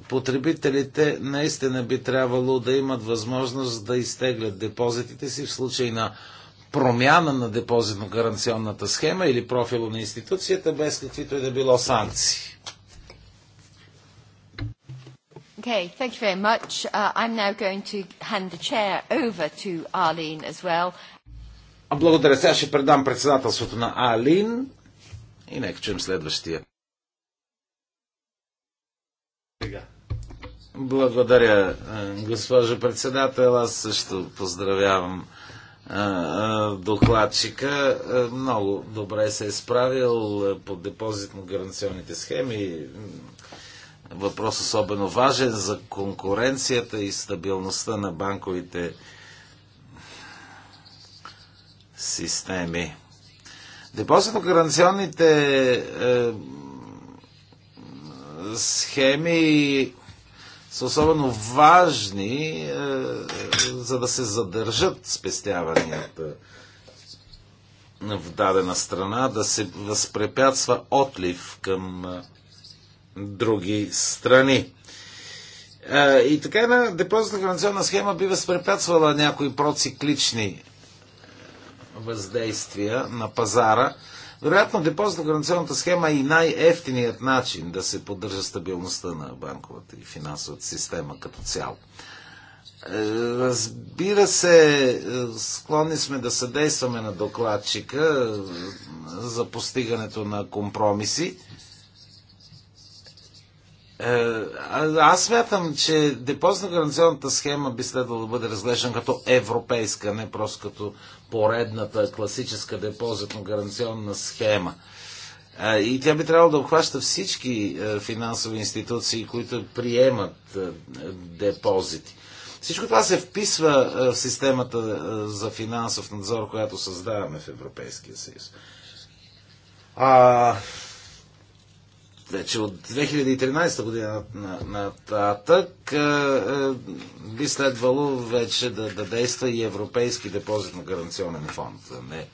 Потребителите наистина би трябвало да имат възможност да изтеглят депозитите си в случай на промяна на депозитно-гаранционната схема или профила на институцията без каквито и да било санкции. Okay, thank you very much. Uh, I'm now going to hand the chair over to Arlene as well. Благодаря. Сега ще предам председателството на Алин и нека чуем следващия. Благодаря, е, госпожо председател. Аз също поздравявам докладчика. Много добре се е справил по депозитно-гаранционните схеми. Въпрос особено важен за конкуренцията и стабилността на банковите системи. Депозитно-гаранционните е, схеми са особено важни, е, за да се задържат спестяванията в дадена страна, да се възпрепятства отлив към е, други страни. Е, и така една депозитна гаранционна схема би възпрепятствала някои проциклични въздействия на пазара, вероятно на гаранционната схема е и най-ефтиният начин да се поддържа стабилността на банковата и финансовата система като цяло. Е, разбира се, е, склонни сме да съдействаме на докладчика е, за постигането на компромиси. Аз смятам, че депозна гаранционната схема би следвало да бъде разглеждана като европейска, не просто като поредната класическа депозитно-гаранционна схема. И тя би трябвало да обхваща всички е, финансови институции, които приемат е, депозити. Всичко това се вписва е, в системата за финансов надзор, която създаваме в Европейския съюз. А, вече значи от 2013 година нататък на, на е, е, би следвало вече да, да действа и Европейски депозитно-гаранционен фонд, не,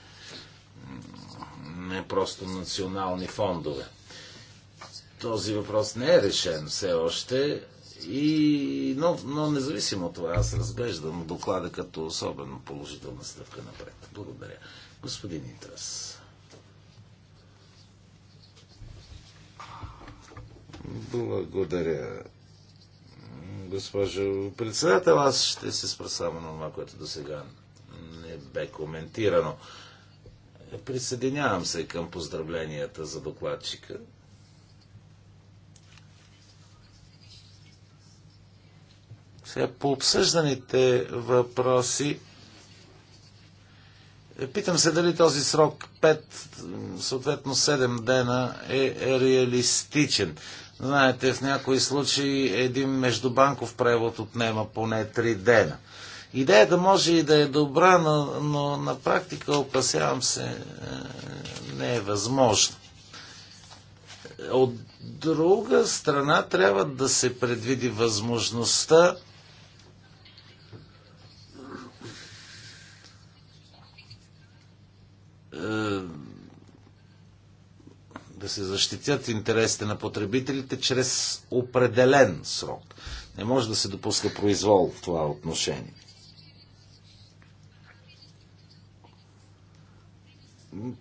не просто национални фондове. Този въпрос не е решен все още, и, но, но независимо от това, аз разглеждам доклада като особено положителна стъпка напред. Благодаря. Господин Интрас. Благодаря, госпожо председател. Аз ще се спра само на това, което до сега не бе коментирано. Присъединявам се към поздравленията за докладчика. Сега по обсъжданите въпроси Питам се дали този срок 5, съответно 7 дена е реалистичен. Знаете, в някои случаи един междубанков превод отнема поне 3 дена. Идеята може и да е добра, но, но на практика, опасявам се, е, не е възможно. От друга страна, трябва да се предвиди възможността е, да се защитят интересите на потребителите чрез определен срок. Не може да се допуска произвол в това отношение.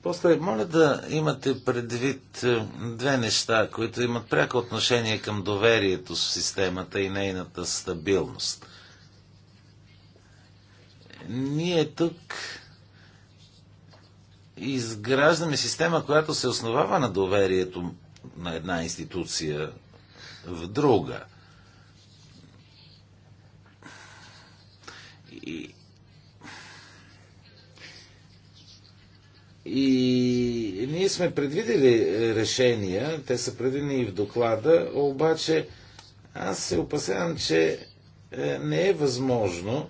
После, моля да имате предвид е, две неща, които имат пряко отношение към доверието в системата и нейната стабилност. Ние тук изграждаме система, която се основава на доверието на една институция в друга. И, и ние сме предвидели решения, те са предвидени и в доклада, обаче аз се опасявам, че е, не е възможно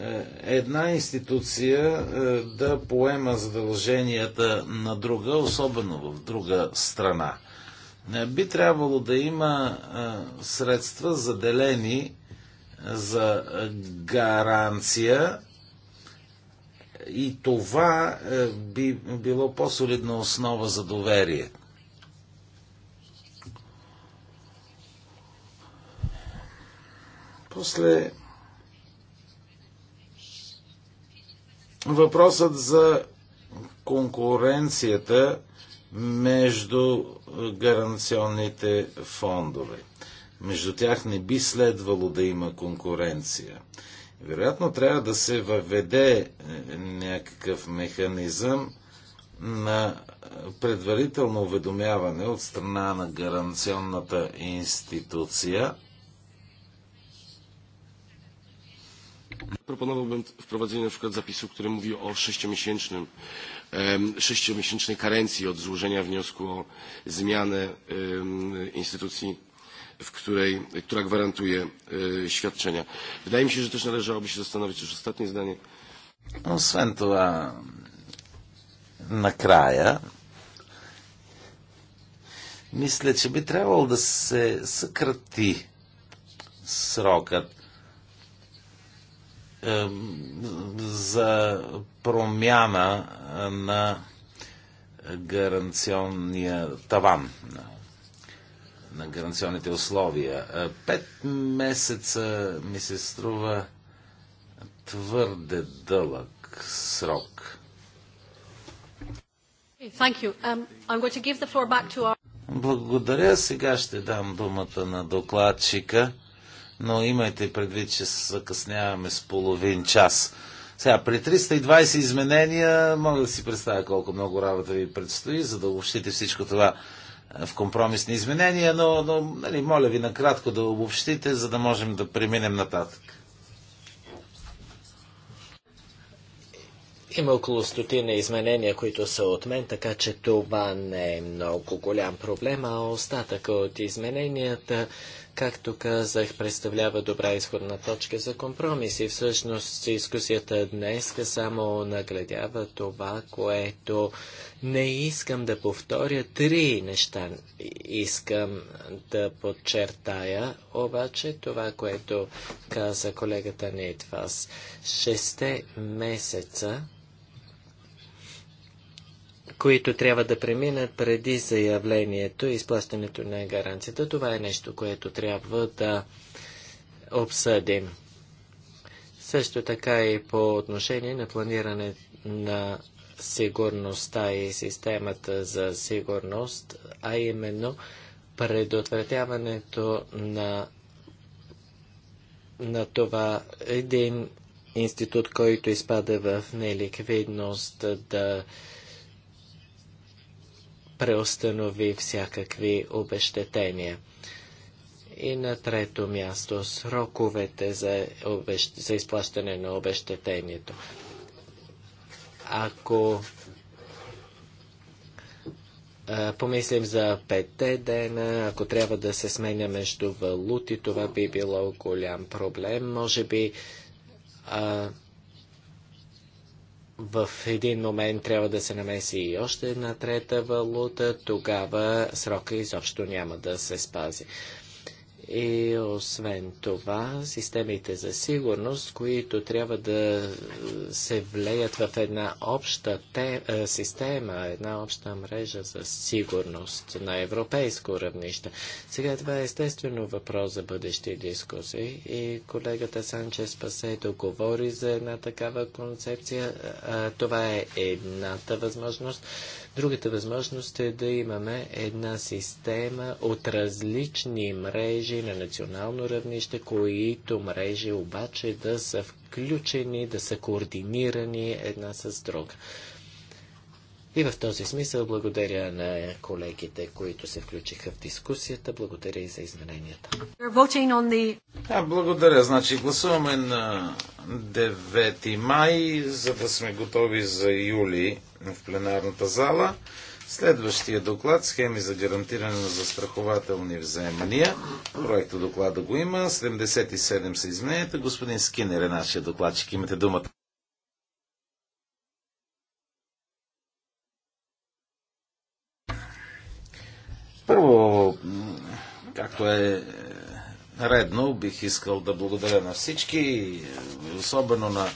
е, една институция е, да поема задълженията на друга, особено в друга страна. Е, би трябвало да има средства заделени за гаранция и това би било по-солидна основа за доверие. После Въпросът за конкуренцията между гаранционните фондове. Между тях не би следвало да има конкуренция. Вероятно трябва да се въведе е, някакъв механизъм на предварително уведомяване от страна на гаранционната институция Proponowałbym wprowadzenie na przykład zapisu, który mówi o sześciomiesięcznym, sześciomiesięcznej karencji od złożenia wniosku o zmianę instytucji, w której, która gwarantuje świadczenia. Wydaje mi się, że też należałoby się zastanowić, już ostatnie zdanie. Освен това, накрая, мисля, че би трябвало да се skrati srokat за промяна на гаранционния таван, на гаранционните условия. Е, пет месеца ми се струва твърде дълъг срок. Um, Благодаря. Сега ще дам думата на докладчика но имайте предвид, че закъсняваме с половин час. Сега, при 320 изменения мога да си представя колко много работа ви предстои, за да обобщите всичко това е, в компромисни изменения, но, но нали, моля ви накратко да обобщите, за да можем да преминем нататък. Има около стотина изменения, които са от мен, така че това не е много голям проблем, а остатъка от измененията както казах, представлява добра изходна точка за компромиси. Всъщност дискусията днес само нагледява това, което не искам да повторя. Три неща искам да подчертая, обаче това, което каза колегата Нейтвас. Шесте месеца които трябва да преминат преди заявлението и изплащането на гаранцията. Това е нещо, което трябва да обсъдим. Също така и по отношение на планиране на сигурността и системата за сигурност, а именно предотвратяването на, на това един институт, който изпада в неликвидност, да преустанови всякакви обещетения. И на трето място сроковете за, обещ... за изплащане на обещетението. Ако а, помислим за петте дена, ако трябва да се сменя между валути, това би било голям проблем. Може би а, в един момент трябва да се намеси и още една трета валута, тогава срока изобщо няма да се спази. И освен това, системите за сигурност, които трябва да е, се влеят в една обща те, е, система, една обща мрежа за сигурност на европейско равнище. Сега това е естествено въпрос за бъдещи дискусии и колегата Санчес Пасейто говори за една такава концепция. Това е едната възможност. Другата възможност е да имаме една система от различни мрежи, мрежи на национално равнище, които мрежи обаче да са включени, да са координирани една с друга. И в този смисъл благодаря на колегите, които се включиха в дискусията. Благодаря и за измененията. The... Да, благодаря. Значи гласуваме на 9 май, за да сме готови за юли в пленарната зала. Следващия доклад схеми за гарантиране на застрахователни вземания. Проекта доклада го има. 77 са измененията. Господин Скинер е нашия докладчик. Имате думата. Първо, както е редно, бих искал да благодаря на всички, особено на,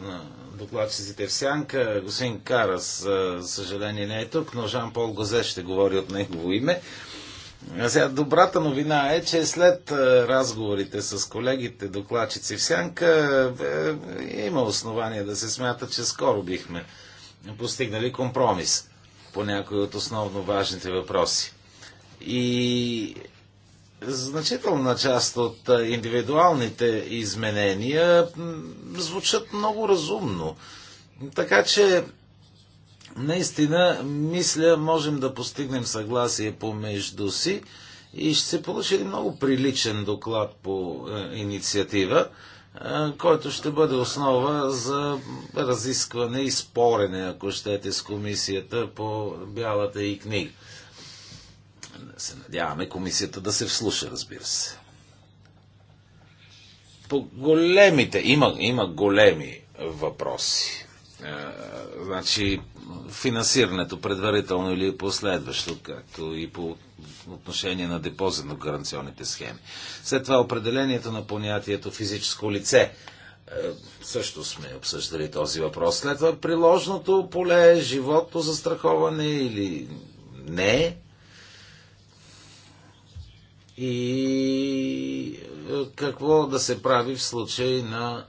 на докладчиците в сянка. Господин Карас, съжаление, не е тук, но Жан-Пол Гозе ще говори от негово име. сега, добрата новина е, че след разговорите с колегите докладчици в сянка е, има основание да се смята, че скоро бихме постигнали компромис по някои от основно важните въпроси. И Значителна част от индивидуалните изменения звучат много разумно. Така че, наистина, мисля, можем да постигнем съгласие помежду си и ще се получи много приличен доклад по инициатива който ще бъде основа за разискване и спорене, ако щете, с комисията по бялата и книга се надяваме комисията да се вслуша, разбира се. По големите, има, има големи въпроси. Е, значи, финансирането предварително или последващо, както и по отношение на депозитно гаранционните схеми. След това определението на понятието физическо лице. Е, също сме обсъждали този въпрос. След това приложното поле, живото застраховане или не, и е, какво да се прави в случай на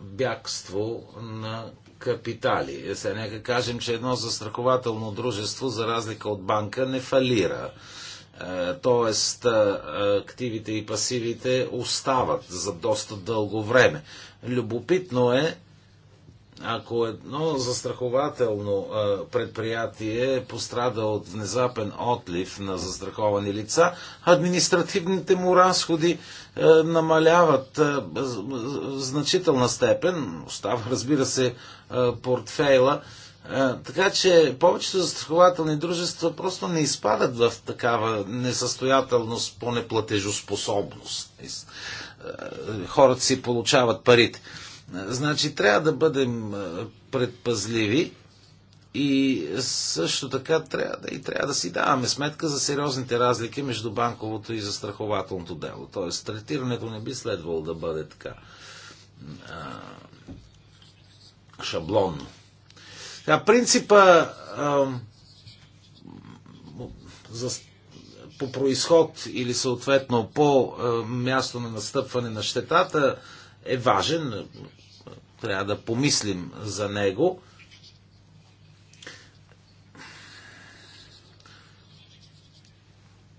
бягство на капитали. Сега нека кажем, че едно застрахователно дружество, за разлика от банка, не фалира. Е, тоест, е, активите и пасивите остават за доста дълго време. Любопитно е, ако едно застрахователно предприятие е пострада от внезапен отлив на застраховани лица, административните му разходи намаляват в значителна степен, остава разбира се портфейла, така че повечето застрахователни дружества просто не изпадат в такава несъстоятелност по неплатежоспособност. Хората си получават парите. Значи трябва да бъдем предпазливи и също така трябва да, и трябва да си даваме сметка за сериозните разлики между банковото и застрахователното дело. Тоест, третирането не би следвало да бъде така а, шаблонно. А принципа а, за, по происход или съответно по а, място на настъпване на щетата е важен. Трябва да помислим за него.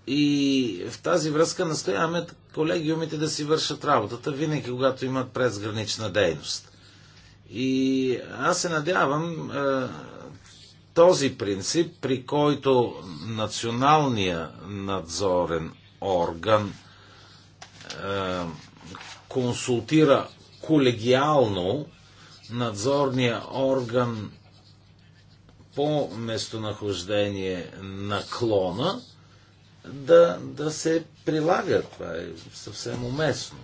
И в тази връзка настояваме колегиумите да си вършат работата винаги, когато имат презгранична дейност. И аз се надявам е, този принцип, при който националния надзорен орган е, консултира колегиално надзорния орган по местонахождение на клона да, да се прилага. Това е съвсем уместно.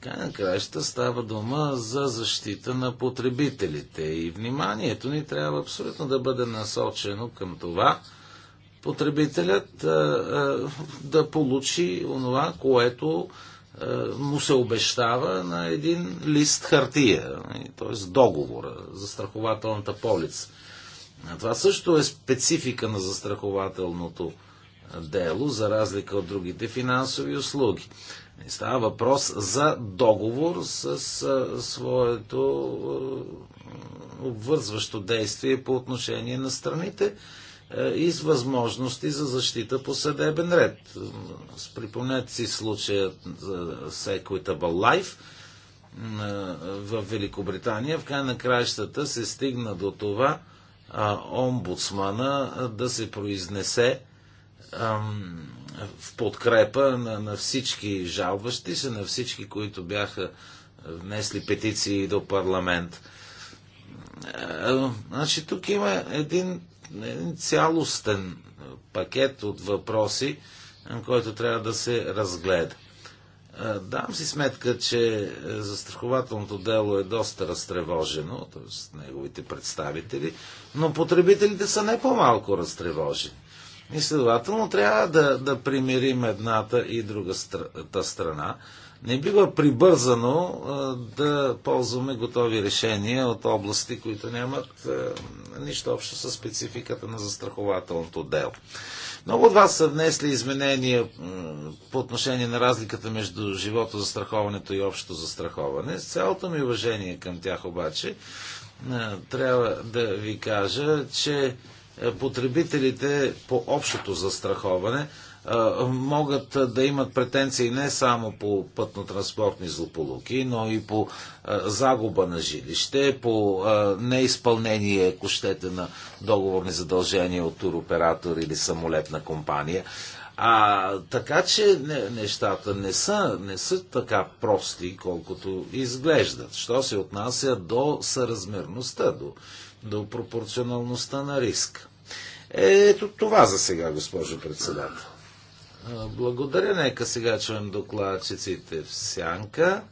Край на краища става дума за защита на потребителите и вниманието ни трябва абсолютно да бъде насочено към това потребителят да получи онова, което е, му се обещава на един лист хартия, т.е. договора, за страхователната полица. Това също е специфика на застрахователното е, дело, за разлика от другите финансови услуги. Става въпрос за договор с е, своето обвързващо действие по отношение на страните е, и с възможности за защита по съдебен ред. Припомнете си случая за Sequitable Life е, в Великобритания. В край на краищата се стигна до това омбудсмана да се произнесе в подкрепа на, на всички жалващи се, на всички, които бяха внесли петиции до парламент. Е, значи тук има един е цялостен е, пакет от въпроси, е, който трябва да се разгледа. Дам си сметка, че застрахователното дело е доста разтревожено, т.е. неговите представители, но потребителите са не по-малко разтревожени. И следователно трябва да, да примирим едната и другата страна не бива прибързано да ползваме готови решения от области, които нямат нищо общо с спецификата на застрахователното дело. Много от вас са внесли изменения по отношение на разликата между живото застраховането и общото застраховане. С цялото ми уважение към тях обаче, трябва да ви кажа, че потребителите по общото застраховане могат да имат претенции не само по пътно-транспортни злополуки, но и по загуба на жилище, по неизпълнение, ако щете, на договорни задължения от туроператор или самолетна компания. А, така че не, нещата не са, не са така прости, колкото изглеждат. Що се отнася до съразмерността, до, до пропорционалността на риск. Ето това за сега, госпожо председател. Благодаря. Нека сега чуем докладчиците в сянка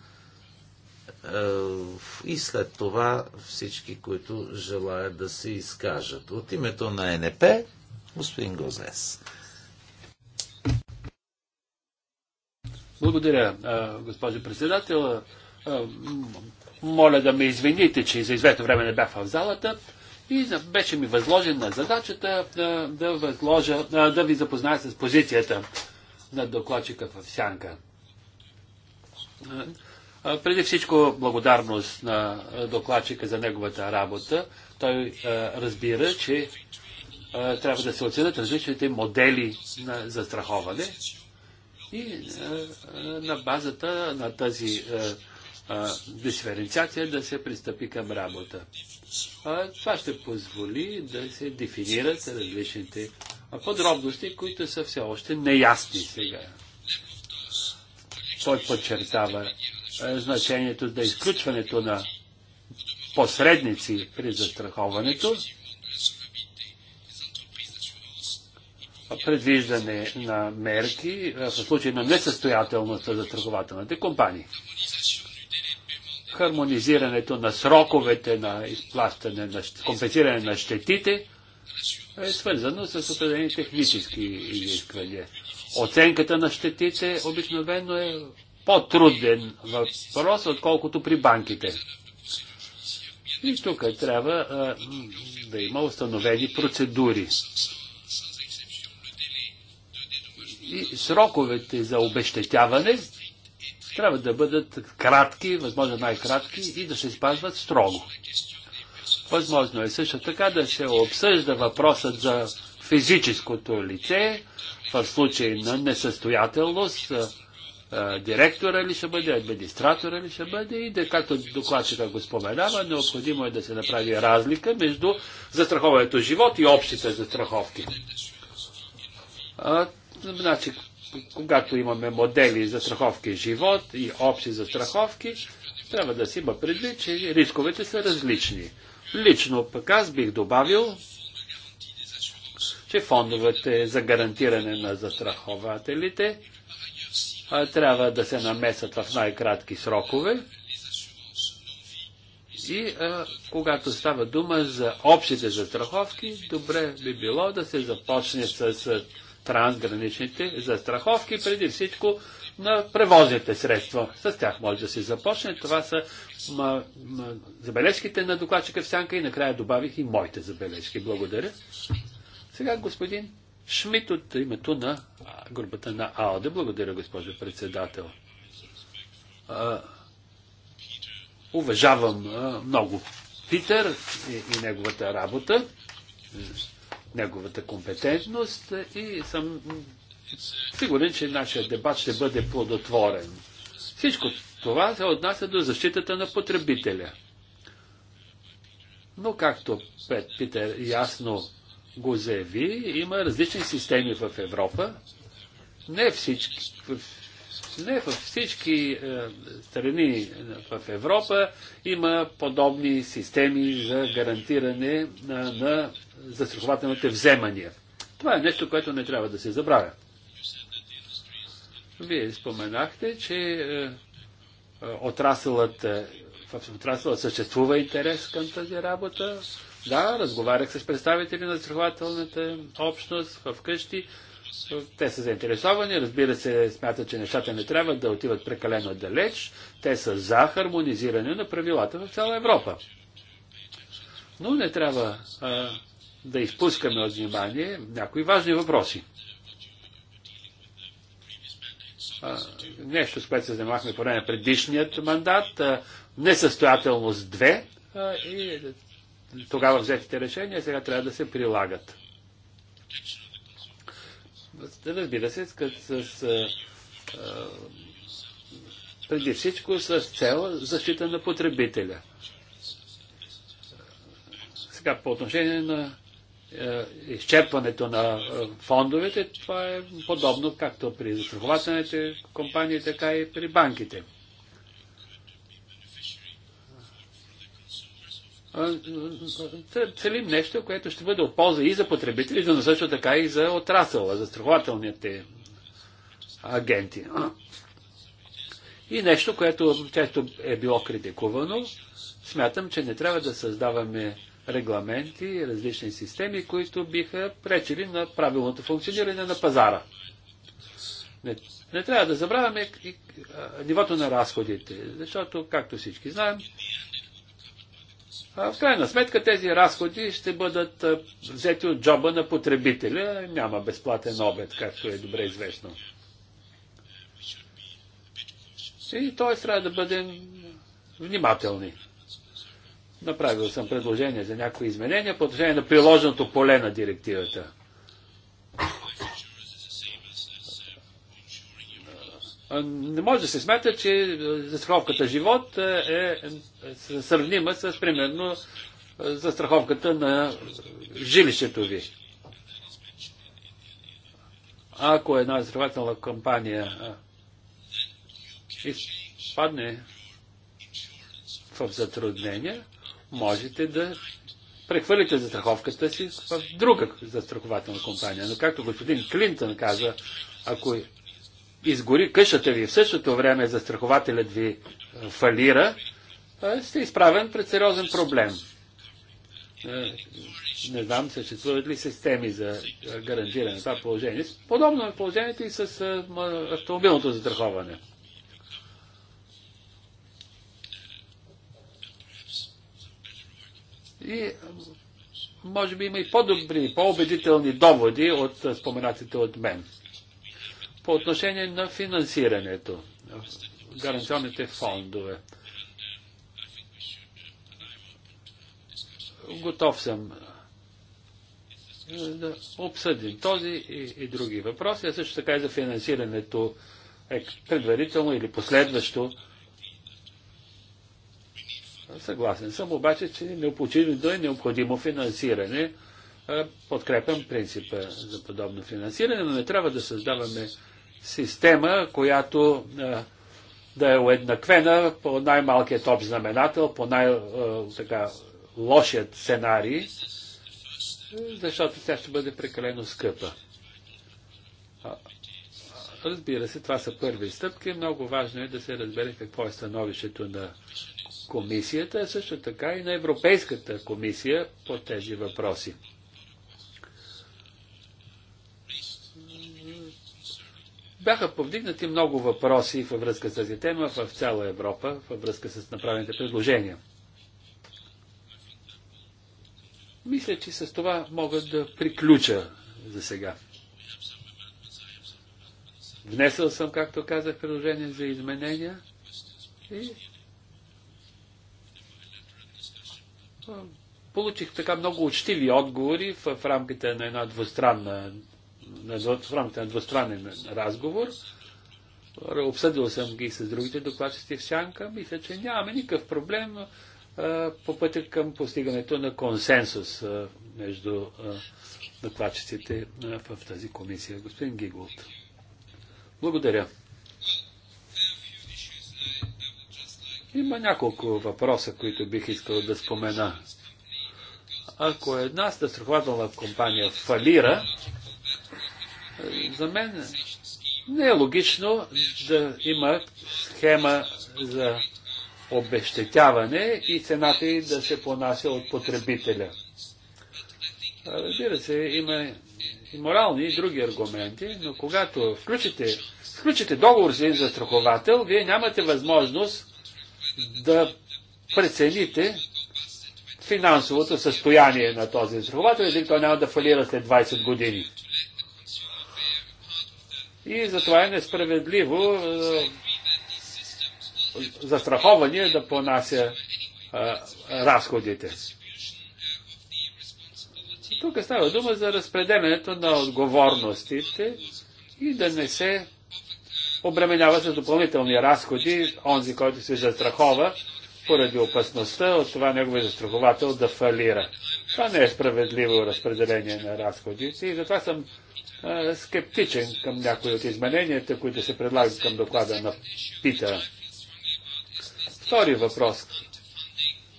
и след това всички, които желаят да се изкажат. От името на НП, господин Гозес. Благодаря, госпожо председател. Моля да ме извините, че за известно време не бях в залата и беше ми възложена задачата да, да, възложа, да ви запозная с позицията на докладчика в Сянка. Преди всичко благодарност на докладчика за неговата работа. Той разбира, че трябва да се оценят различните модели на застраховане и на базата на тази диференциация да се пристъпи към работа. А, това ще позволи да се дефинират различните подробности, които са все още неясни сега. Той подчертава значението за изключването на посредници при застраховането, предвиждане на мерки в случай на несъстоятелността за страхователните компании хармонизирането на сроковете на изплащане, на компенсиране на щетите е свързано с определени технически изисквания. Оценката на щетите обикновено е по-труден въпрос, отколкото при банките. И тук трябва а, да има установени процедури. И сроковете за обещетяване трябва да бъдат кратки, възможно най-кратки и да се спазват строго. Възможно е също така да се обсъжда въпросът за физическото лице в случай на несъстоятелност, директора ли ще бъде, администратора ли ще бъде и да, както докладчика го споменава, необходимо е да се направи разлика между застраховането живот и общите застраховки. А, значи, когато имаме модели за страховки живот и общи за страховки, трябва да си има предвид, че рисковете са различни. Лично пък аз бих добавил, че фондовете за гарантиране на застрахователите трябва да се намесат в най-кратки срокове. И а, когато става дума за общите застраховки, добре би било да се започне с трансграничните застраховки, преди всичко на превозните средства. С тях може да се започне. Това са забележките на докладчика в сянка и накрая добавих и моите забележки. Благодаря. Сега господин Шмидт от името на групата на АОД. Благодаря, госпожо председател. А, уважавам а, много Питер и, и неговата работа неговата компетентност и съм сигурен, че нашия дебат ще бъде плодотворен. Всичко това се отнася до защитата на потребителя. Но както Пет Питер ясно го заяви, има различни системи в Европа. Не всички, не във всички е, страни в Европа има подобни системи за гарантиране на, на застрахователните вземания. Това е нещо, което не трябва да се забравя. Вие споменахте, че е, е, отрасълът, в отрасълът съществува интерес към тази работа. Да, разговарях с представители на страхователната общност в къщи. Те са заинтересовани, разбира се, смятат, че нещата не трябва да отиват прекалено далеч. Те са за хармонизиране на правилата в цяла Европа. Но не трябва а, да изпускаме от внимание някои важни въпроси. А, нещо, с което се занимахме по време предишният мандат, а, несъстоятелност 2 а, и тогава взетите решения сега трябва да се прилагат разбира се, с, с а, преди всичко с цел защита на потребителя. Сега по отношение на изчерпването на фондовете, това е подобно както при застрахователните компании, така и при банките. целим нещо, което ще бъде от полза и за потребителите, но също така и за отрасъла, за страхователните агенти. И нещо, което често е било критикувано, смятам, че не трябва да създаваме регламенти, различни системи, които биха пречили на правилното функциониране на пазара. Не, не трябва да забравяме и, а, нивото на разходите, защото, както всички знаем, в крайна сметка тези разходи ще бъдат взети от джоба на потребителя. Няма безплатен обед, както е добре известно. И т.е. трябва да бъдем внимателни. Направил съм предложение за някои изменения по отношение на приложеното поле на директивата. не може да се смята, че застраховката живот е, е, е сравнима с, примерно, застраховката на жилището ви. Ако една застрахователна компания изпадне в затруднение, можете да прехвърлите застраховката си в друга застрахователна компания. Но както господин Клинтън каза, ако изгори къщата ви, в същото време застрахователят ви е, фалира, сте изправен пред сериозен проблем. Е, не знам, съществуват ли системи за е, гарантиране на това положение. Подобно е положението и с автомобилното застраховане. И може би има и по-добри, по-убедителни доводи от споменатите от мен. По отношение на финансирането, гаранционните фондове. Готов съм е, да обсъдим този и, и други въпроси, а също така и за финансирането е предварително или последващо. Съгласен съм, обаче, че необходимо е необходимо финансиране. Е, подкрепям принципа за подобно финансиране, но не трябва да създаваме система, която е, да е уеднаквена по най-малкият общ знаменател, по най-лошият е, сценарий, защото тя ще бъде прекалено скъпа. Разбира се, това са първи стъпки. Много важно е да се разбере какво е становището на комисията, а също така и на Европейската комисия по тези въпроси. Бяха повдигнати много въпроси във връзка с тази тема в цяла Европа, във връзка с направените предложения. Мисля, че с това мога да приключа за сега. Внесъл съм, както казах, предложение за изменения и получих така много учтиви отговори в рамките на една двустранна на, в рамките на двустранен разговор. Обсъдил съм ги с другите докладчици в Сянка. Мисля, че нямаме никакъв проблем по пътя към постигането на консенсус между докладчиците в тази комисия. Господин Гиголт. Благодаря. Има няколко въпроса, които бих искал да спомена. Ако една застрахователна компания фалира, за мен не е логично да има схема за обещетяване и цената и да се понася от потребителя. Разбира се, има и морални и други аргументи, но когато включите, включите договор за един застраховател, вие нямате възможност да прецените финансовото състояние на този застраховател, или той няма да фалира след 20 години. И затова е несправедливо е, застрахование да понася е, разходите. Тук става дума за разпределенето на отговорностите и да не се обременява с допълнителни разходи онзи, който се застрахова, поради опасността от това неговия застраховател да фалира. Това не е справедливо разпределение на разходите и затова съм скептичен към някои от измененията, които се предлагат към доклада на Пита. Втори въпрос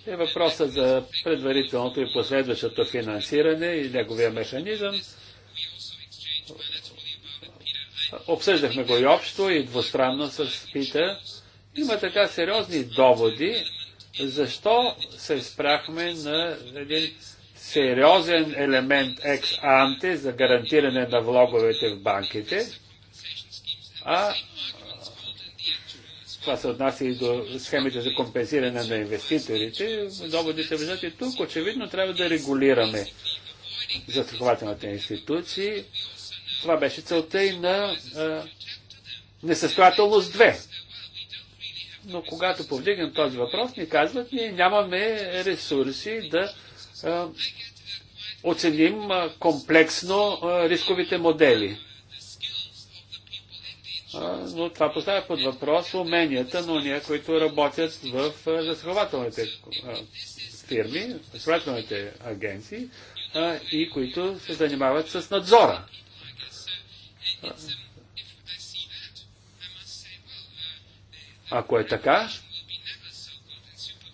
е въпроса за предварителното и последващото финансиране и неговия механизъм. Обсъждахме го и общо, и двустранно с пита. Има така сериозни доводи, защо се спряхме на един сериозен елемент екс-анте за гарантиране на влоговете в банките, а това се отнася и до схемите за компенсиране на инвеститорите. Доводите влизат и тук. Очевидно трябва да регулираме застрахователните институции. Това беше целта и на а, несъстоятелност 2. Но когато повдигнем този въпрос, ни казват, ние нямаме ресурси да е, оценим е, комплексно е, рисковите модели. Но това поставя под въпрос уменията на уния, които работят в застрахователните фирми, застрахователните агенции и които се занимават с надзора. Ако е така,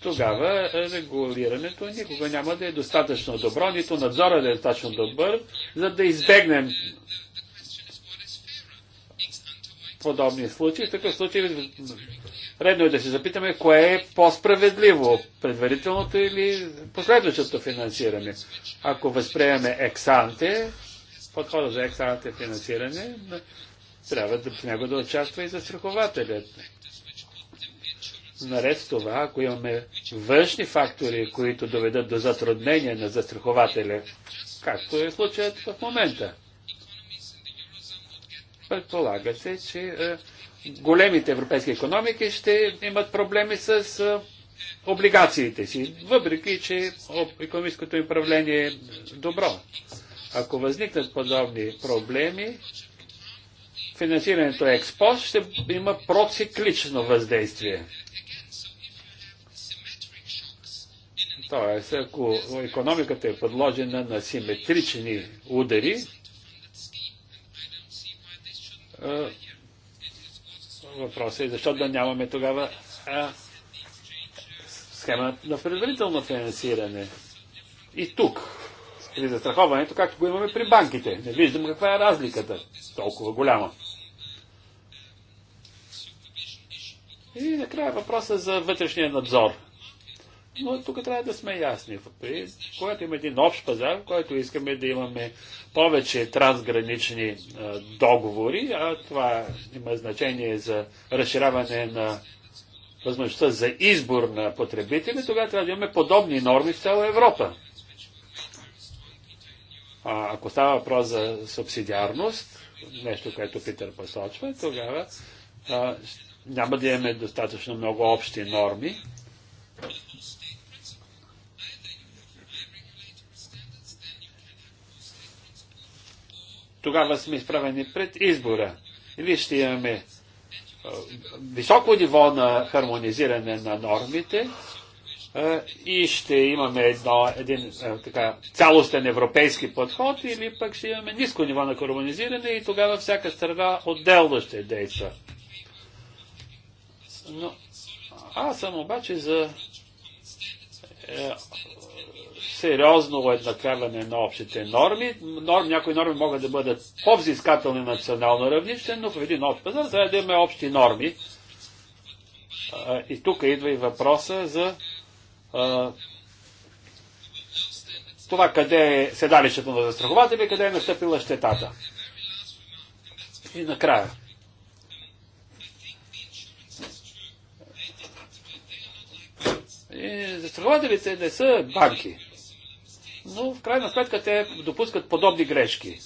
тогава е, регулирането никога няма да е достатъчно добро, нито надзора да е достатъчно добър, за да избегнем подобни случаи. В такъв случай редно е да се запитаме кое е по-справедливо, предварителното или последващото финансиране. Ако възприемаме ексанте, подхода за ексанте финансиране, трябва да, в него да участва и застрахователят. Наред с това, ако имаме външни фактори, които доведат до затруднения на застрахователя, както е случаят в момента, предполага се, че е, големите европейски економики ще имат проблеми с е, облигациите си, въпреки че економическото им управление е добро. Ако възникнат подобни проблеми, финансирането е експост ще има проциклично въздействие. Тоест, ако економиката е подложена на симетрични удари, въпросът е защо да нямаме тогава схема на предварително финансиране. И тук, при застраховането, както го имаме при банките. Не виждам каква е разликата толкова голяма. И накрая въпроса за вътрешния надзор – но тук трябва да сме ясни. Когато има един общ пазар, който искаме да имаме повече трансгранични договори, а това има значение за разширяване на възможността за избор на потребители, тогава трябва да имаме подобни норми в цяла Европа. А, ако става въпрос за субсидиарност, нещо, което Питър посочва, тогава а, няма да имаме достатъчно много общи норми, тогава сме изправени пред избора. Или ще имаме високо ниво на хармонизиране на нормите и ще имаме едно, един така, цялостен европейски подход или пък ще имаме ниско ниво на хармонизиране и тогава всяка страна отделно ще действа. Но аз съм обаче за е, сериозно уеднаквяване на общите норми. Норм, някои норми могат да бъдат по-взискателни на национално равнище, но в един общ пазар трябва да имаме общи норми. и тук идва и въпроса за а, това къде е седалището на застрахователя и къде е настъпила щетата. И накрая. И застрахователите не са банки но в крайна сметка те допускат подобни грешки.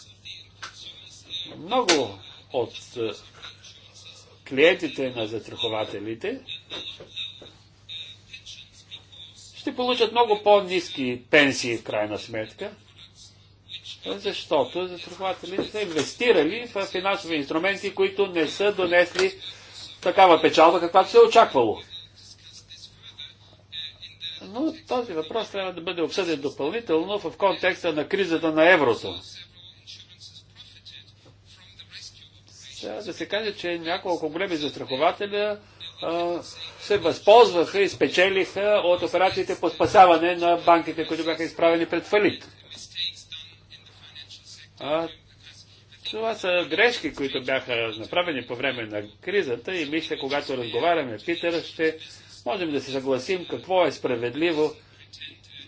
Много от е, клиентите на застрахователите ще получат много по-низки пенсии в крайна сметка, защото застрахователите са инвестирали в финансови инструменти, които не са донесли такава печалба, каквато се е очаквало но този въпрос трябва да бъде обсъден допълнително в контекста на кризата на еврото. Трябва да се каже, че няколко големи застрахователя се възползваха и спечелиха от операциите по спасяване на банките, които бяха изправени пред фалит. А, това са грешки, които бяха направени по време на кризата и мисля, когато разговаряме, Питър ще можем да се съгласим какво е справедливо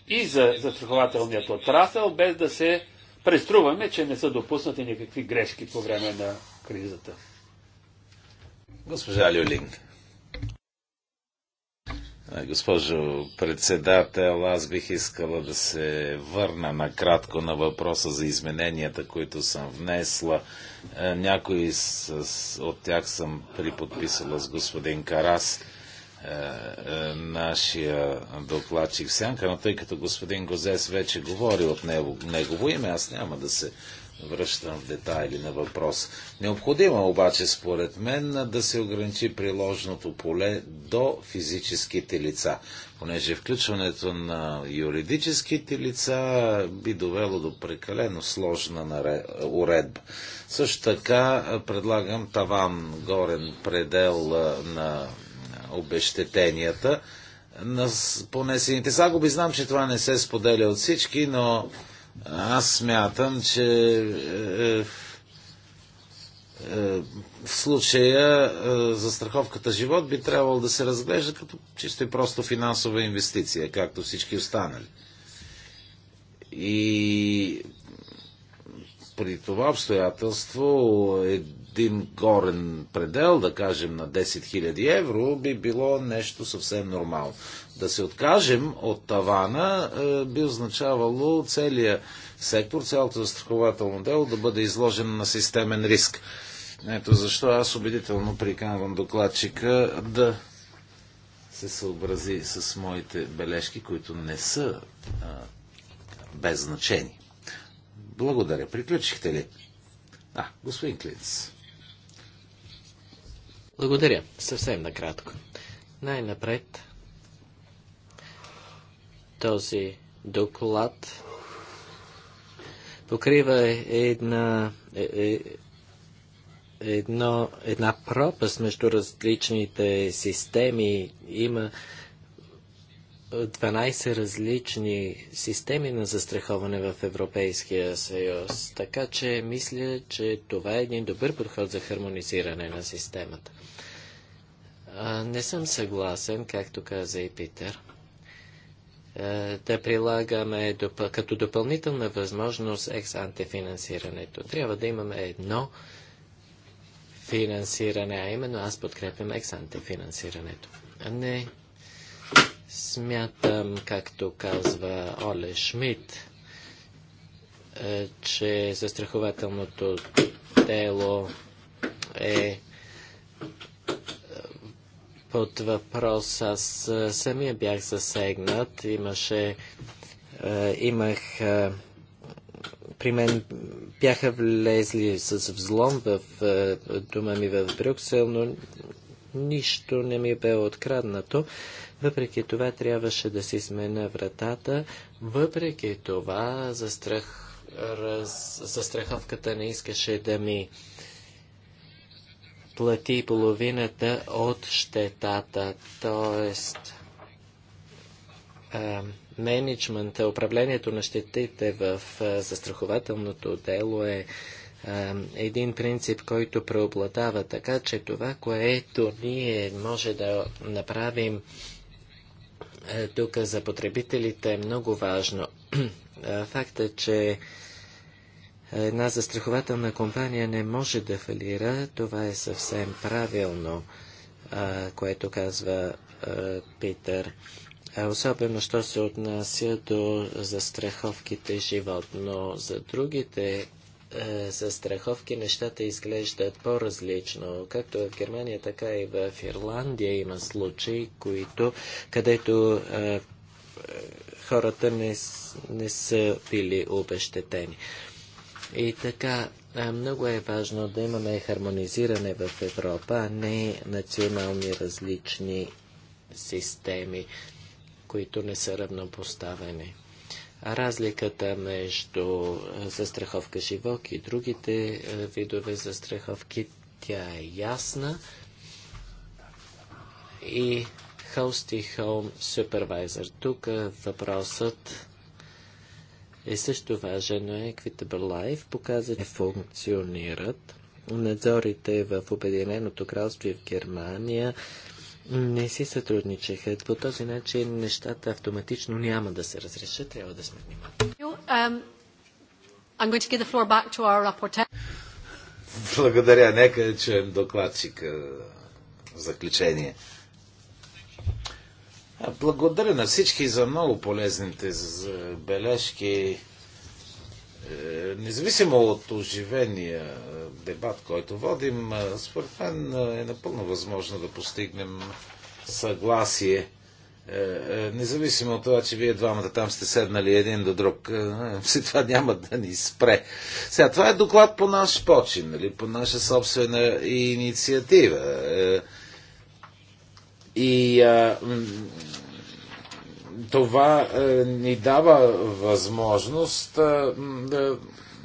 и за застрахователният отрасъл, без да се преструваме, че не са допуснати никакви грешки по време на кризата. Госпожа Люлин. Госпожо председател, аз бих искала да се върна накратко на въпроса за измененията, които съм внесла. Някои с, от тях съм приподписала с господин Карас. Е, е, нашия докладчик Сянка, но тъй като господин Гозес вече говори от него, негово име, аз няма да се връщам в детайли на въпрос. Необходимо е обаче, според мен, да се ограничи приложното поле до физическите лица, понеже включването на юридическите лица би довело до прекалено сложна уредба. Също така предлагам таван горен предел на обещетенията на понесените загуби. Знам, че това не се споделя от всички, но аз смятам, че е, е, е, в случая за застраховката живот би трябвало да се разглежда като чисто и просто финансова инвестиция, както всички останали. И при това обстоятелство е един горен предел, да кажем на 10 000 евро, би било нещо съвсем нормално. Да се откажем от тавана е, би означавало целият сектор, цялото застрахователно дело да бъде изложен на системен риск. Ето защо аз убедително приканвам докладчика да се съобрази с моите бележки, които не са а, без значение. Благодаря. Приключихте ли? А, господин Клинц. Благодаря. Съвсем накратко. Най-напред този доклад покрива една, е, е, едно, една пропаст между различните системи. Има 12 различни системи на застраховане в Европейския съюз. Така че мисля, че това е един добър подход за хармонизиране на системата. Не съм съгласен, както каза и Питер, да прилагаме като допълнителна възможност екс-антифинансирането. Трябва да имаме едно финансиране, а именно аз подкрепям екс-антифинансирането. Не смятам, както казва Оле Шмидт, че застрахователното дело е под въпрос. Аз самия бях засегнат. Имаше, имах, при мен бяха влезли с взлом в дома ми в Брюксел, но нищо не ми бе откраднато. Въпреки това трябваше да си смена вратата. Въпреки това застрах, раз, застраховката не искаше да ми плати половината от щетата, Тоест, менеджмента, управлението на щетите в застрахователното дело е един принцип, който преобладава, така че това, което ние може да направим тук за потребителите е много важно. Факта, че Една застрахователна компания не може да фалира, това е съвсем правилно, а, което казва а, Питър. А особено, що се отнася до застраховките животно. За другите за страховки нещата изглеждат по-различно. Както в Германия, така и в Ирландия има случаи, които, където е, хората не, не са били обещетени. И така, много е важно да имаме хармонизиране в Европа, а не национални различни системи, които не са равнопоставени. Разликата между застраховка живот и другите видове застраховки, тя е ясна. И Хаусти Хоум Супервайзър. Тук въпросът е също важен, е, Equitable Life показа, че функционират. Надзорите в Обединеното кралство и в Германия не си сътрудничаха. По този начин нещата автоматично няма да се разрешат. Трябва да сме внимателни. Um, Благодаря. Нека чуем докладчика в заключение. Благодаря на всички за много полезните бележки. Е, независимо от оживения е, дебат, който водим, е, според мен е напълно възможно да постигнем съгласие. Независимо от това, че вие двамата там сте седнали един до друг, все това няма да ни спре. Сега, това е доклад по наш почин, нали, по наша собствена инициатива. И а, това е, ни дава възможност е, да,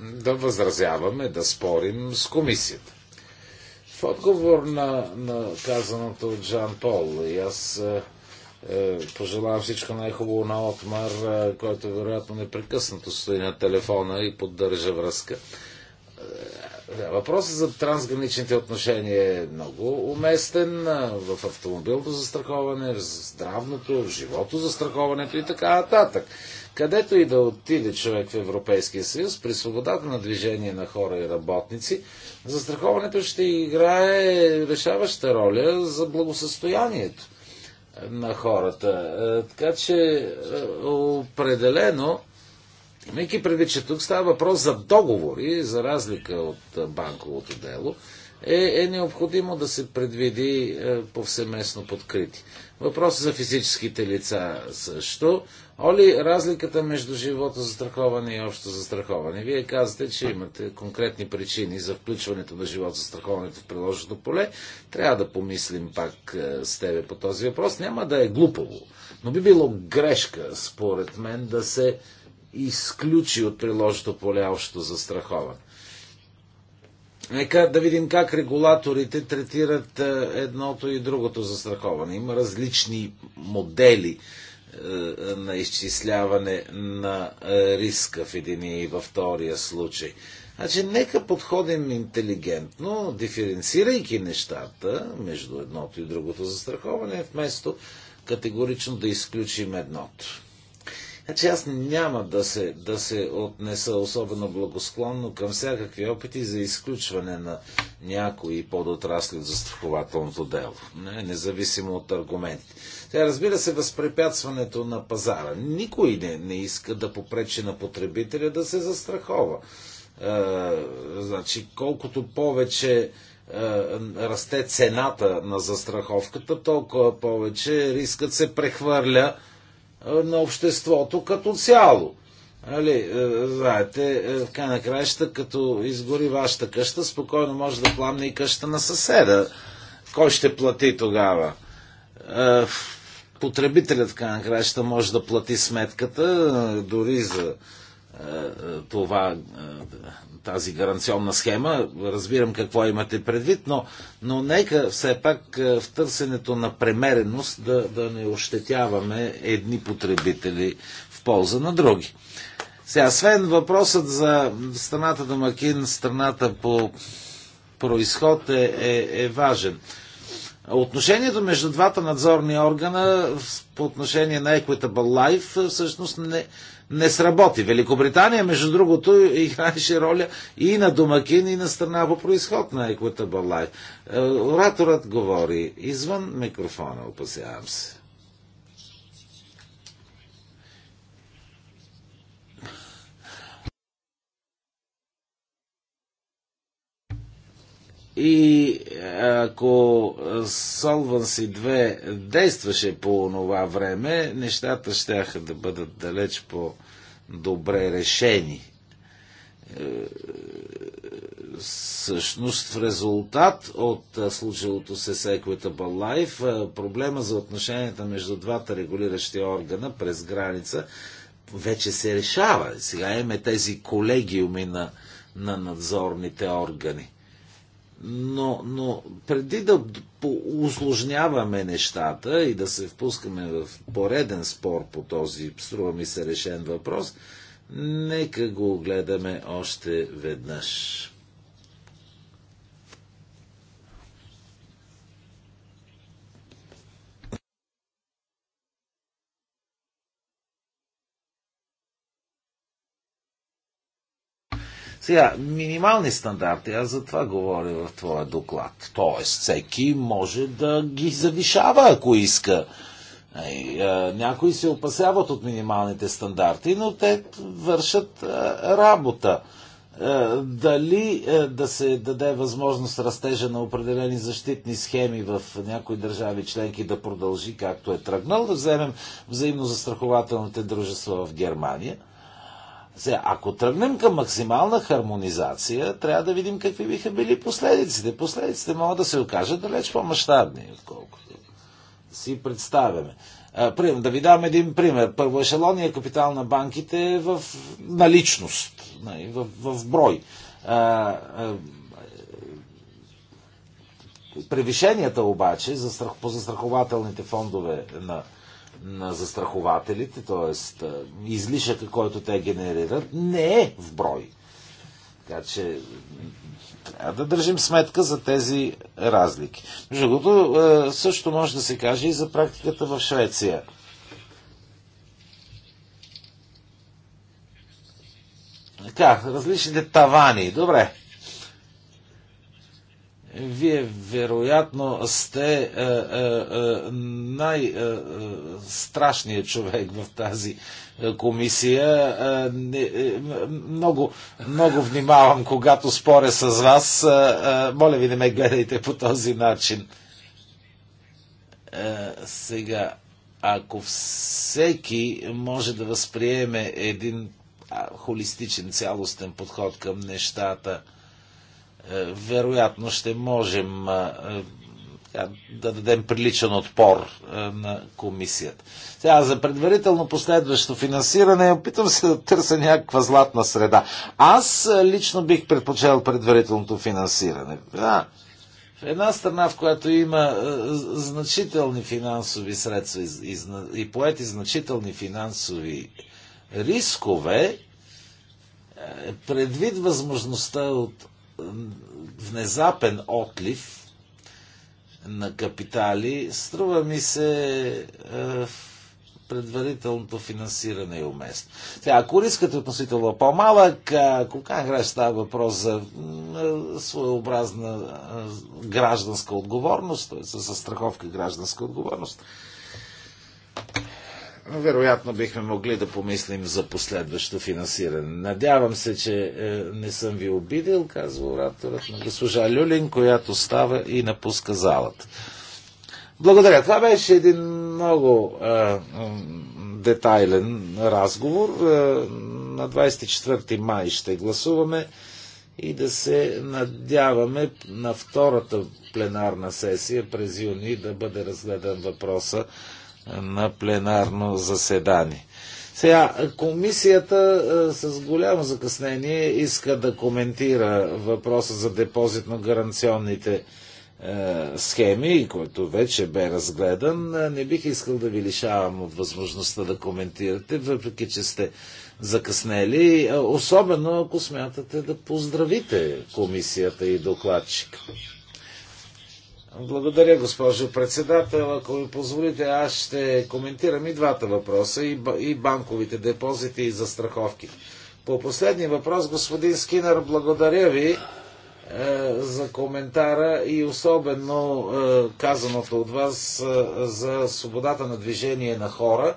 да възразяваме, да спорим с комисията. В отговор на, на казаното от Жан Пол, и аз е, е пожелавам всичко най-хубаво на Отмар, е, който вероятно непрекъснато стои на телефона и поддържа връзка. Е, да, въпросът за трансграничните отношения е много уместен в автомобилното застраховане, в здравното, в живото застраховането и така нататък. Където и да отиде човек в Европейския съюз, при свободата на движение на хора и работници, застраховането ще играе решаваща роля за благосъстоянието на хората. Така че определено Имайки преди, че тук става въпрос за договори, за разлика от банковото дело, е, е необходимо да се предвиди е, повсеместно подкрити. Въпросът за физическите лица също. Оли, разликата между живото застраховане и общо застраховане. Вие казвате, че имате конкретни причини за включването на живото застраховането в приложеното поле. Трябва да помислим пак с тебе по този въпрос. Няма да е глупаво, но би било грешка, според мен, да се изключи от приложното поле общо застраховане. Нека да видим как регулаторите третират е, едното и другото застраховане. Има различни модели е, е, на изчисляване на риска в един и във втория случай. Значи, нека подходим интелигентно, диференцирайки нещата между едното и другото застраховане, вместо категорично да изключим едното. Значи аз няма да се, да се отнеса особено благосклонно към всякакви опити за изключване на някои подотрасли от застрахователното дело, не, независимо от аргументите. Тя разбира се възпрепятстването на пазара. Никой не, не иска да попречи на потребителя да се застрахова. Е, значи, колкото повече е, расте цената на застраховката, толкова повече рискът се прехвърля на обществото като цяло. Нали, е, знаете, е, в край на краища, като изгори вашата къща, спокойно може да пламне и къща на съседа. Кой ще плати тогава? Е, потребителят, в край на краища, може да плати сметката дори за това, тази гаранционна схема. Разбирам какво имате предвид, но, но нека все пак е, в търсенето на премереност да, да не ощетяваме едни потребители в полза на други. Сега, освен въпросът за страната домакин, страната по происход е, е, е важен. Отношението между двата надзорни органа по отношение на Equitable Life е, всъщност не, не сработи. Великобритания, между другото, играеше роля и на домакин, и на страна по происход на Equitable Life. Е, ораторът говори извън микрофона, опасявам се. И е, ако си 2 действаше по това време, нещата ще да бъдат далеч по-добре решени. Е, Същност в резултат от е, случилото се с Equitable Life, проблема за отношенията между двата регулиращи органа през граница вече се решава. Сега имаме тези колегиуми на, на надзорните органи но, но преди да усложняваме нещата и да се впускаме в пореден спор по този, струва ми се, решен въпрос, нека го огледаме още веднъж. Сега, минимални стандарти, аз за това говоря в твоя доклад. Тоест, всеки може да ги завишава, ако иска. Е, някои се опасяват от минималните стандарти, но те вършат е, работа. Е, дали да се даде възможност растежа на определени защитни схеми в някои държави членки да продължи както е тръгнал, да вземем взаимно застрахователните дружества в Германия – сега, ако тръгнем към максимална хармонизация, трябва да видим какви биха били последиците. Последиците могат да се окажат далеч по-масштабни, отколкото си представяме. да ви дам един пример. Първо ешелония капитал на банките е в наличност, нали, в, в брой. Превишенията обаче за, по застрахователните фондове на на застрахователите, т.е. излишъка, който те генерират, не е в брой. Така че трябва да държим сметка за тези разлики. Между другото, е, също може да се каже и за практиката в Швеция. Така, различните тавани. Добре. Вие вероятно сте е, е, е, най-страшният човек в тази е, комисия. Е, е, много, много внимавам, когато споря с вас. Моля ви, не ме гледайте по този начин. Сега, ако всеки може да възприеме един холистичен, цялостен подход към нещата – е, вероятно ще можем е, е, да дадем приличен отпор на комисията. Сега за предварително последващо финансиране опитвам се да търся някаква златна среда. Аз лично бих предпочел предварителното финансиране. Да. В една страна, в която има значителни финансови средства и, и поети значителни финансови рискове, предвид възможността от внезапен отлив на капитали, струва ми се е, предварителното финансиране и е уместно. Сега, ако рискът е относително по-малък, ако Канграш става въпрос за е, своеобразна гражданска отговорност, т.е. за страховка гражданска отговорност, вероятно бихме могли да помислим за последващо финансиране. Надявам се, че е, не съм ви обидил, казва ораторът на госпожа Люлин, която става и напуска залата. Благодаря. Това беше един много е, детайлен разговор. Е, на 24 май ще гласуваме и да се надяваме на втората пленарна сесия през юни да бъде разгледан въпроса на пленарно заседание. Сега, комисията с голямо закъснение иска да коментира въпроса за депозитно-гаранционните схеми, който вече бе разгледан. Не бих искал да ви лишавам от възможността да коментирате, въпреки че сте закъснели, особено ако смятате да поздравите комисията и докладчика. Благодаря, госпожо председател. Ако ми позволите, аз ще коментирам и двата въпроса, и, банковите депозити, и застраховки. По последния въпрос, господин Скинър, благодаря ви е, за коментара и особено е, казаното от вас е, за свободата на движение на хора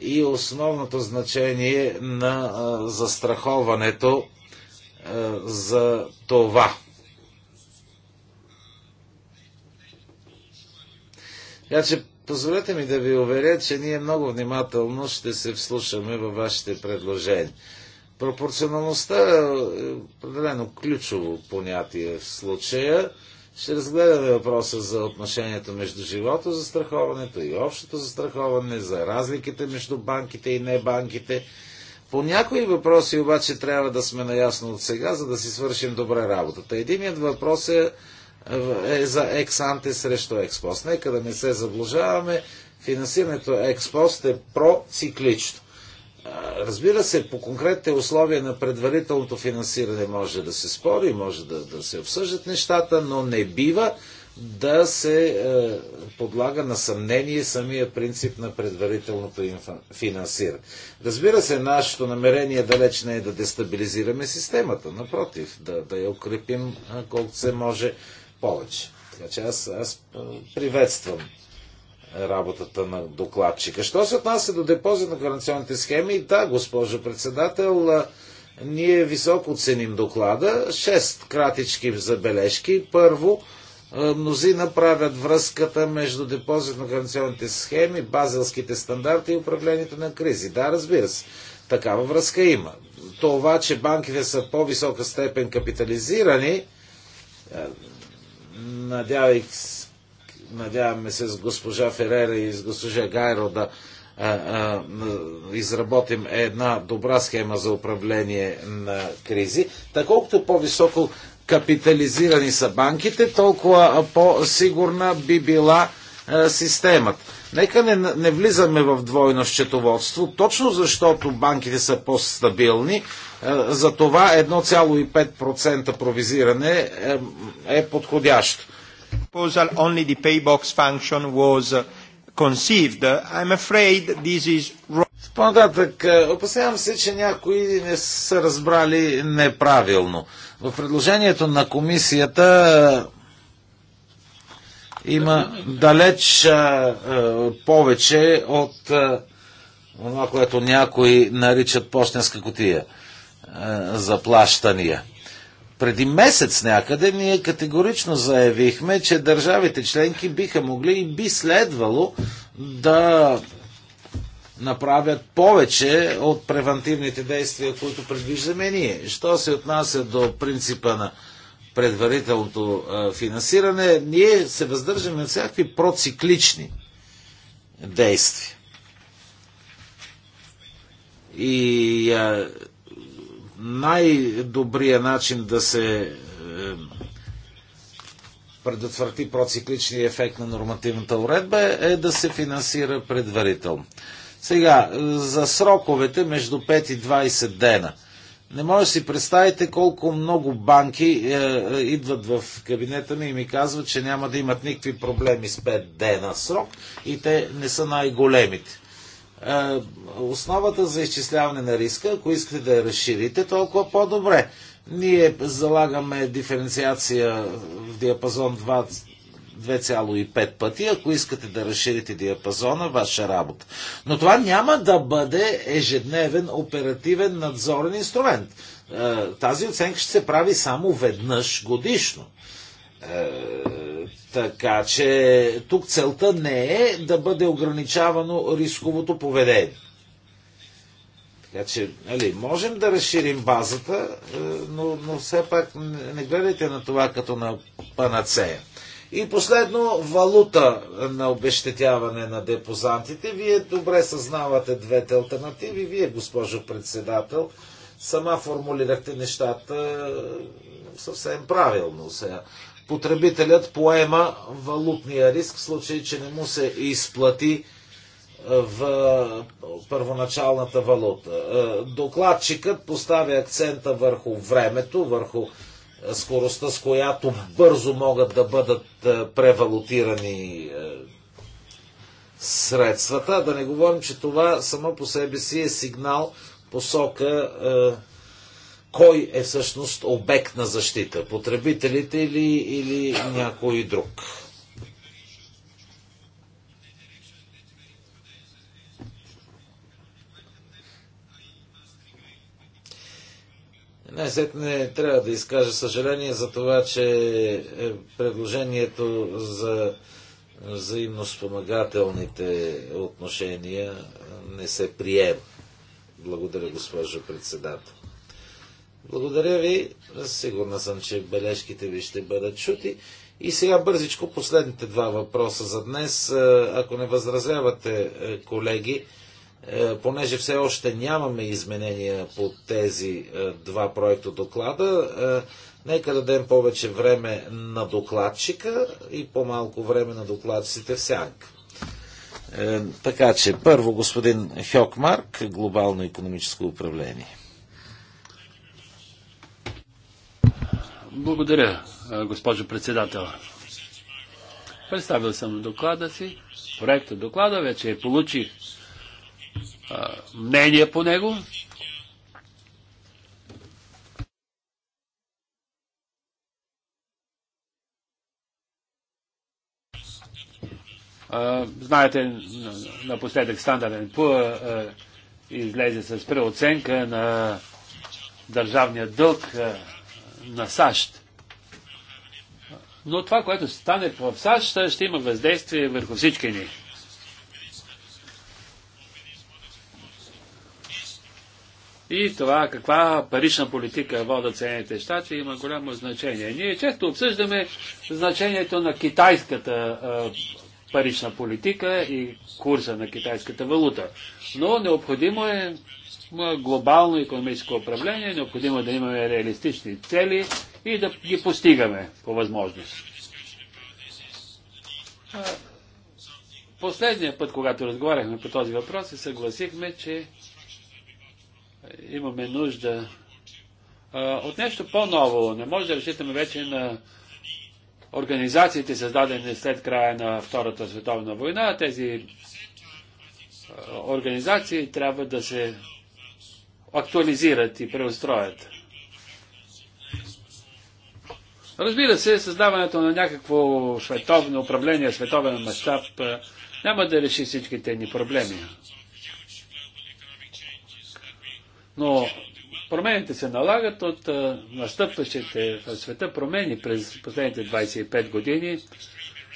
и основното значение на е, застраховането е, за това. Така че позволете ми да ви уверя, че ние много внимателно ще се вслушаме във вашите предложения. Пропорционалността е определено ключово понятие в случая. Ще разгледаме въпроса за отношението между живото застраховането и общото застраховане, за разликите между банките и небанките. По някои въпроси обаче трябва да сме наясно от сега, за да си свършим добре работата. Единият въпрос е е за ексанте срещу експост. Нека да не се заблужаваме. Финансирането експост е проциклично. Разбира се, по конкретните условия на предварителното финансиране може да се спори, може да, да се обсъждат нещата, но не бива да се е, подлага на съмнение самия принцип на предварителното им финансиране. Разбира се, нашето намерение далеч не е да дестабилизираме системата, напротив, да, да я укрепим колкото се може повече. Така че аз, аз приветствам работата на докладчика. Що се отнася до депозит на гаранционните схеми? Да, госпожо председател, ние високо ценим доклада. Шест кратички забележки. Първо, мнози направят връзката между депозит на гаранционните схеми, базелските стандарти и управлението на кризи. Да, разбира се, такава връзка има. Това, че банките са по-висока степен капитализирани, надяваме се с госпожа Ферера и с госпожа Гайро да а, а, изработим една добра схема за управление на кризи. Та колкото по-високо капитализирани са банките, толкова по-сигурна би била а, системата. Нека не, не влизаме в двойно счетоводство, точно защото банките са по-стабилни, за това 1,5% провизиране е, е подходящо proposal only the paybox function was uh, conceived. I'm afraid this is wrong. По-нататък, е, опасявам се, че някои не са разбрали неправилно. В предложението на комисията е, има далеч а, е, повече от това, което някои наричат почтенска котия а, за плащания преди месец някъде ние категорично заявихме, че държавите членки биха могли и би следвало да направят повече от превентивните действия, които предвиждаме ние. Що се отнася до принципа на предварителното финансиране, ние се въздържаме от всякакви проциклични действия. И а, най-добрият начин да се е, предотврати процикличния ефект на нормативната уредба е да се финансира предварително. Сега, е, за сроковете между 5 и 20 дена. Не може да си представите колко много банки е, е, идват в кабинета ми и ми казват, че няма да имат никакви проблеми с 5 дена срок и те не са най-големите. Е, основата за изчисляване на риска, ако искате да я разширите, толкова по-добре. Ние залагаме диференциация в диапазон 2,5 пъти. Ако искате да разширите диапазона, ваша работа. Но това няма да бъде ежедневен оперативен надзорен инструмент. Е, тази оценка ще се прави само веднъж годишно е, така че тук целта не е да бъде ограничавано рисковото поведение. Така че, нали, можем да разширим базата, е, но, но все пак не гледайте на това като на панацея. И последно, валута на обещетяване на депозантите. Вие добре съзнавате двете альтернативи. Вие, госпожо председател, сама формулирахте нещата е, съвсем правилно. Сега потребителят поема валутния риск в случай, че не му се изплати е, в първоначалната валута. Е, докладчикът поставя акцента върху времето, върху е, скоростта, с която бързо могат да бъдат превалутирани средствата. Да не говорим, че това само по себе си е сигнал посока кой е всъщност обект на защита? Потребителите или, или някой друг? Най-сетне трябва да изкажа съжаление за това, че е, предложението за взаимно спомагателните отношения не се приема. Благодаря, госпожо председател. Благодаря ви. Сигурна съм, че бележките ви ще бъдат чути. И сега бързичко последните два въпроса за днес. Е, ако не възразявате, е, колеги, е, понеже все още нямаме изменения по тези два проекта доклада, нека дадем повече време на докладчика и по-малко време на докладчиците в сянка. Така че, първо господин Хьокмарк, глобално економическо управление. Благодаря, госпожо председател. Представил съм доклада си, проекта доклада, вече е получих мнение по него. знаете, напоследък стандарен Poor излезе с преоценка на държавния дълг. А, на САЩ. Но това, което стане в САЩ, ще има въздействие върху всички ни. И това каква парична политика водят Съединените щати има голямо значение. Ние често обсъждаме значението на китайската а, парична политика и курса на китайската валута. Но необходимо е глобално економическо управление необходимо да имаме реалистични цели и да ги постигаме по възможност. Последния път, когато разговаряхме по този въпрос, се съгласихме, че имаме нужда от нещо по-ново. Не може да разчитаме вече на организациите, създадени след края на Втората световна война. Тези организации трябва да се актуализират и преустроят. Разбира се, създаването на някакво световно управление, световен мащаб няма да реши всичките ни проблеми. Но промените се налагат от настъпващите в света промени през последните 25 години.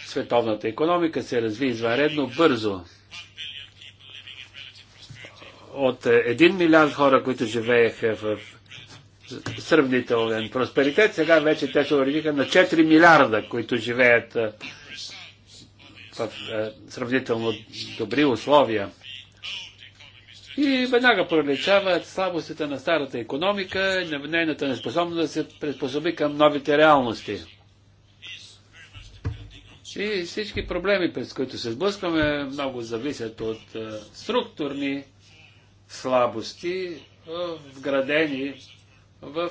Световната економика се разви извънредно бързо от 1 е, милиард хора, които живееха в сравнителен просперитет, сега вече те се уредиха на 4 милиарда, които живеят е, в е, сравнително добри условия. И веднага проличават слабостите на старата економика, и нейната неспособност да се приспособи към новите реалности. И всички проблеми, през които се сблъскваме, много зависят от структурни слабости, вградени в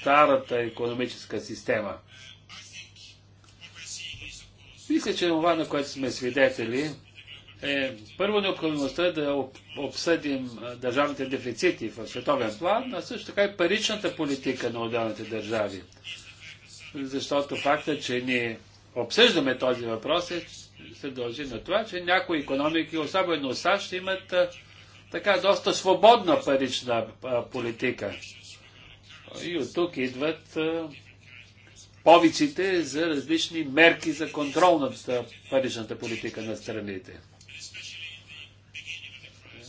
старата економическа система. Мисля, че това, на което сме свидетели, е първо необходимостта да обсъдим държавните дефицити в световен план, а също така и паричната политика на отделните държави. Защото факта, че ние обсъждаме този въпрос, е, се дължи на това, че някои економики, особено САЩ, имат така доста свободна парична политика. И от тук идват повиците за различни мерки за контрол над паричната политика на страните.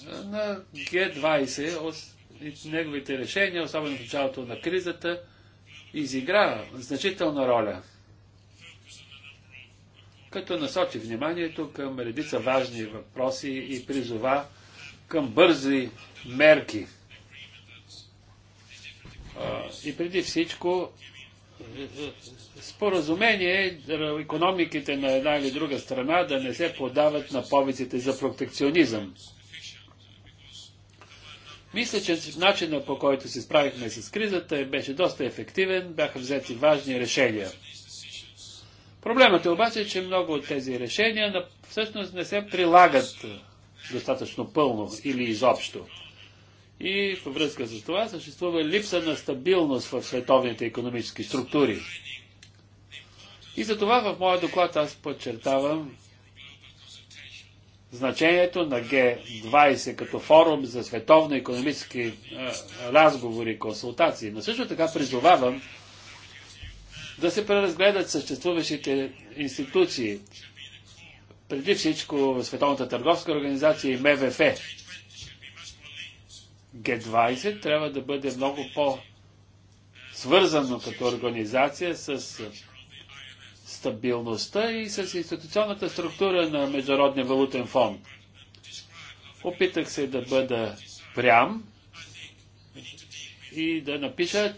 На Г-20 неговите решения, особено в началото на кризата, изигра значителна роля, като насочи вниманието към редица важни въпроси и призова към бързи мерки. И преди всичко е, е, споразумение е, економиките на една или друга страна да не се подават на повиците за протекционизъм. Мисля, че начинът по който се справихме с кризата беше доста ефективен, бяха взети важни решения. Проблемът е обаче, че много от тези решения всъщност не се прилагат достатъчно пълно или изобщо. И във връзка с това съществува липса на стабилност в световните економически структури. И за това в моя доклад аз подчертавам значението на Г20 като форум за световно економически е, разговори разговори, консултации. Но също така призовавам да се преразгледат съществуващите институции, преди всичко Световната търговска организация и МВФ. Г20 трябва да бъде много по-свързано като организация с стабилността и с институционната структура на Международния валутен фонд. Опитах се да бъда прям и да напиша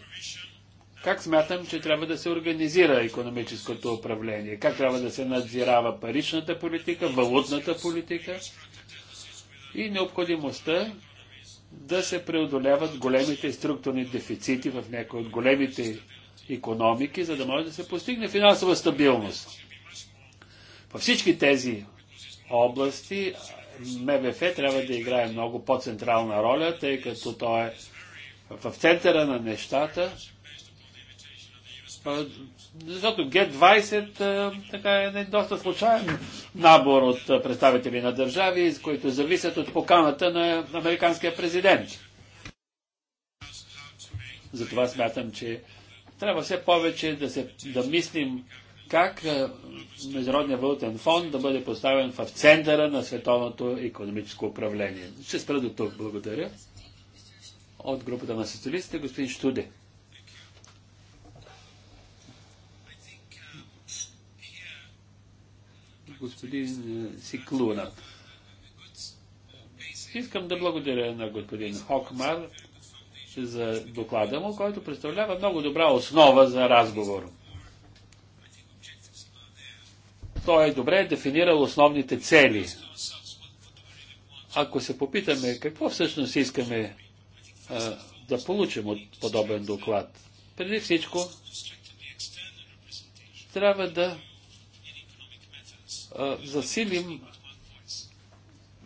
как смятам, че трябва да се организира економическото управление? Как трябва да се надзирава паричната политика, валутната политика и необходимостта да се преодоляват големите структурни дефицити в някои от големите економики, за да може да се постигне финансова стабилност. Във всички тези области МВФ трябва да играе много по-централна роля, тъй като то е в центъра на нещата защото Г-20 така е не доста случайен набор от представители на държави, които зависят от поканата на американския президент. Затова смятам, че трябва все повече да, се, да мислим как Международния валутен фонд да бъде поставен в центъра на световното економическо управление. Ще спра до тук. Благодаря. От групата на социалистите, господин Штуде. господин е, Сиклуна. Искам да благодаря на господин Хокмар за доклада му, който представлява много добра основа за разговор. Той е добре дефинирал основните цели. Ако се попитаме какво всъщност искаме а, е, да получим от подобен доклад, преди всичко трябва да засилим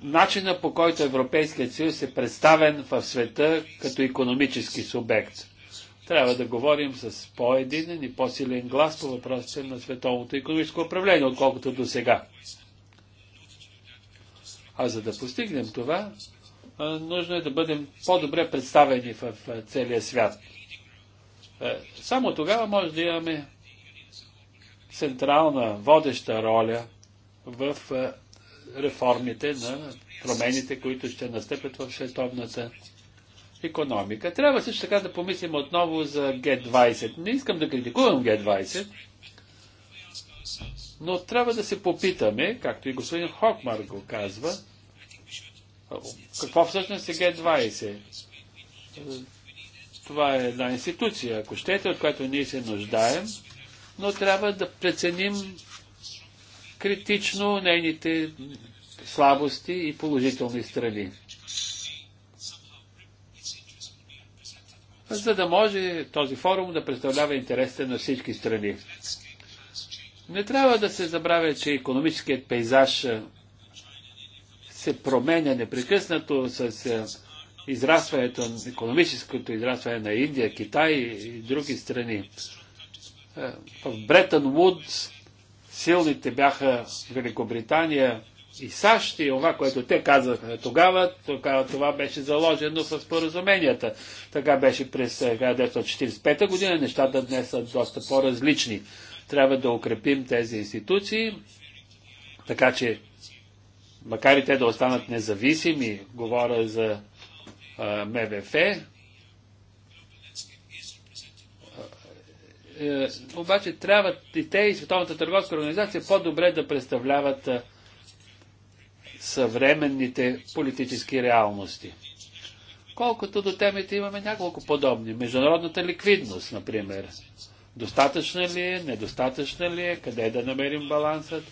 начина по който Европейският съюз е представен в света като економически субект. Трябва да говорим с по-единен и по-силен глас по въпросите на световното економическо управление, отколкото до сега. А за да постигнем това, нужно е да бъдем по-добре представени в целия свят. Само тогава може да имаме централна, водеща роля – в е, реформите на промените, които ще настъпят в световната економика. Трябва също така да помислим отново за G20. Не искам да критикувам G20, но трябва да се попитаме, както и господин Хокмар го казва, какво всъщност е Г-20? Това е една институция, ако щете, от която ние се нуждаем, но трябва да преценим критично нейните слабости и положителни страни. За да може този форум да представлява интересите на всички страни. Не трябва да се забравя, че економическият пейзаж се променя непрекъснато с израстването, економическото израстване на Индия, Китай и други страни. В Бретън Вудс Силните бяха Великобритания и САЩ и това, което те казаха тогава, тогава това беше заложено в споразуменията. Така беше през 1945 е, година, нещата днес са доста по-различни. Трябва да укрепим тези институции, така че макар и те да останат независими, говоря за е, МВФ, Е, обаче трябва и те и Световната търговска организация по-добре да представляват е, съвременните политически реалности. Колкото до темите имаме няколко подобни. Международната ликвидност, например. Достатъчна ли е, недостатъчна ли е, къде да намерим балансът?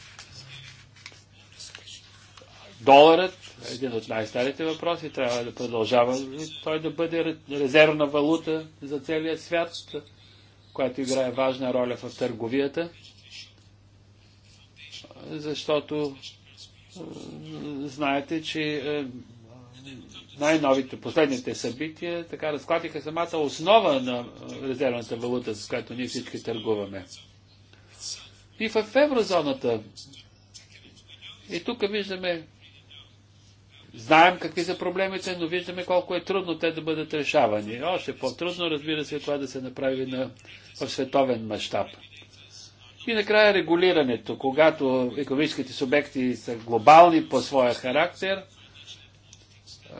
Доларът, е един от най-старите въпроси, трябва да продължава той да бъде резервна валута за целия свят която играе важна роля в търговията, защото знаете, че е, най-новите, последните събития, така разклатиха самата основа на е, резервната валута, с която ние всички търгуваме. И в еврозоната. И тук виждаме, знаем какви са проблемите, но виждаме колко е трудно те да бъдат решавани. Още по-трудно, разбира се, е това да се направи на в световен мащаб. И накрая регулирането, когато економическите субекти са глобални по своя характер,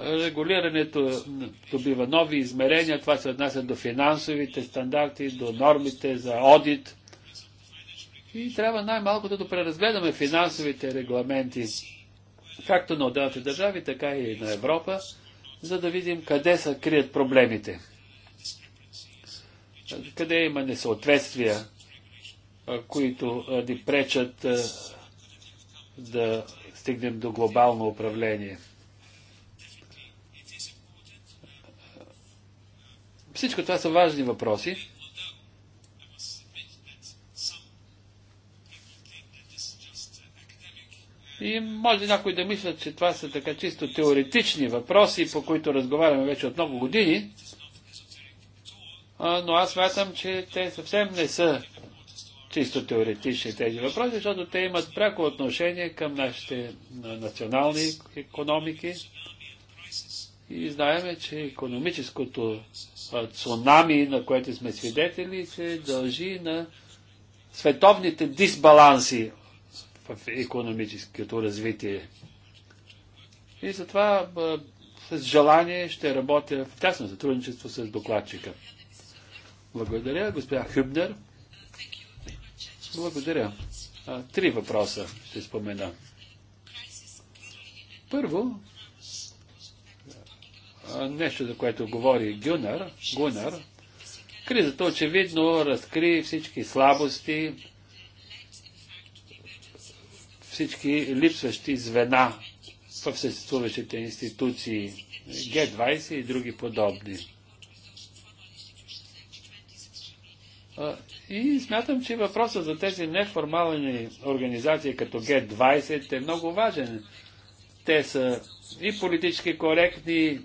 регулирането добива нови измерения, това се отнася до финансовите стандарти, до нормите за одит. И трябва най-малкото да преразгледаме финансовите регламенти, както на отделните държави, така и на Европа, за да видим къде са крият проблемите. Значи, къде има несъответствия, които ни пречат да стигнем до глобално управление. Всичко това са важни въпроси. И може някой да мисля, че това са така чисто теоретични въпроси, по които разговаряме вече от много години но аз смятам, че те съвсем не са чисто теоретични тези въпроси, защото те имат пряко отношение към нашите национални економики. И знаеме, че економическото цунами, на което сме свидетели, се дължи на световните дисбаланси в економическото развитие. И затова с желание ще работя в тясно сътрудничество с докладчика. Благодаря, госпожа Хюбнер. Благодаря. Три въпроса ще спомена. Първо, нещо, за което говори Гюнар, Гунар, кризата очевидно разкри всички слабости, всички липсващи звена в съществуващите институции, Г-20 и други подобни. И смятам, че въпросът за тези неформални организации като Г20 е много важен. Те са и политически коректни,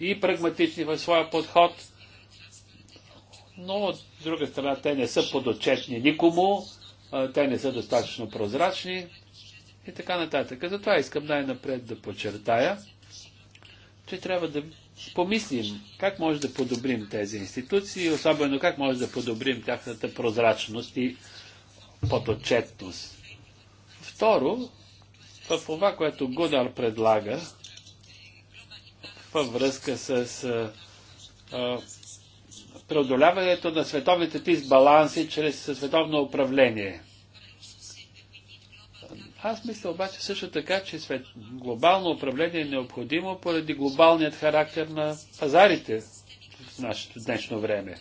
и прагматични в своя подход, но от друга страна те не са подотчетни никому, те не са достатъчно прозрачни и така нататък. Затова искам най-напред да подчертая, че трябва да помислим как може да подобрим тези институции, особено как може да подобрим тяхната прозрачност и подотчетност. Второ, в това, което Гудар предлага, във връзка с а, преодоляването на световните дисбаланси чрез световно управление – аз мисля обаче също така, че свет, глобално управление е необходимо поради глобалният характер на пазарите в нашето днешно време.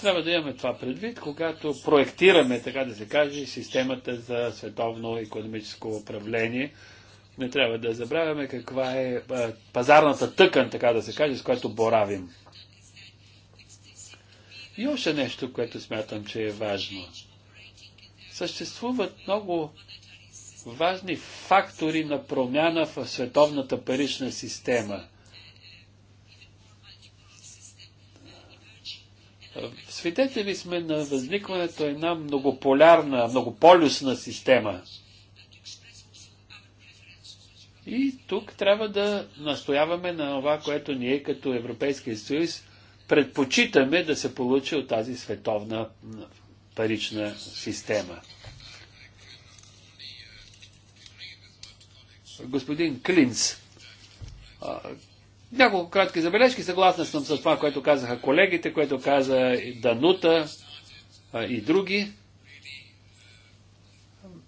Трябва да имаме това предвид, когато проектираме, така да се каже, системата за световно економическо управление. Не трябва да забравяме каква е пазарната тъкан, така да се каже, с която боравим. И още нещо, което смятам, че е важно. Съществуват много важни фактори на промяна в световната парична система. Свидетели сме на възникването една многополярна, многополюсна система. И тук трябва да настояваме на това, което ние като Европейския съюз предпочитаме да се получи от тази световна парична система. Господин Клинц, няколко кратки забележки. Съгласна съм с това, което казаха колегите, което каза Данута и други.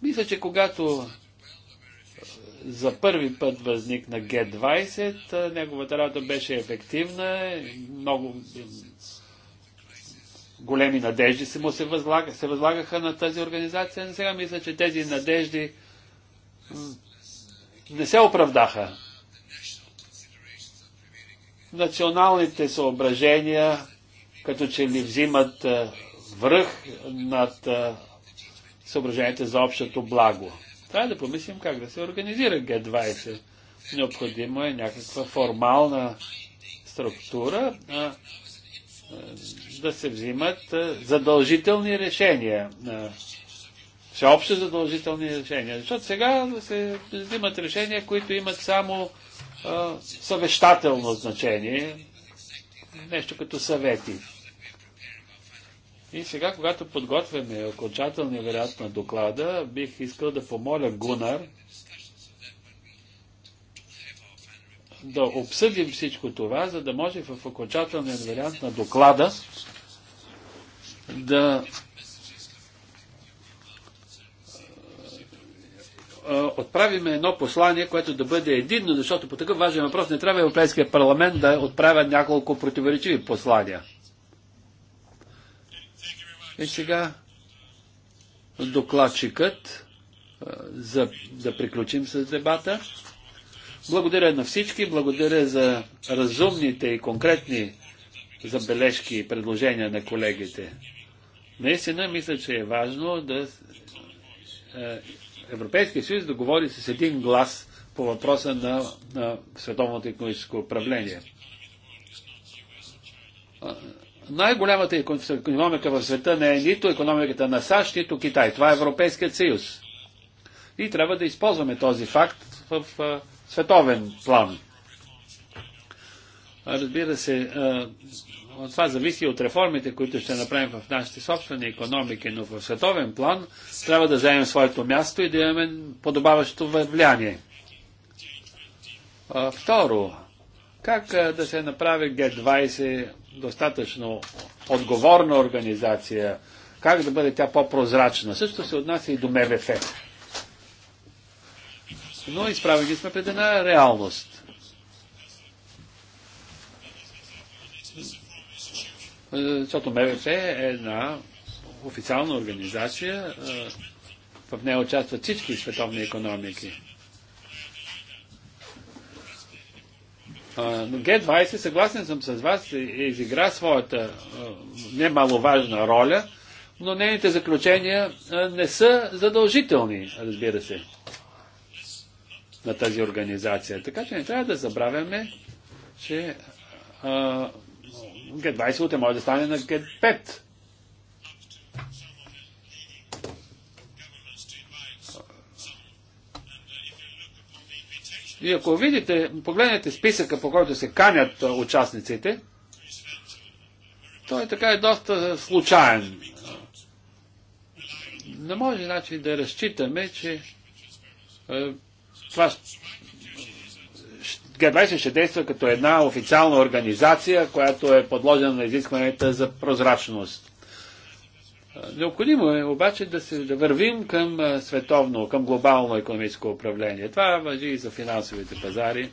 Мисля, че когато за първи път възникна Г-20. Неговата работа беше ефективна, много големи надежди се му се, възлага, се възлагаха на тази организация. но Сега мисля, че тези надежди не се оправдаха. Националните съображения като че ли взимат връх над съображенията за общото благо. Трябва да помислим как да се организира Г20. Необходимо е някаква формална структура а, а, да се взимат а, задължителни решения. А, всеобщо задължителни решения. Защото сега се взимат решения, които имат само а, съвещателно значение. Нещо като съвети. И сега, когато подготвяме окончателния вариант на доклада, бих искал да помоля Гунар да обсъдим всичко това, за да може в окончателния вариант на доклада да отправиме едно послание, което да бъде единно, защото по такъв важен въпрос не трябва Европейския парламент да отправя няколко противоречиви послания. И сега докладчикът, за да приключим с дебата. Благодаря на всички, благодаря за разумните и конкретни забележки и предложения на колегите. Наистина мисля, че е важно да Европейския съюз да говори с един глас по въпроса на, на световното економическо управление най-голямата економика в света не е нито економиката на САЩ, нито Китай. Това е Европейският съюз. И трябва да използваме този факт в а, световен план. Разбира се, а, това зависи от реформите, които ще направим в нашите собствени економики, но в световен план трябва да вземем своето място и да имаме подобаващо влияние. А, второ, как да се направи Г20 достатъчно отговорна организация, как да бъде тя по-прозрачна. Също се отнася и до МВФ. Но изправени сме пред една реалност. Защото МВФ е една официална организация, в нея участват всички световни економики. Но Г-20, съгласен съм с вас, е, изигра своята немаловажна роля, но нейните заключения не са задължителни, разбира се, на тази организация. Така че не трябва да забравяме, че Г-20 утре може да стане на Г-5. И ако видите, погледнете списъка, по който се канят участниците, той така е доста случайен. Не може, значи, да разчитаме, че това Г-20 ще действа като една официална организация, която е подложена на изискванията за прозрачност. Необходимо е обаче да, се, да вървим към световно, към глобално економическо управление. Това въжи и за финансовите пазари.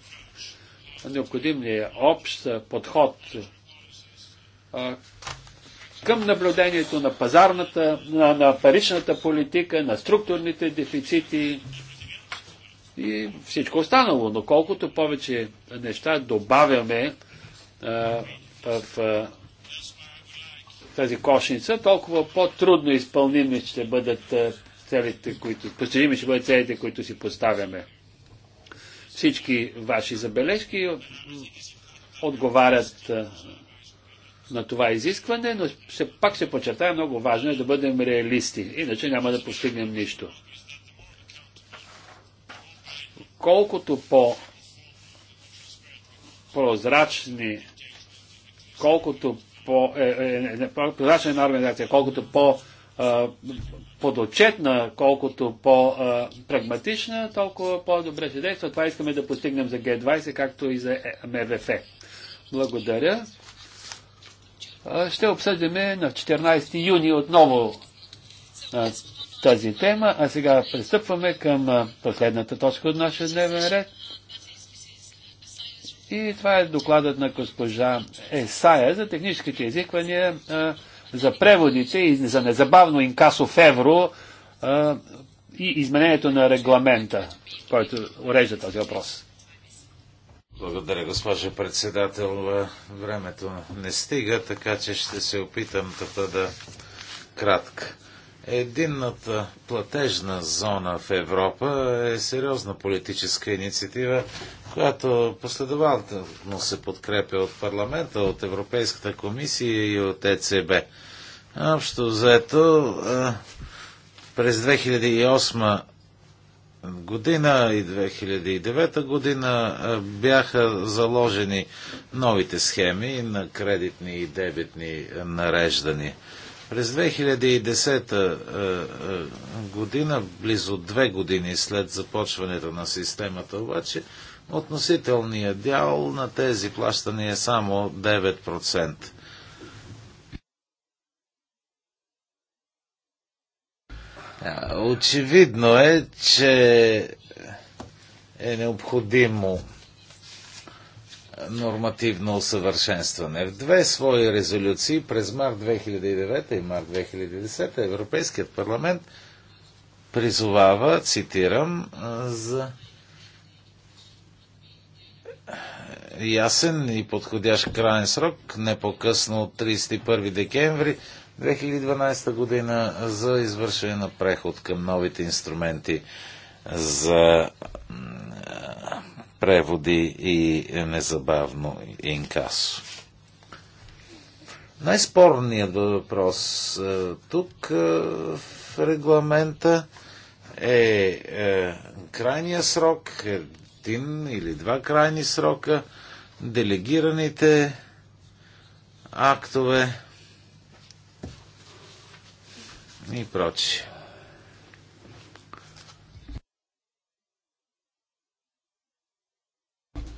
Необходим ли е общ подход към наблюдението на пазарната, на, на паричната политика, на структурните дефицити и всичко останало. Но колкото повече неща добавяме в тази кошница, толкова по-трудно изпълними ще бъдат е, целите, които, постижими ще бъдат целите, които си поставяме. Всички ваши забележки е, отговарят е, на това изискване, но се, пак се подчертая, много важно е да бъдем реалисти, иначе няма да постигнем нищо. Колкото по прозрачни, колкото по, е, е, е, прозрачна една организация, колкото по е, подотчетна, колкото по-прагматична, толкова по-добре ще действа. Това искаме да постигнем за Г20, както и за е, МВФ. Благодаря. Ще обсъдиме на 14 юни отново тази тема, а сега пристъпваме към последната точка от нашия дневен ред – и това е докладът на госпожа Есая за техническите изисквания за преводите и за незабавно инкасо в евро и изменението на регламента, който урежда този въпрос. Благодаря, госпожа председател. Времето не стига, така че ще се опитам да бъда кратка. Единната платежна зона в Европа е сериозна политическа инициатива, която последователно се подкрепя от парламента, от Европейската комисия и от ЕЦБ. Общо заето е, през 2008 година и 2009 година е, бяха заложени новите схеми на кредитни и дебитни нареждания. През 2010 е, е, година, близо две години след започването на системата, обаче, относителният дял на тези плащания е само 9%. Очевидно е, че е необходимо нормативно усъвършенстване. В две свои резолюции през март 2009 и март 2010 Европейският парламент призовава, цитирам, за ясен и подходящ крайен срок, не по-късно от 31 декември 2012 година, за извършване на преход към новите инструменти за преводи и незабавно инкасо. Най-спорният въпрос е, тук е, в регламента е, е крайния срок, един или два крайни срока, делегираните актове и прочие.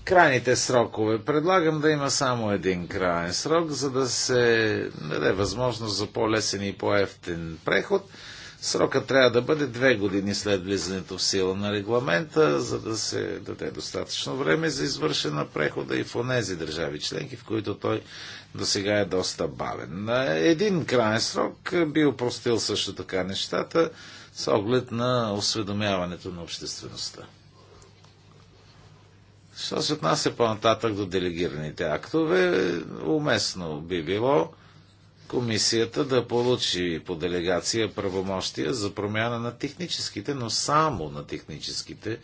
крайните срокове. Предлагам да има само един крайен срок, за да се даде възможност за по-лесен и по-ефтен преход. Срока трябва да бъде две години след влизането в сила на регламента, за да се даде достатъчно време за извършена прехода и в онези държави членки, в които той до сега е доста бавен. Един крайен срок би упростил също така нещата с оглед на осведомяването на обществеността. Що се отнася по-нататък до делегираните актове, уместно би било комисията да получи по делегация правомощия за промяна на техническите, но само на техническите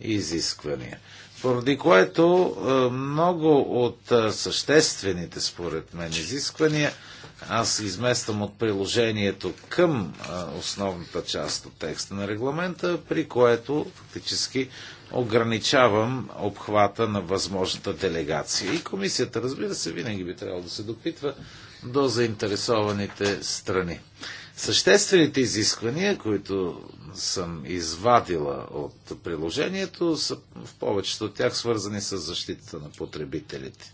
изисквания. Поради което е, много от е, съществените, според мен, изисквания – аз измествам от приложението към основната част от текста на регламента, при което фактически ограничавам обхвата на възможната делегация. И комисията, разбира се, винаги би трябвало да се допитва до заинтересованите страни. Съществените изисквания, които съм извадила от приложението, са в повечето от тях свързани с защитата на потребителите.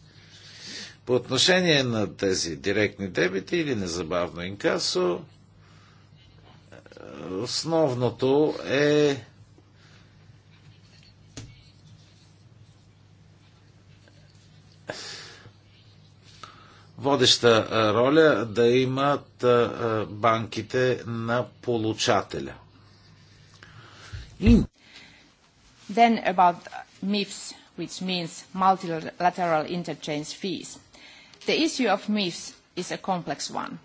По отношение на тези директни дебити или незабавно инкасо, основното е водеща роля да имат банките на получателя. Then about MIFs, which means multilateral interchange fees. The issue of MIFs is a complex one.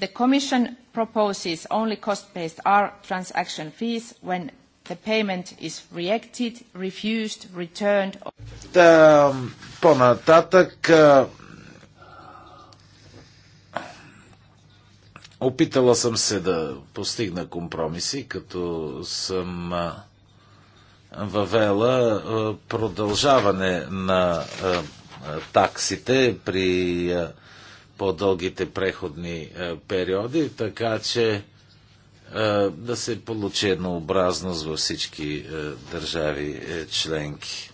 The Commission proposes only cost-based R transaction fees when the payment is rejected, refused, returned. or по-нататък опитала съм се да постигна компромиси, като съм въвела продължаване на таксите при по-дългите преходни периоди, така че да се получи еднообразност във всички държави е, членки.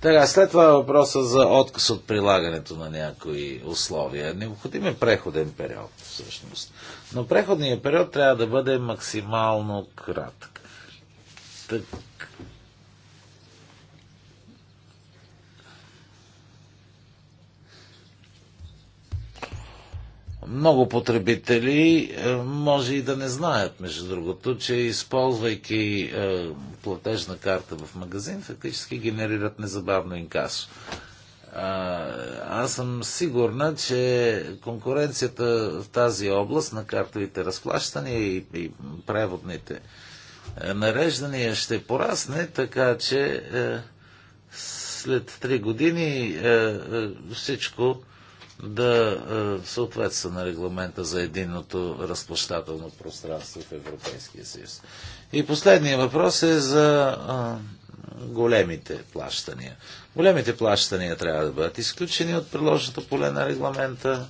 Така, след това е въпроса за отказ от прилагането на някои условия. Необходим е преходен период, всъщност. Но преходният период трябва да бъде максимално кратък. Так, Много потребители е, може и да не знаят, между другото, че използвайки е, платежна карта в магазин, фактически генерират незабавно инкасо. Аз съм сигурна, че конкуренцията в тази област на картовите разплащания и, и преводните е, нареждания ще порасне, така че е, след 3 години е, е, всичко да е, съответства на регламента за единното разплащателно пространство в Европейския съюз. И последния въпрос е за а, големите плащания. Големите плащания трябва да бъдат изключени от приложното поле на регламента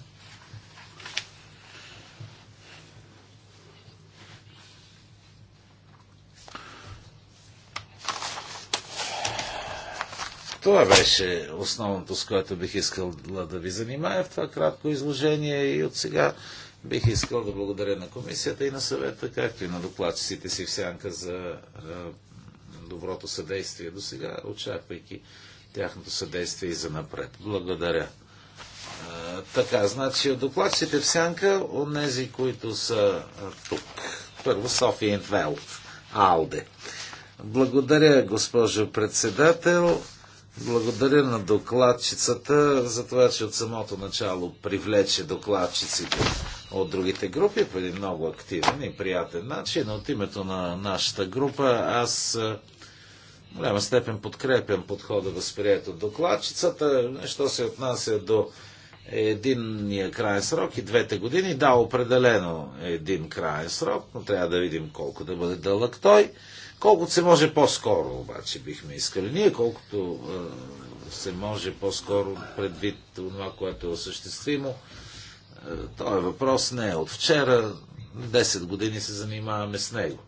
Това беше основното, с което бих искал да ви занимая в това кратко изложение и от сега бих искал да благодаря на комисията и на съвета, както и на докладчиците си в сянка за доброто съдействие до сега, очаквайки тяхното съдействие и за напред. Благодаря. А, така, значи от докладчите в сянка, тези, които са а, тук. Първо София Интвелт, Алде. Благодаря, госпожо председател. Благодаря на докладчицата за това, че от самото начало привлече докладчиците от другите групи по един много активен и приятен начин. От името на нашата група аз е, в голяма степен подкрепям подхода възприят от докладчицата. Нещо се отнася до единния крайен срок и двете години. Да, определено е един крайен срок, но трябва да видим колко да бъде дълъг той. Колкото се може по-скоро, обаче, бихме искали. Ние, колкото е, се може по-скоро, предвид това, което е осъществимо, е, този въпрос не е от вчера. 10 години се занимаваме с него.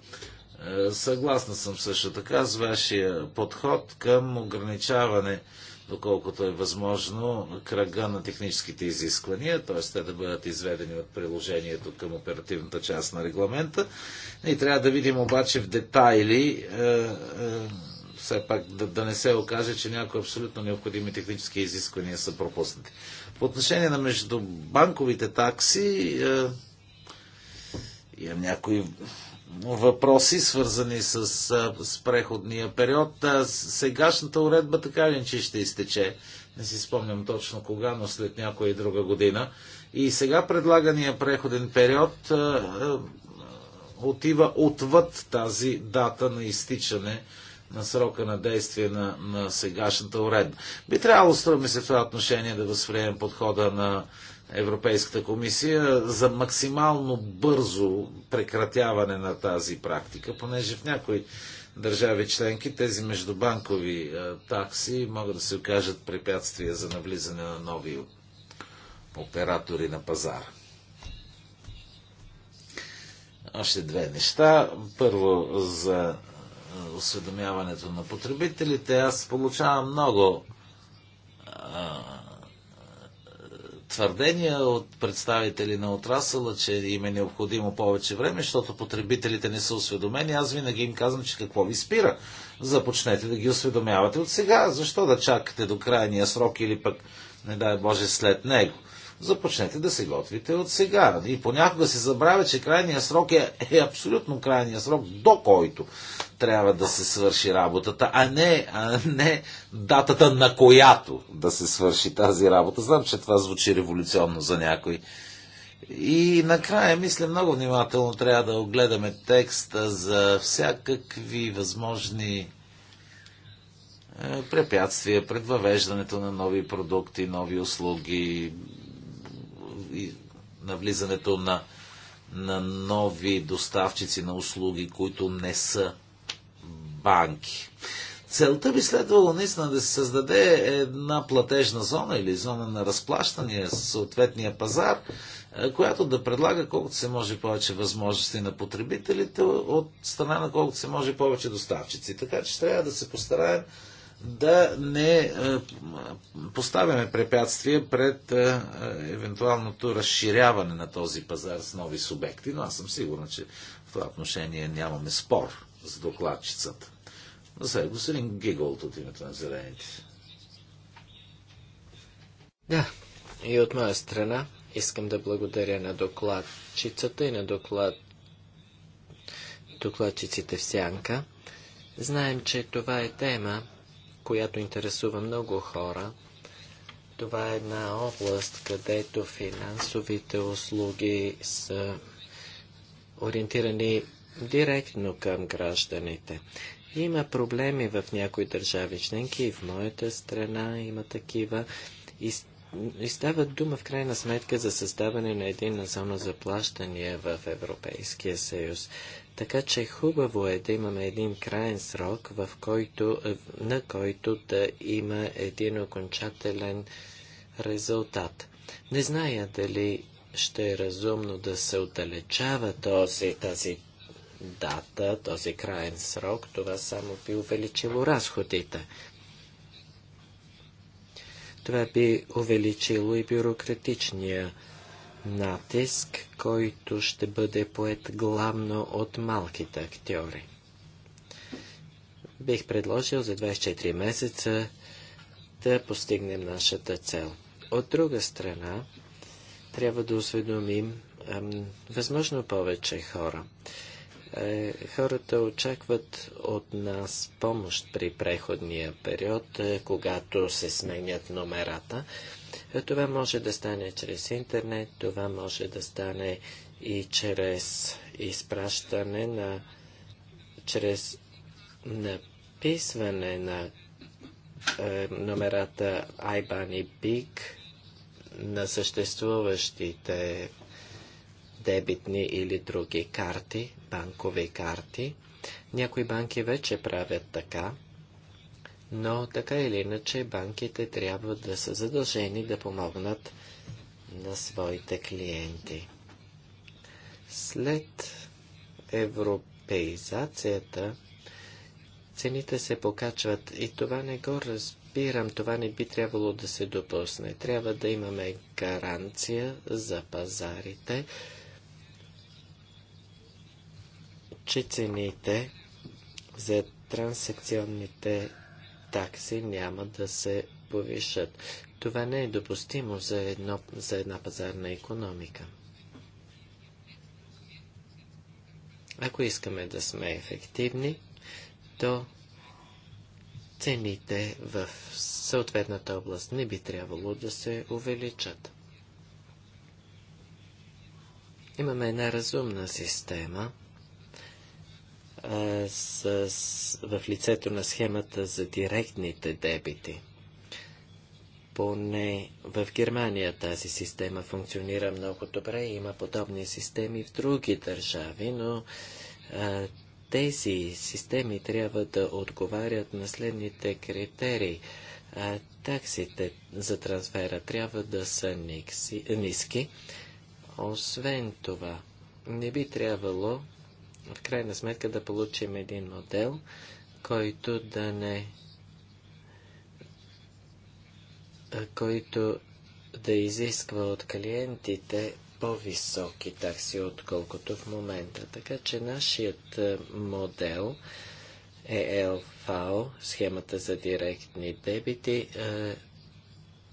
Е, съгласна съм също така с вашия подход към ограничаване доколкото е възможно, кръга на техническите изисквания, т.е. те да бъдат изведени от приложението към оперативната част на регламента. И трябва да видим обаче в детайли, е, е, все пак да, да не се окаже, че някои абсолютно необходими технически изисквания са пропуснати. По отношение на междубанковите такси, е, имам някои въпроси, свързани с, с преходния период. Сегашната уредба така ли че ще изтече? Не си спомням точно кога, но след някоя и друга година. И сега предлагания преходен период а, а, отива отвъд тази дата на изтичане на срока на действие на, на сегашната уредба. Би трябвало, струва ми се в това отношение, да възприемем подхода на Европейската комисия за максимално бързо прекратяване на тази практика, понеже в някои държави членки тези междубанкови е, такси могат да се окажат препятствия за навлизане на нови оператори на пазара. Още две неща. Първо за е, осведомяването на потребителите. Аз получавам много е, твърдения от представители на отрасъла, че им е необходимо повече време, защото потребителите не са осведомени. Аз винаги им казвам, че какво ви спира. Започнете да ги осведомявате от сега. Защо да чакате до крайния срок или пък, не дай Боже, след него? започнете да се готвите от сега. И понякога се забравя, че крайният срок е, е абсолютно крайния срок, до който трябва да се свърши работата, а не, а не датата на която да се свърши тази работа. Знам, че това звучи революционно за някой. И накрая, мисля, много внимателно трябва да огледаме текста за всякакви възможни е, препятствия пред въвеждането на нови продукти, нови услуги, и навлизането на, на нови доставчици на услуги, които не са банки. Целта би следвало наистина да се създаде една платежна зона или зона на разплащане с съответния пазар, която да предлага колкото се може повече възможности на потребителите от страна на колкото се може повече доставчици. Така че трябва да се постараем да не е, поставяме препятствия пред е, евентуалното разширяване на този пазар с нови субекти, но аз съм сигурен, че в това отношение нямаме спор с докладчицата. Но сега господин Гиголт от името на зелените. Да, и от моя страна искам да благодаря на докладчицата и на доклад... докладчиците в Сянка. Знаем, че това е тема, която интересува много хора. Това е една област, където финансовите услуги са ориентирани директно към гражданите. Има проблеми в някои държави членки и в моята страна има такива. И, и става дума в крайна сметка за създаване на един зона за плащания в Европейския съюз. Така че хубаво е да имаме един крайен срок, в който, е, на който да има един окончателен резултат. Не зная дали ще е разумно да се отдалечава този, тази дата, този крайен срок, това само би увеличило разходите. Това би увеличило и бюрократичния натиск, който ще бъде поет главно от малките актьори. Бих предложил за 24 месеца да постигнем нашата цел. От друга страна, трябва да осведомим ем, възможно повече хора. Е, хората очакват от нас помощ при преходния период, е, когато се сменят номерата. Е, това може да стане чрез интернет, това може да стане и чрез изпращане на, чрез написване на е, номерата IBAN и BIG на съществуващите дебитни или други карти, банкови карти. Някои банки вече правят така но така или иначе банките трябва да са задължени да помогнат на своите клиенти. След европеизацията цените се покачват и това не го разбирам, това не би трябвало да се допусне. Трябва да имаме гаранция за пазарите, че цените за трансакционните такси няма да се повишат. Това не е допустимо за, едно, за една пазарна економика. Ако искаме да сме ефективни, то цените в съответната област не би трябвало да се увеличат. Имаме една разумна система – с, с, в лицето на схемата за директните дебити. Поне в Германия тази система функционира много добре. Има подобни системи в други държави, но а, тези системи трябва да отговарят на следните критерии. А, таксите за трансфера трябва да са никси, ниски. Освен това, не би трябвало в крайна сметка да получим един модел, който да не който да изисква от клиентите по-високи такси, отколкото в момента. Така че нашият модел е схемата за директни дебити, е,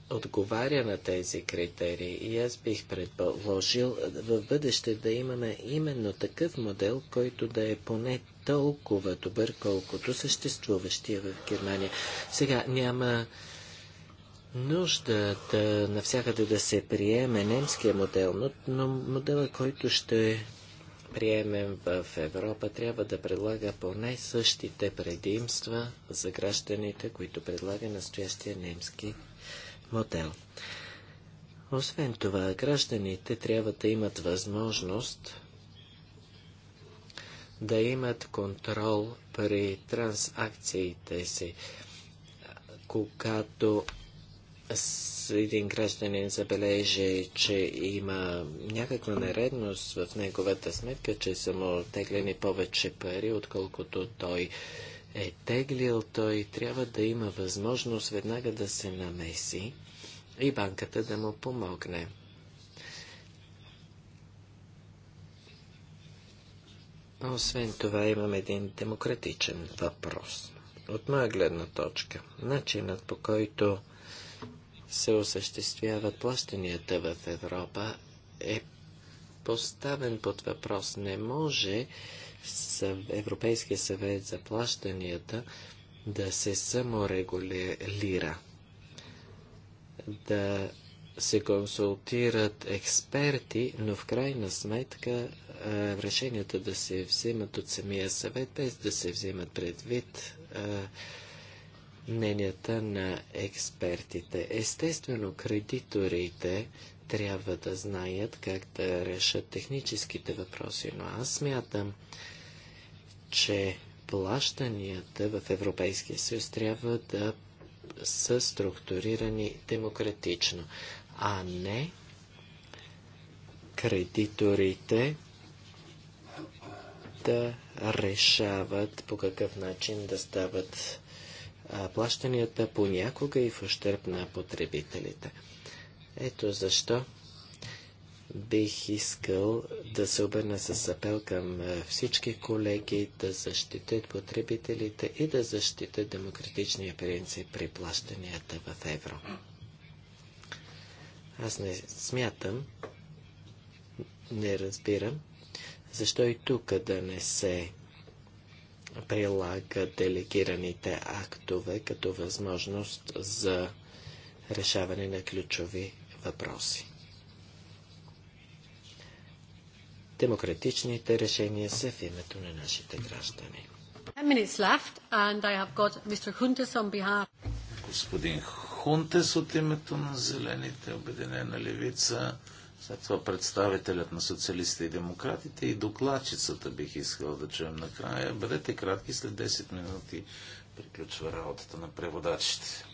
отговаря на тези критерии и аз бих предположил в бъдеще да имаме именно такъв модел, който да е поне толкова добър, колкото съществуващия в Германия. Сега няма нужда да навсякъде да се приеме немския модел, но, но модела, който ще приемем в Европа, трябва да предлага поне същите предимства за гражданите, които предлага настоящия немски модел. Освен това, гражданите трябва да имат възможност да имат контрол при трансакциите си. Когато един гражданин забележи, че има някаква нередност в неговата сметка, че са му теглени повече пари, отколкото той е теглил, той трябва да има възможност веднага да се намеси и банката да му помогне. Освен това имам един демократичен въпрос. От моя гледна точка, начинът по който се осъществяват плащанията в Европа е поставен под въпрос. Не може Европейския съвет за плащанията да се саморегулира, да се консултират експерти, но в крайна сметка решенията да се взимат от самия съвет, без да се взимат предвид мненията на експертите. Естествено, кредиторите трябва да знаят как да решат техническите въпроси, но аз смятам, че плащанията в Европейския съюз трябва да са структурирани демократично, а не кредиторите да решават по какъв начин да стават плащанията понякога и в ущърп на потребителите. Ето защо бих искал да се обърна с апел към е, всички колеги да защитят потребителите и да защитят демократичния принцип при плащанията в евро. Аз не смятам, не разбирам, защо и тук да не се прилага делегираните актове като възможност за решаване на ключови въпроси. Демократичните решения са в името на нашите граждани. Господин Хунтес от името на Зелените, Обединена левица, след това представителят на социалистите и демократите и докладчицата бих искал да чуем накрая. Бъдете кратки, след 10 минути приключва работата на преводачите.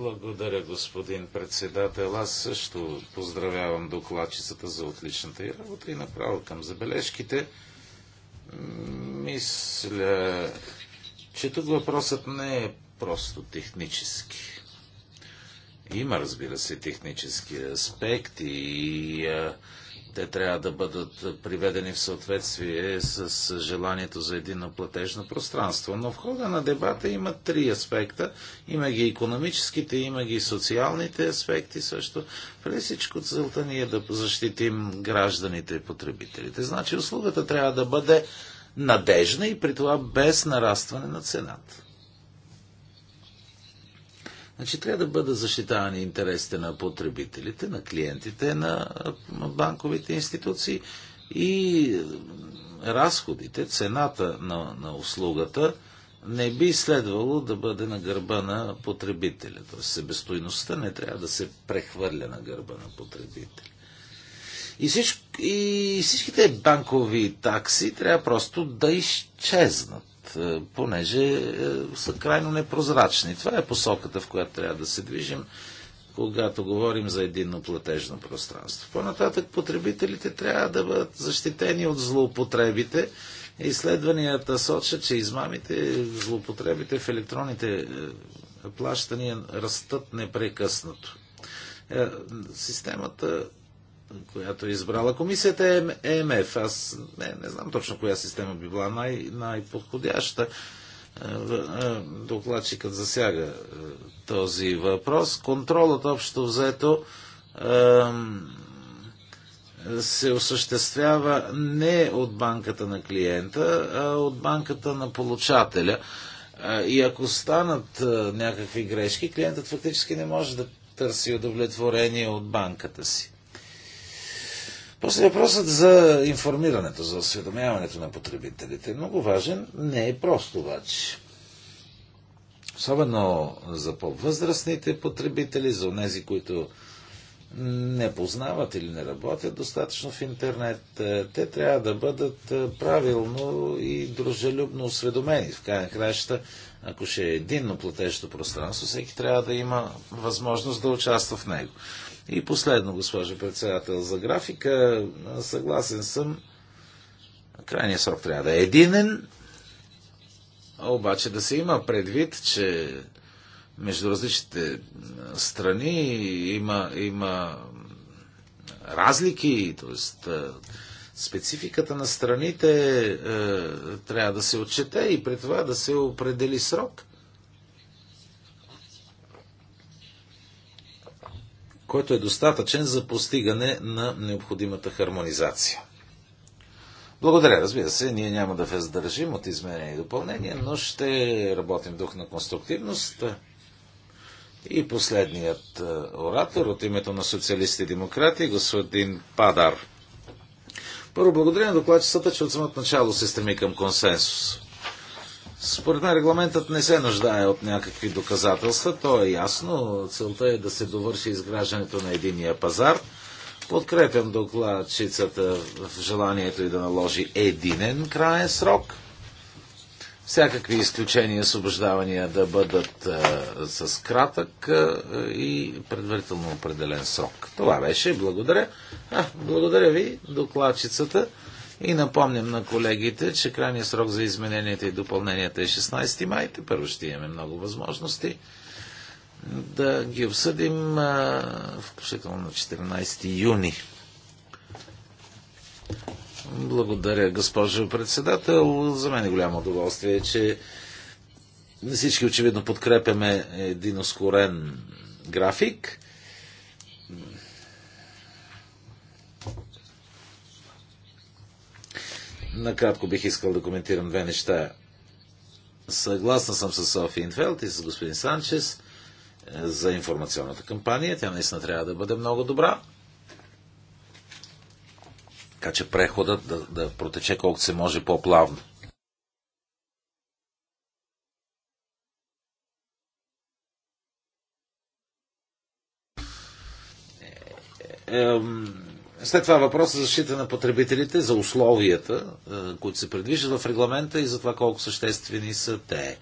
Благодаря, господин председател. Аз също поздравявам докладчицата за отличната и работа и направо към забележките. Мисля, че тук въпросът не е просто технически. Има, разбира се, технически аспекти и а, те трябва да бъдат приведени в съответствие с желанието за единно платежно пространство. Но в хода на дебата има три аспекта. Има ги економическите, има ги социалните аспекти също. Преди всичко целта ни е да защитим гражданите и потребителите. Значи услугата трябва да бъде надежна и при това без нарастване на цената. Значи трябва да бъдат защитавани интересите на потребителите, на клиентите, на банковите институции и разходите, цената на, на услугата не би следвало да бъде на гърба на потребителя. Тоест себестойността не трябва да се прехвърля на гърба на потребителя. И, всичко, и всичките банкови такси трябва просто да изчезнат. Е, понеже е, са крайно непрозрачни. Това е посоката, в която трябва да се движим, когато говорим за единно платежно пространство. По-нататък потребителите трябва да бъдат защитени от злоупотребите. Изследванията сочат, че измамите, злоупотребите в електронните е, плащания растат непрекъснато. Системата която е избрала комисията е ЕМФ. Аз не, не знам точно коя система би била най- най-подходяща. Е, е, докладчикът засяга е, този въпрос. Контролът общо взето се осъществява не от банката на клиента, а от банката на получателя. И ако станат някакви грешки, клиентът фактически не може да търси удовлетворение от банката си. После въпросът за информирането, за осведомяването на потребителите е много важен. Не е просто обаче. Особено за по-възрастните потребители, за тези, които не познават или не работят достатъчно в интернет, е, те трябва да бъдат е, правилно и дружелюбно осведомени. В крайна краща, ако ще е единно платежното пространство, всеки трябва да има възможност да участва в него. И последно, госпожа председател, за графика, съгласен съм, крайният срок трябва да е единен, обаче да се има предвид, че между различните страни има, има разлики, т.е. спецификата на страните е, трябва да се отчете и при това да се определи срок, който е достатъчен за постигане на необходимата хармонизация. Благодаря, разбира се, ние няма да въздържим от изменения и допълнения, но ще работим дух на конструктивност. И последният е, оратор от името на социалисти и демократи, господин Падар. Първо, благодаря на докладчицата, че от самото начало се стреми към консенсус. Според мен регламентът не се нуждае от някакви доказателства, то е ясно. Целта е да се довърши изграждането на единия пазар. Подкрепям докладчицата в желанието и да наложи единен крайен срок. Всякакви изключения, освобождавания да бъдат а, с кратък а, и предварително определен срок. Това беше. Благодаря. А, благодаря ви, докладчицата. И напомням на колегите, че крайният срок за измененията и допълненията е 16 май. Те първо ще имаме много възможности да ги обсъдим включително на 14 юни. Благодаря, госпожо председател. За мен е голямо удоволствие, че всички очевидно подкрепяме един ускорен график. Накратко бих искал да коментирам две неща. Съгласна съм с Софи Инфелд и с господин Санчес е, за информационната кампания. Тя наистина трябва да бъде много добра. Така че преходът да, да протече колкото се може по-плавно. Е, е, ем, след това въпроса за защита на потребителите, за условията, е, които се предвиждат в регламента и за това колко съществени са те.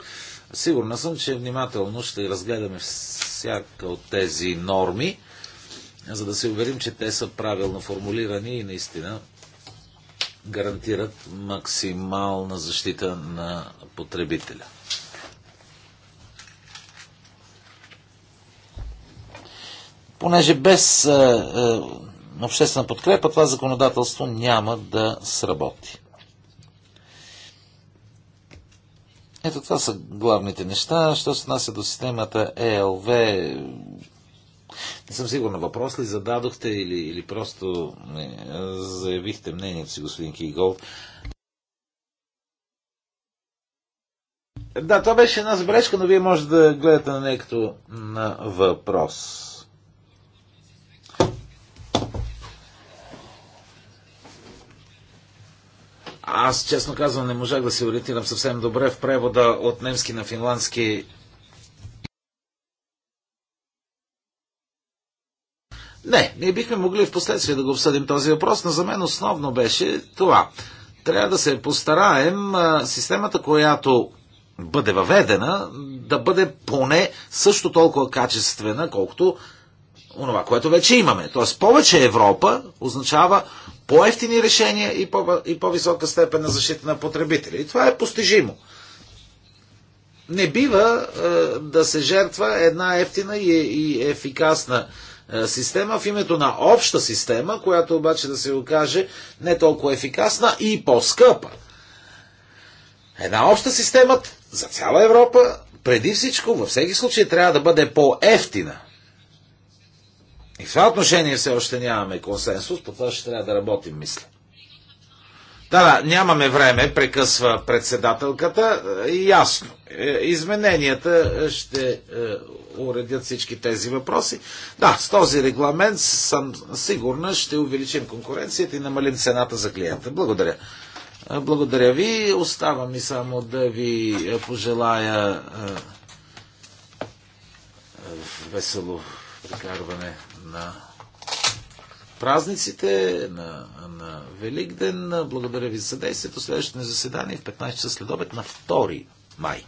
Сигурна съм, че внимателно ще разгледаме всяка от тези норми, за да се уверим, че те са правилно формулирани и наистина гарантират максимална защита на потребителя. Понеже без е, е, обществена подкрепа, това законодателство няма да сработи. Ето това са главните неща. Що се отнася до системата ЕЛВ, не съм на въпрос ли зададохте или, или просто не, заявихте мнението си, господин Кигол. Да, това беше една забележка, но вие може да гледате на нея като на въпрос. Аз, честно казвам, не можах да се ориентирам съвсем добре в превода от немски на финландски. Не, ние бихме могли в последствие да го обсъдим този въпрос, но за мен основно беше това. Трябва да се постараем системата, която бъде въведена, да бъде поне също толкова качествена, колкото онова, което вече имаме. Тоест повече Европа означава по-ефтини решения и, по- и по-висока степен на защита на потребителя. И това е постижимо. Не бива е, да се жертва една ефтина и, и ефикасна е, система в името на обща система, която обаче да се окаже не толкова ефикасна и по-скъпа. Една обща система за цяла Европа, преди всичко, във всеки случай трябва да бъде по-ефтина и в това отношение все още нямаме консенсус, по това ще трябва да работим, мисля. Да, да, нямаме време, прекъсва председателката. Е, ясно. Е, измененията ще е, уредят всички тези въпроси. Да, с този регламент съм сигурна ще увеличим конкуренцията и намалим цената за клиента. Благодаря. Благодаря ви. Остава ми само да ви пожелая весело прекарване на празниците, на, на Великден. Благодаря ви за съдействието. Следващото заседание в 15 часа следобед на 2 май.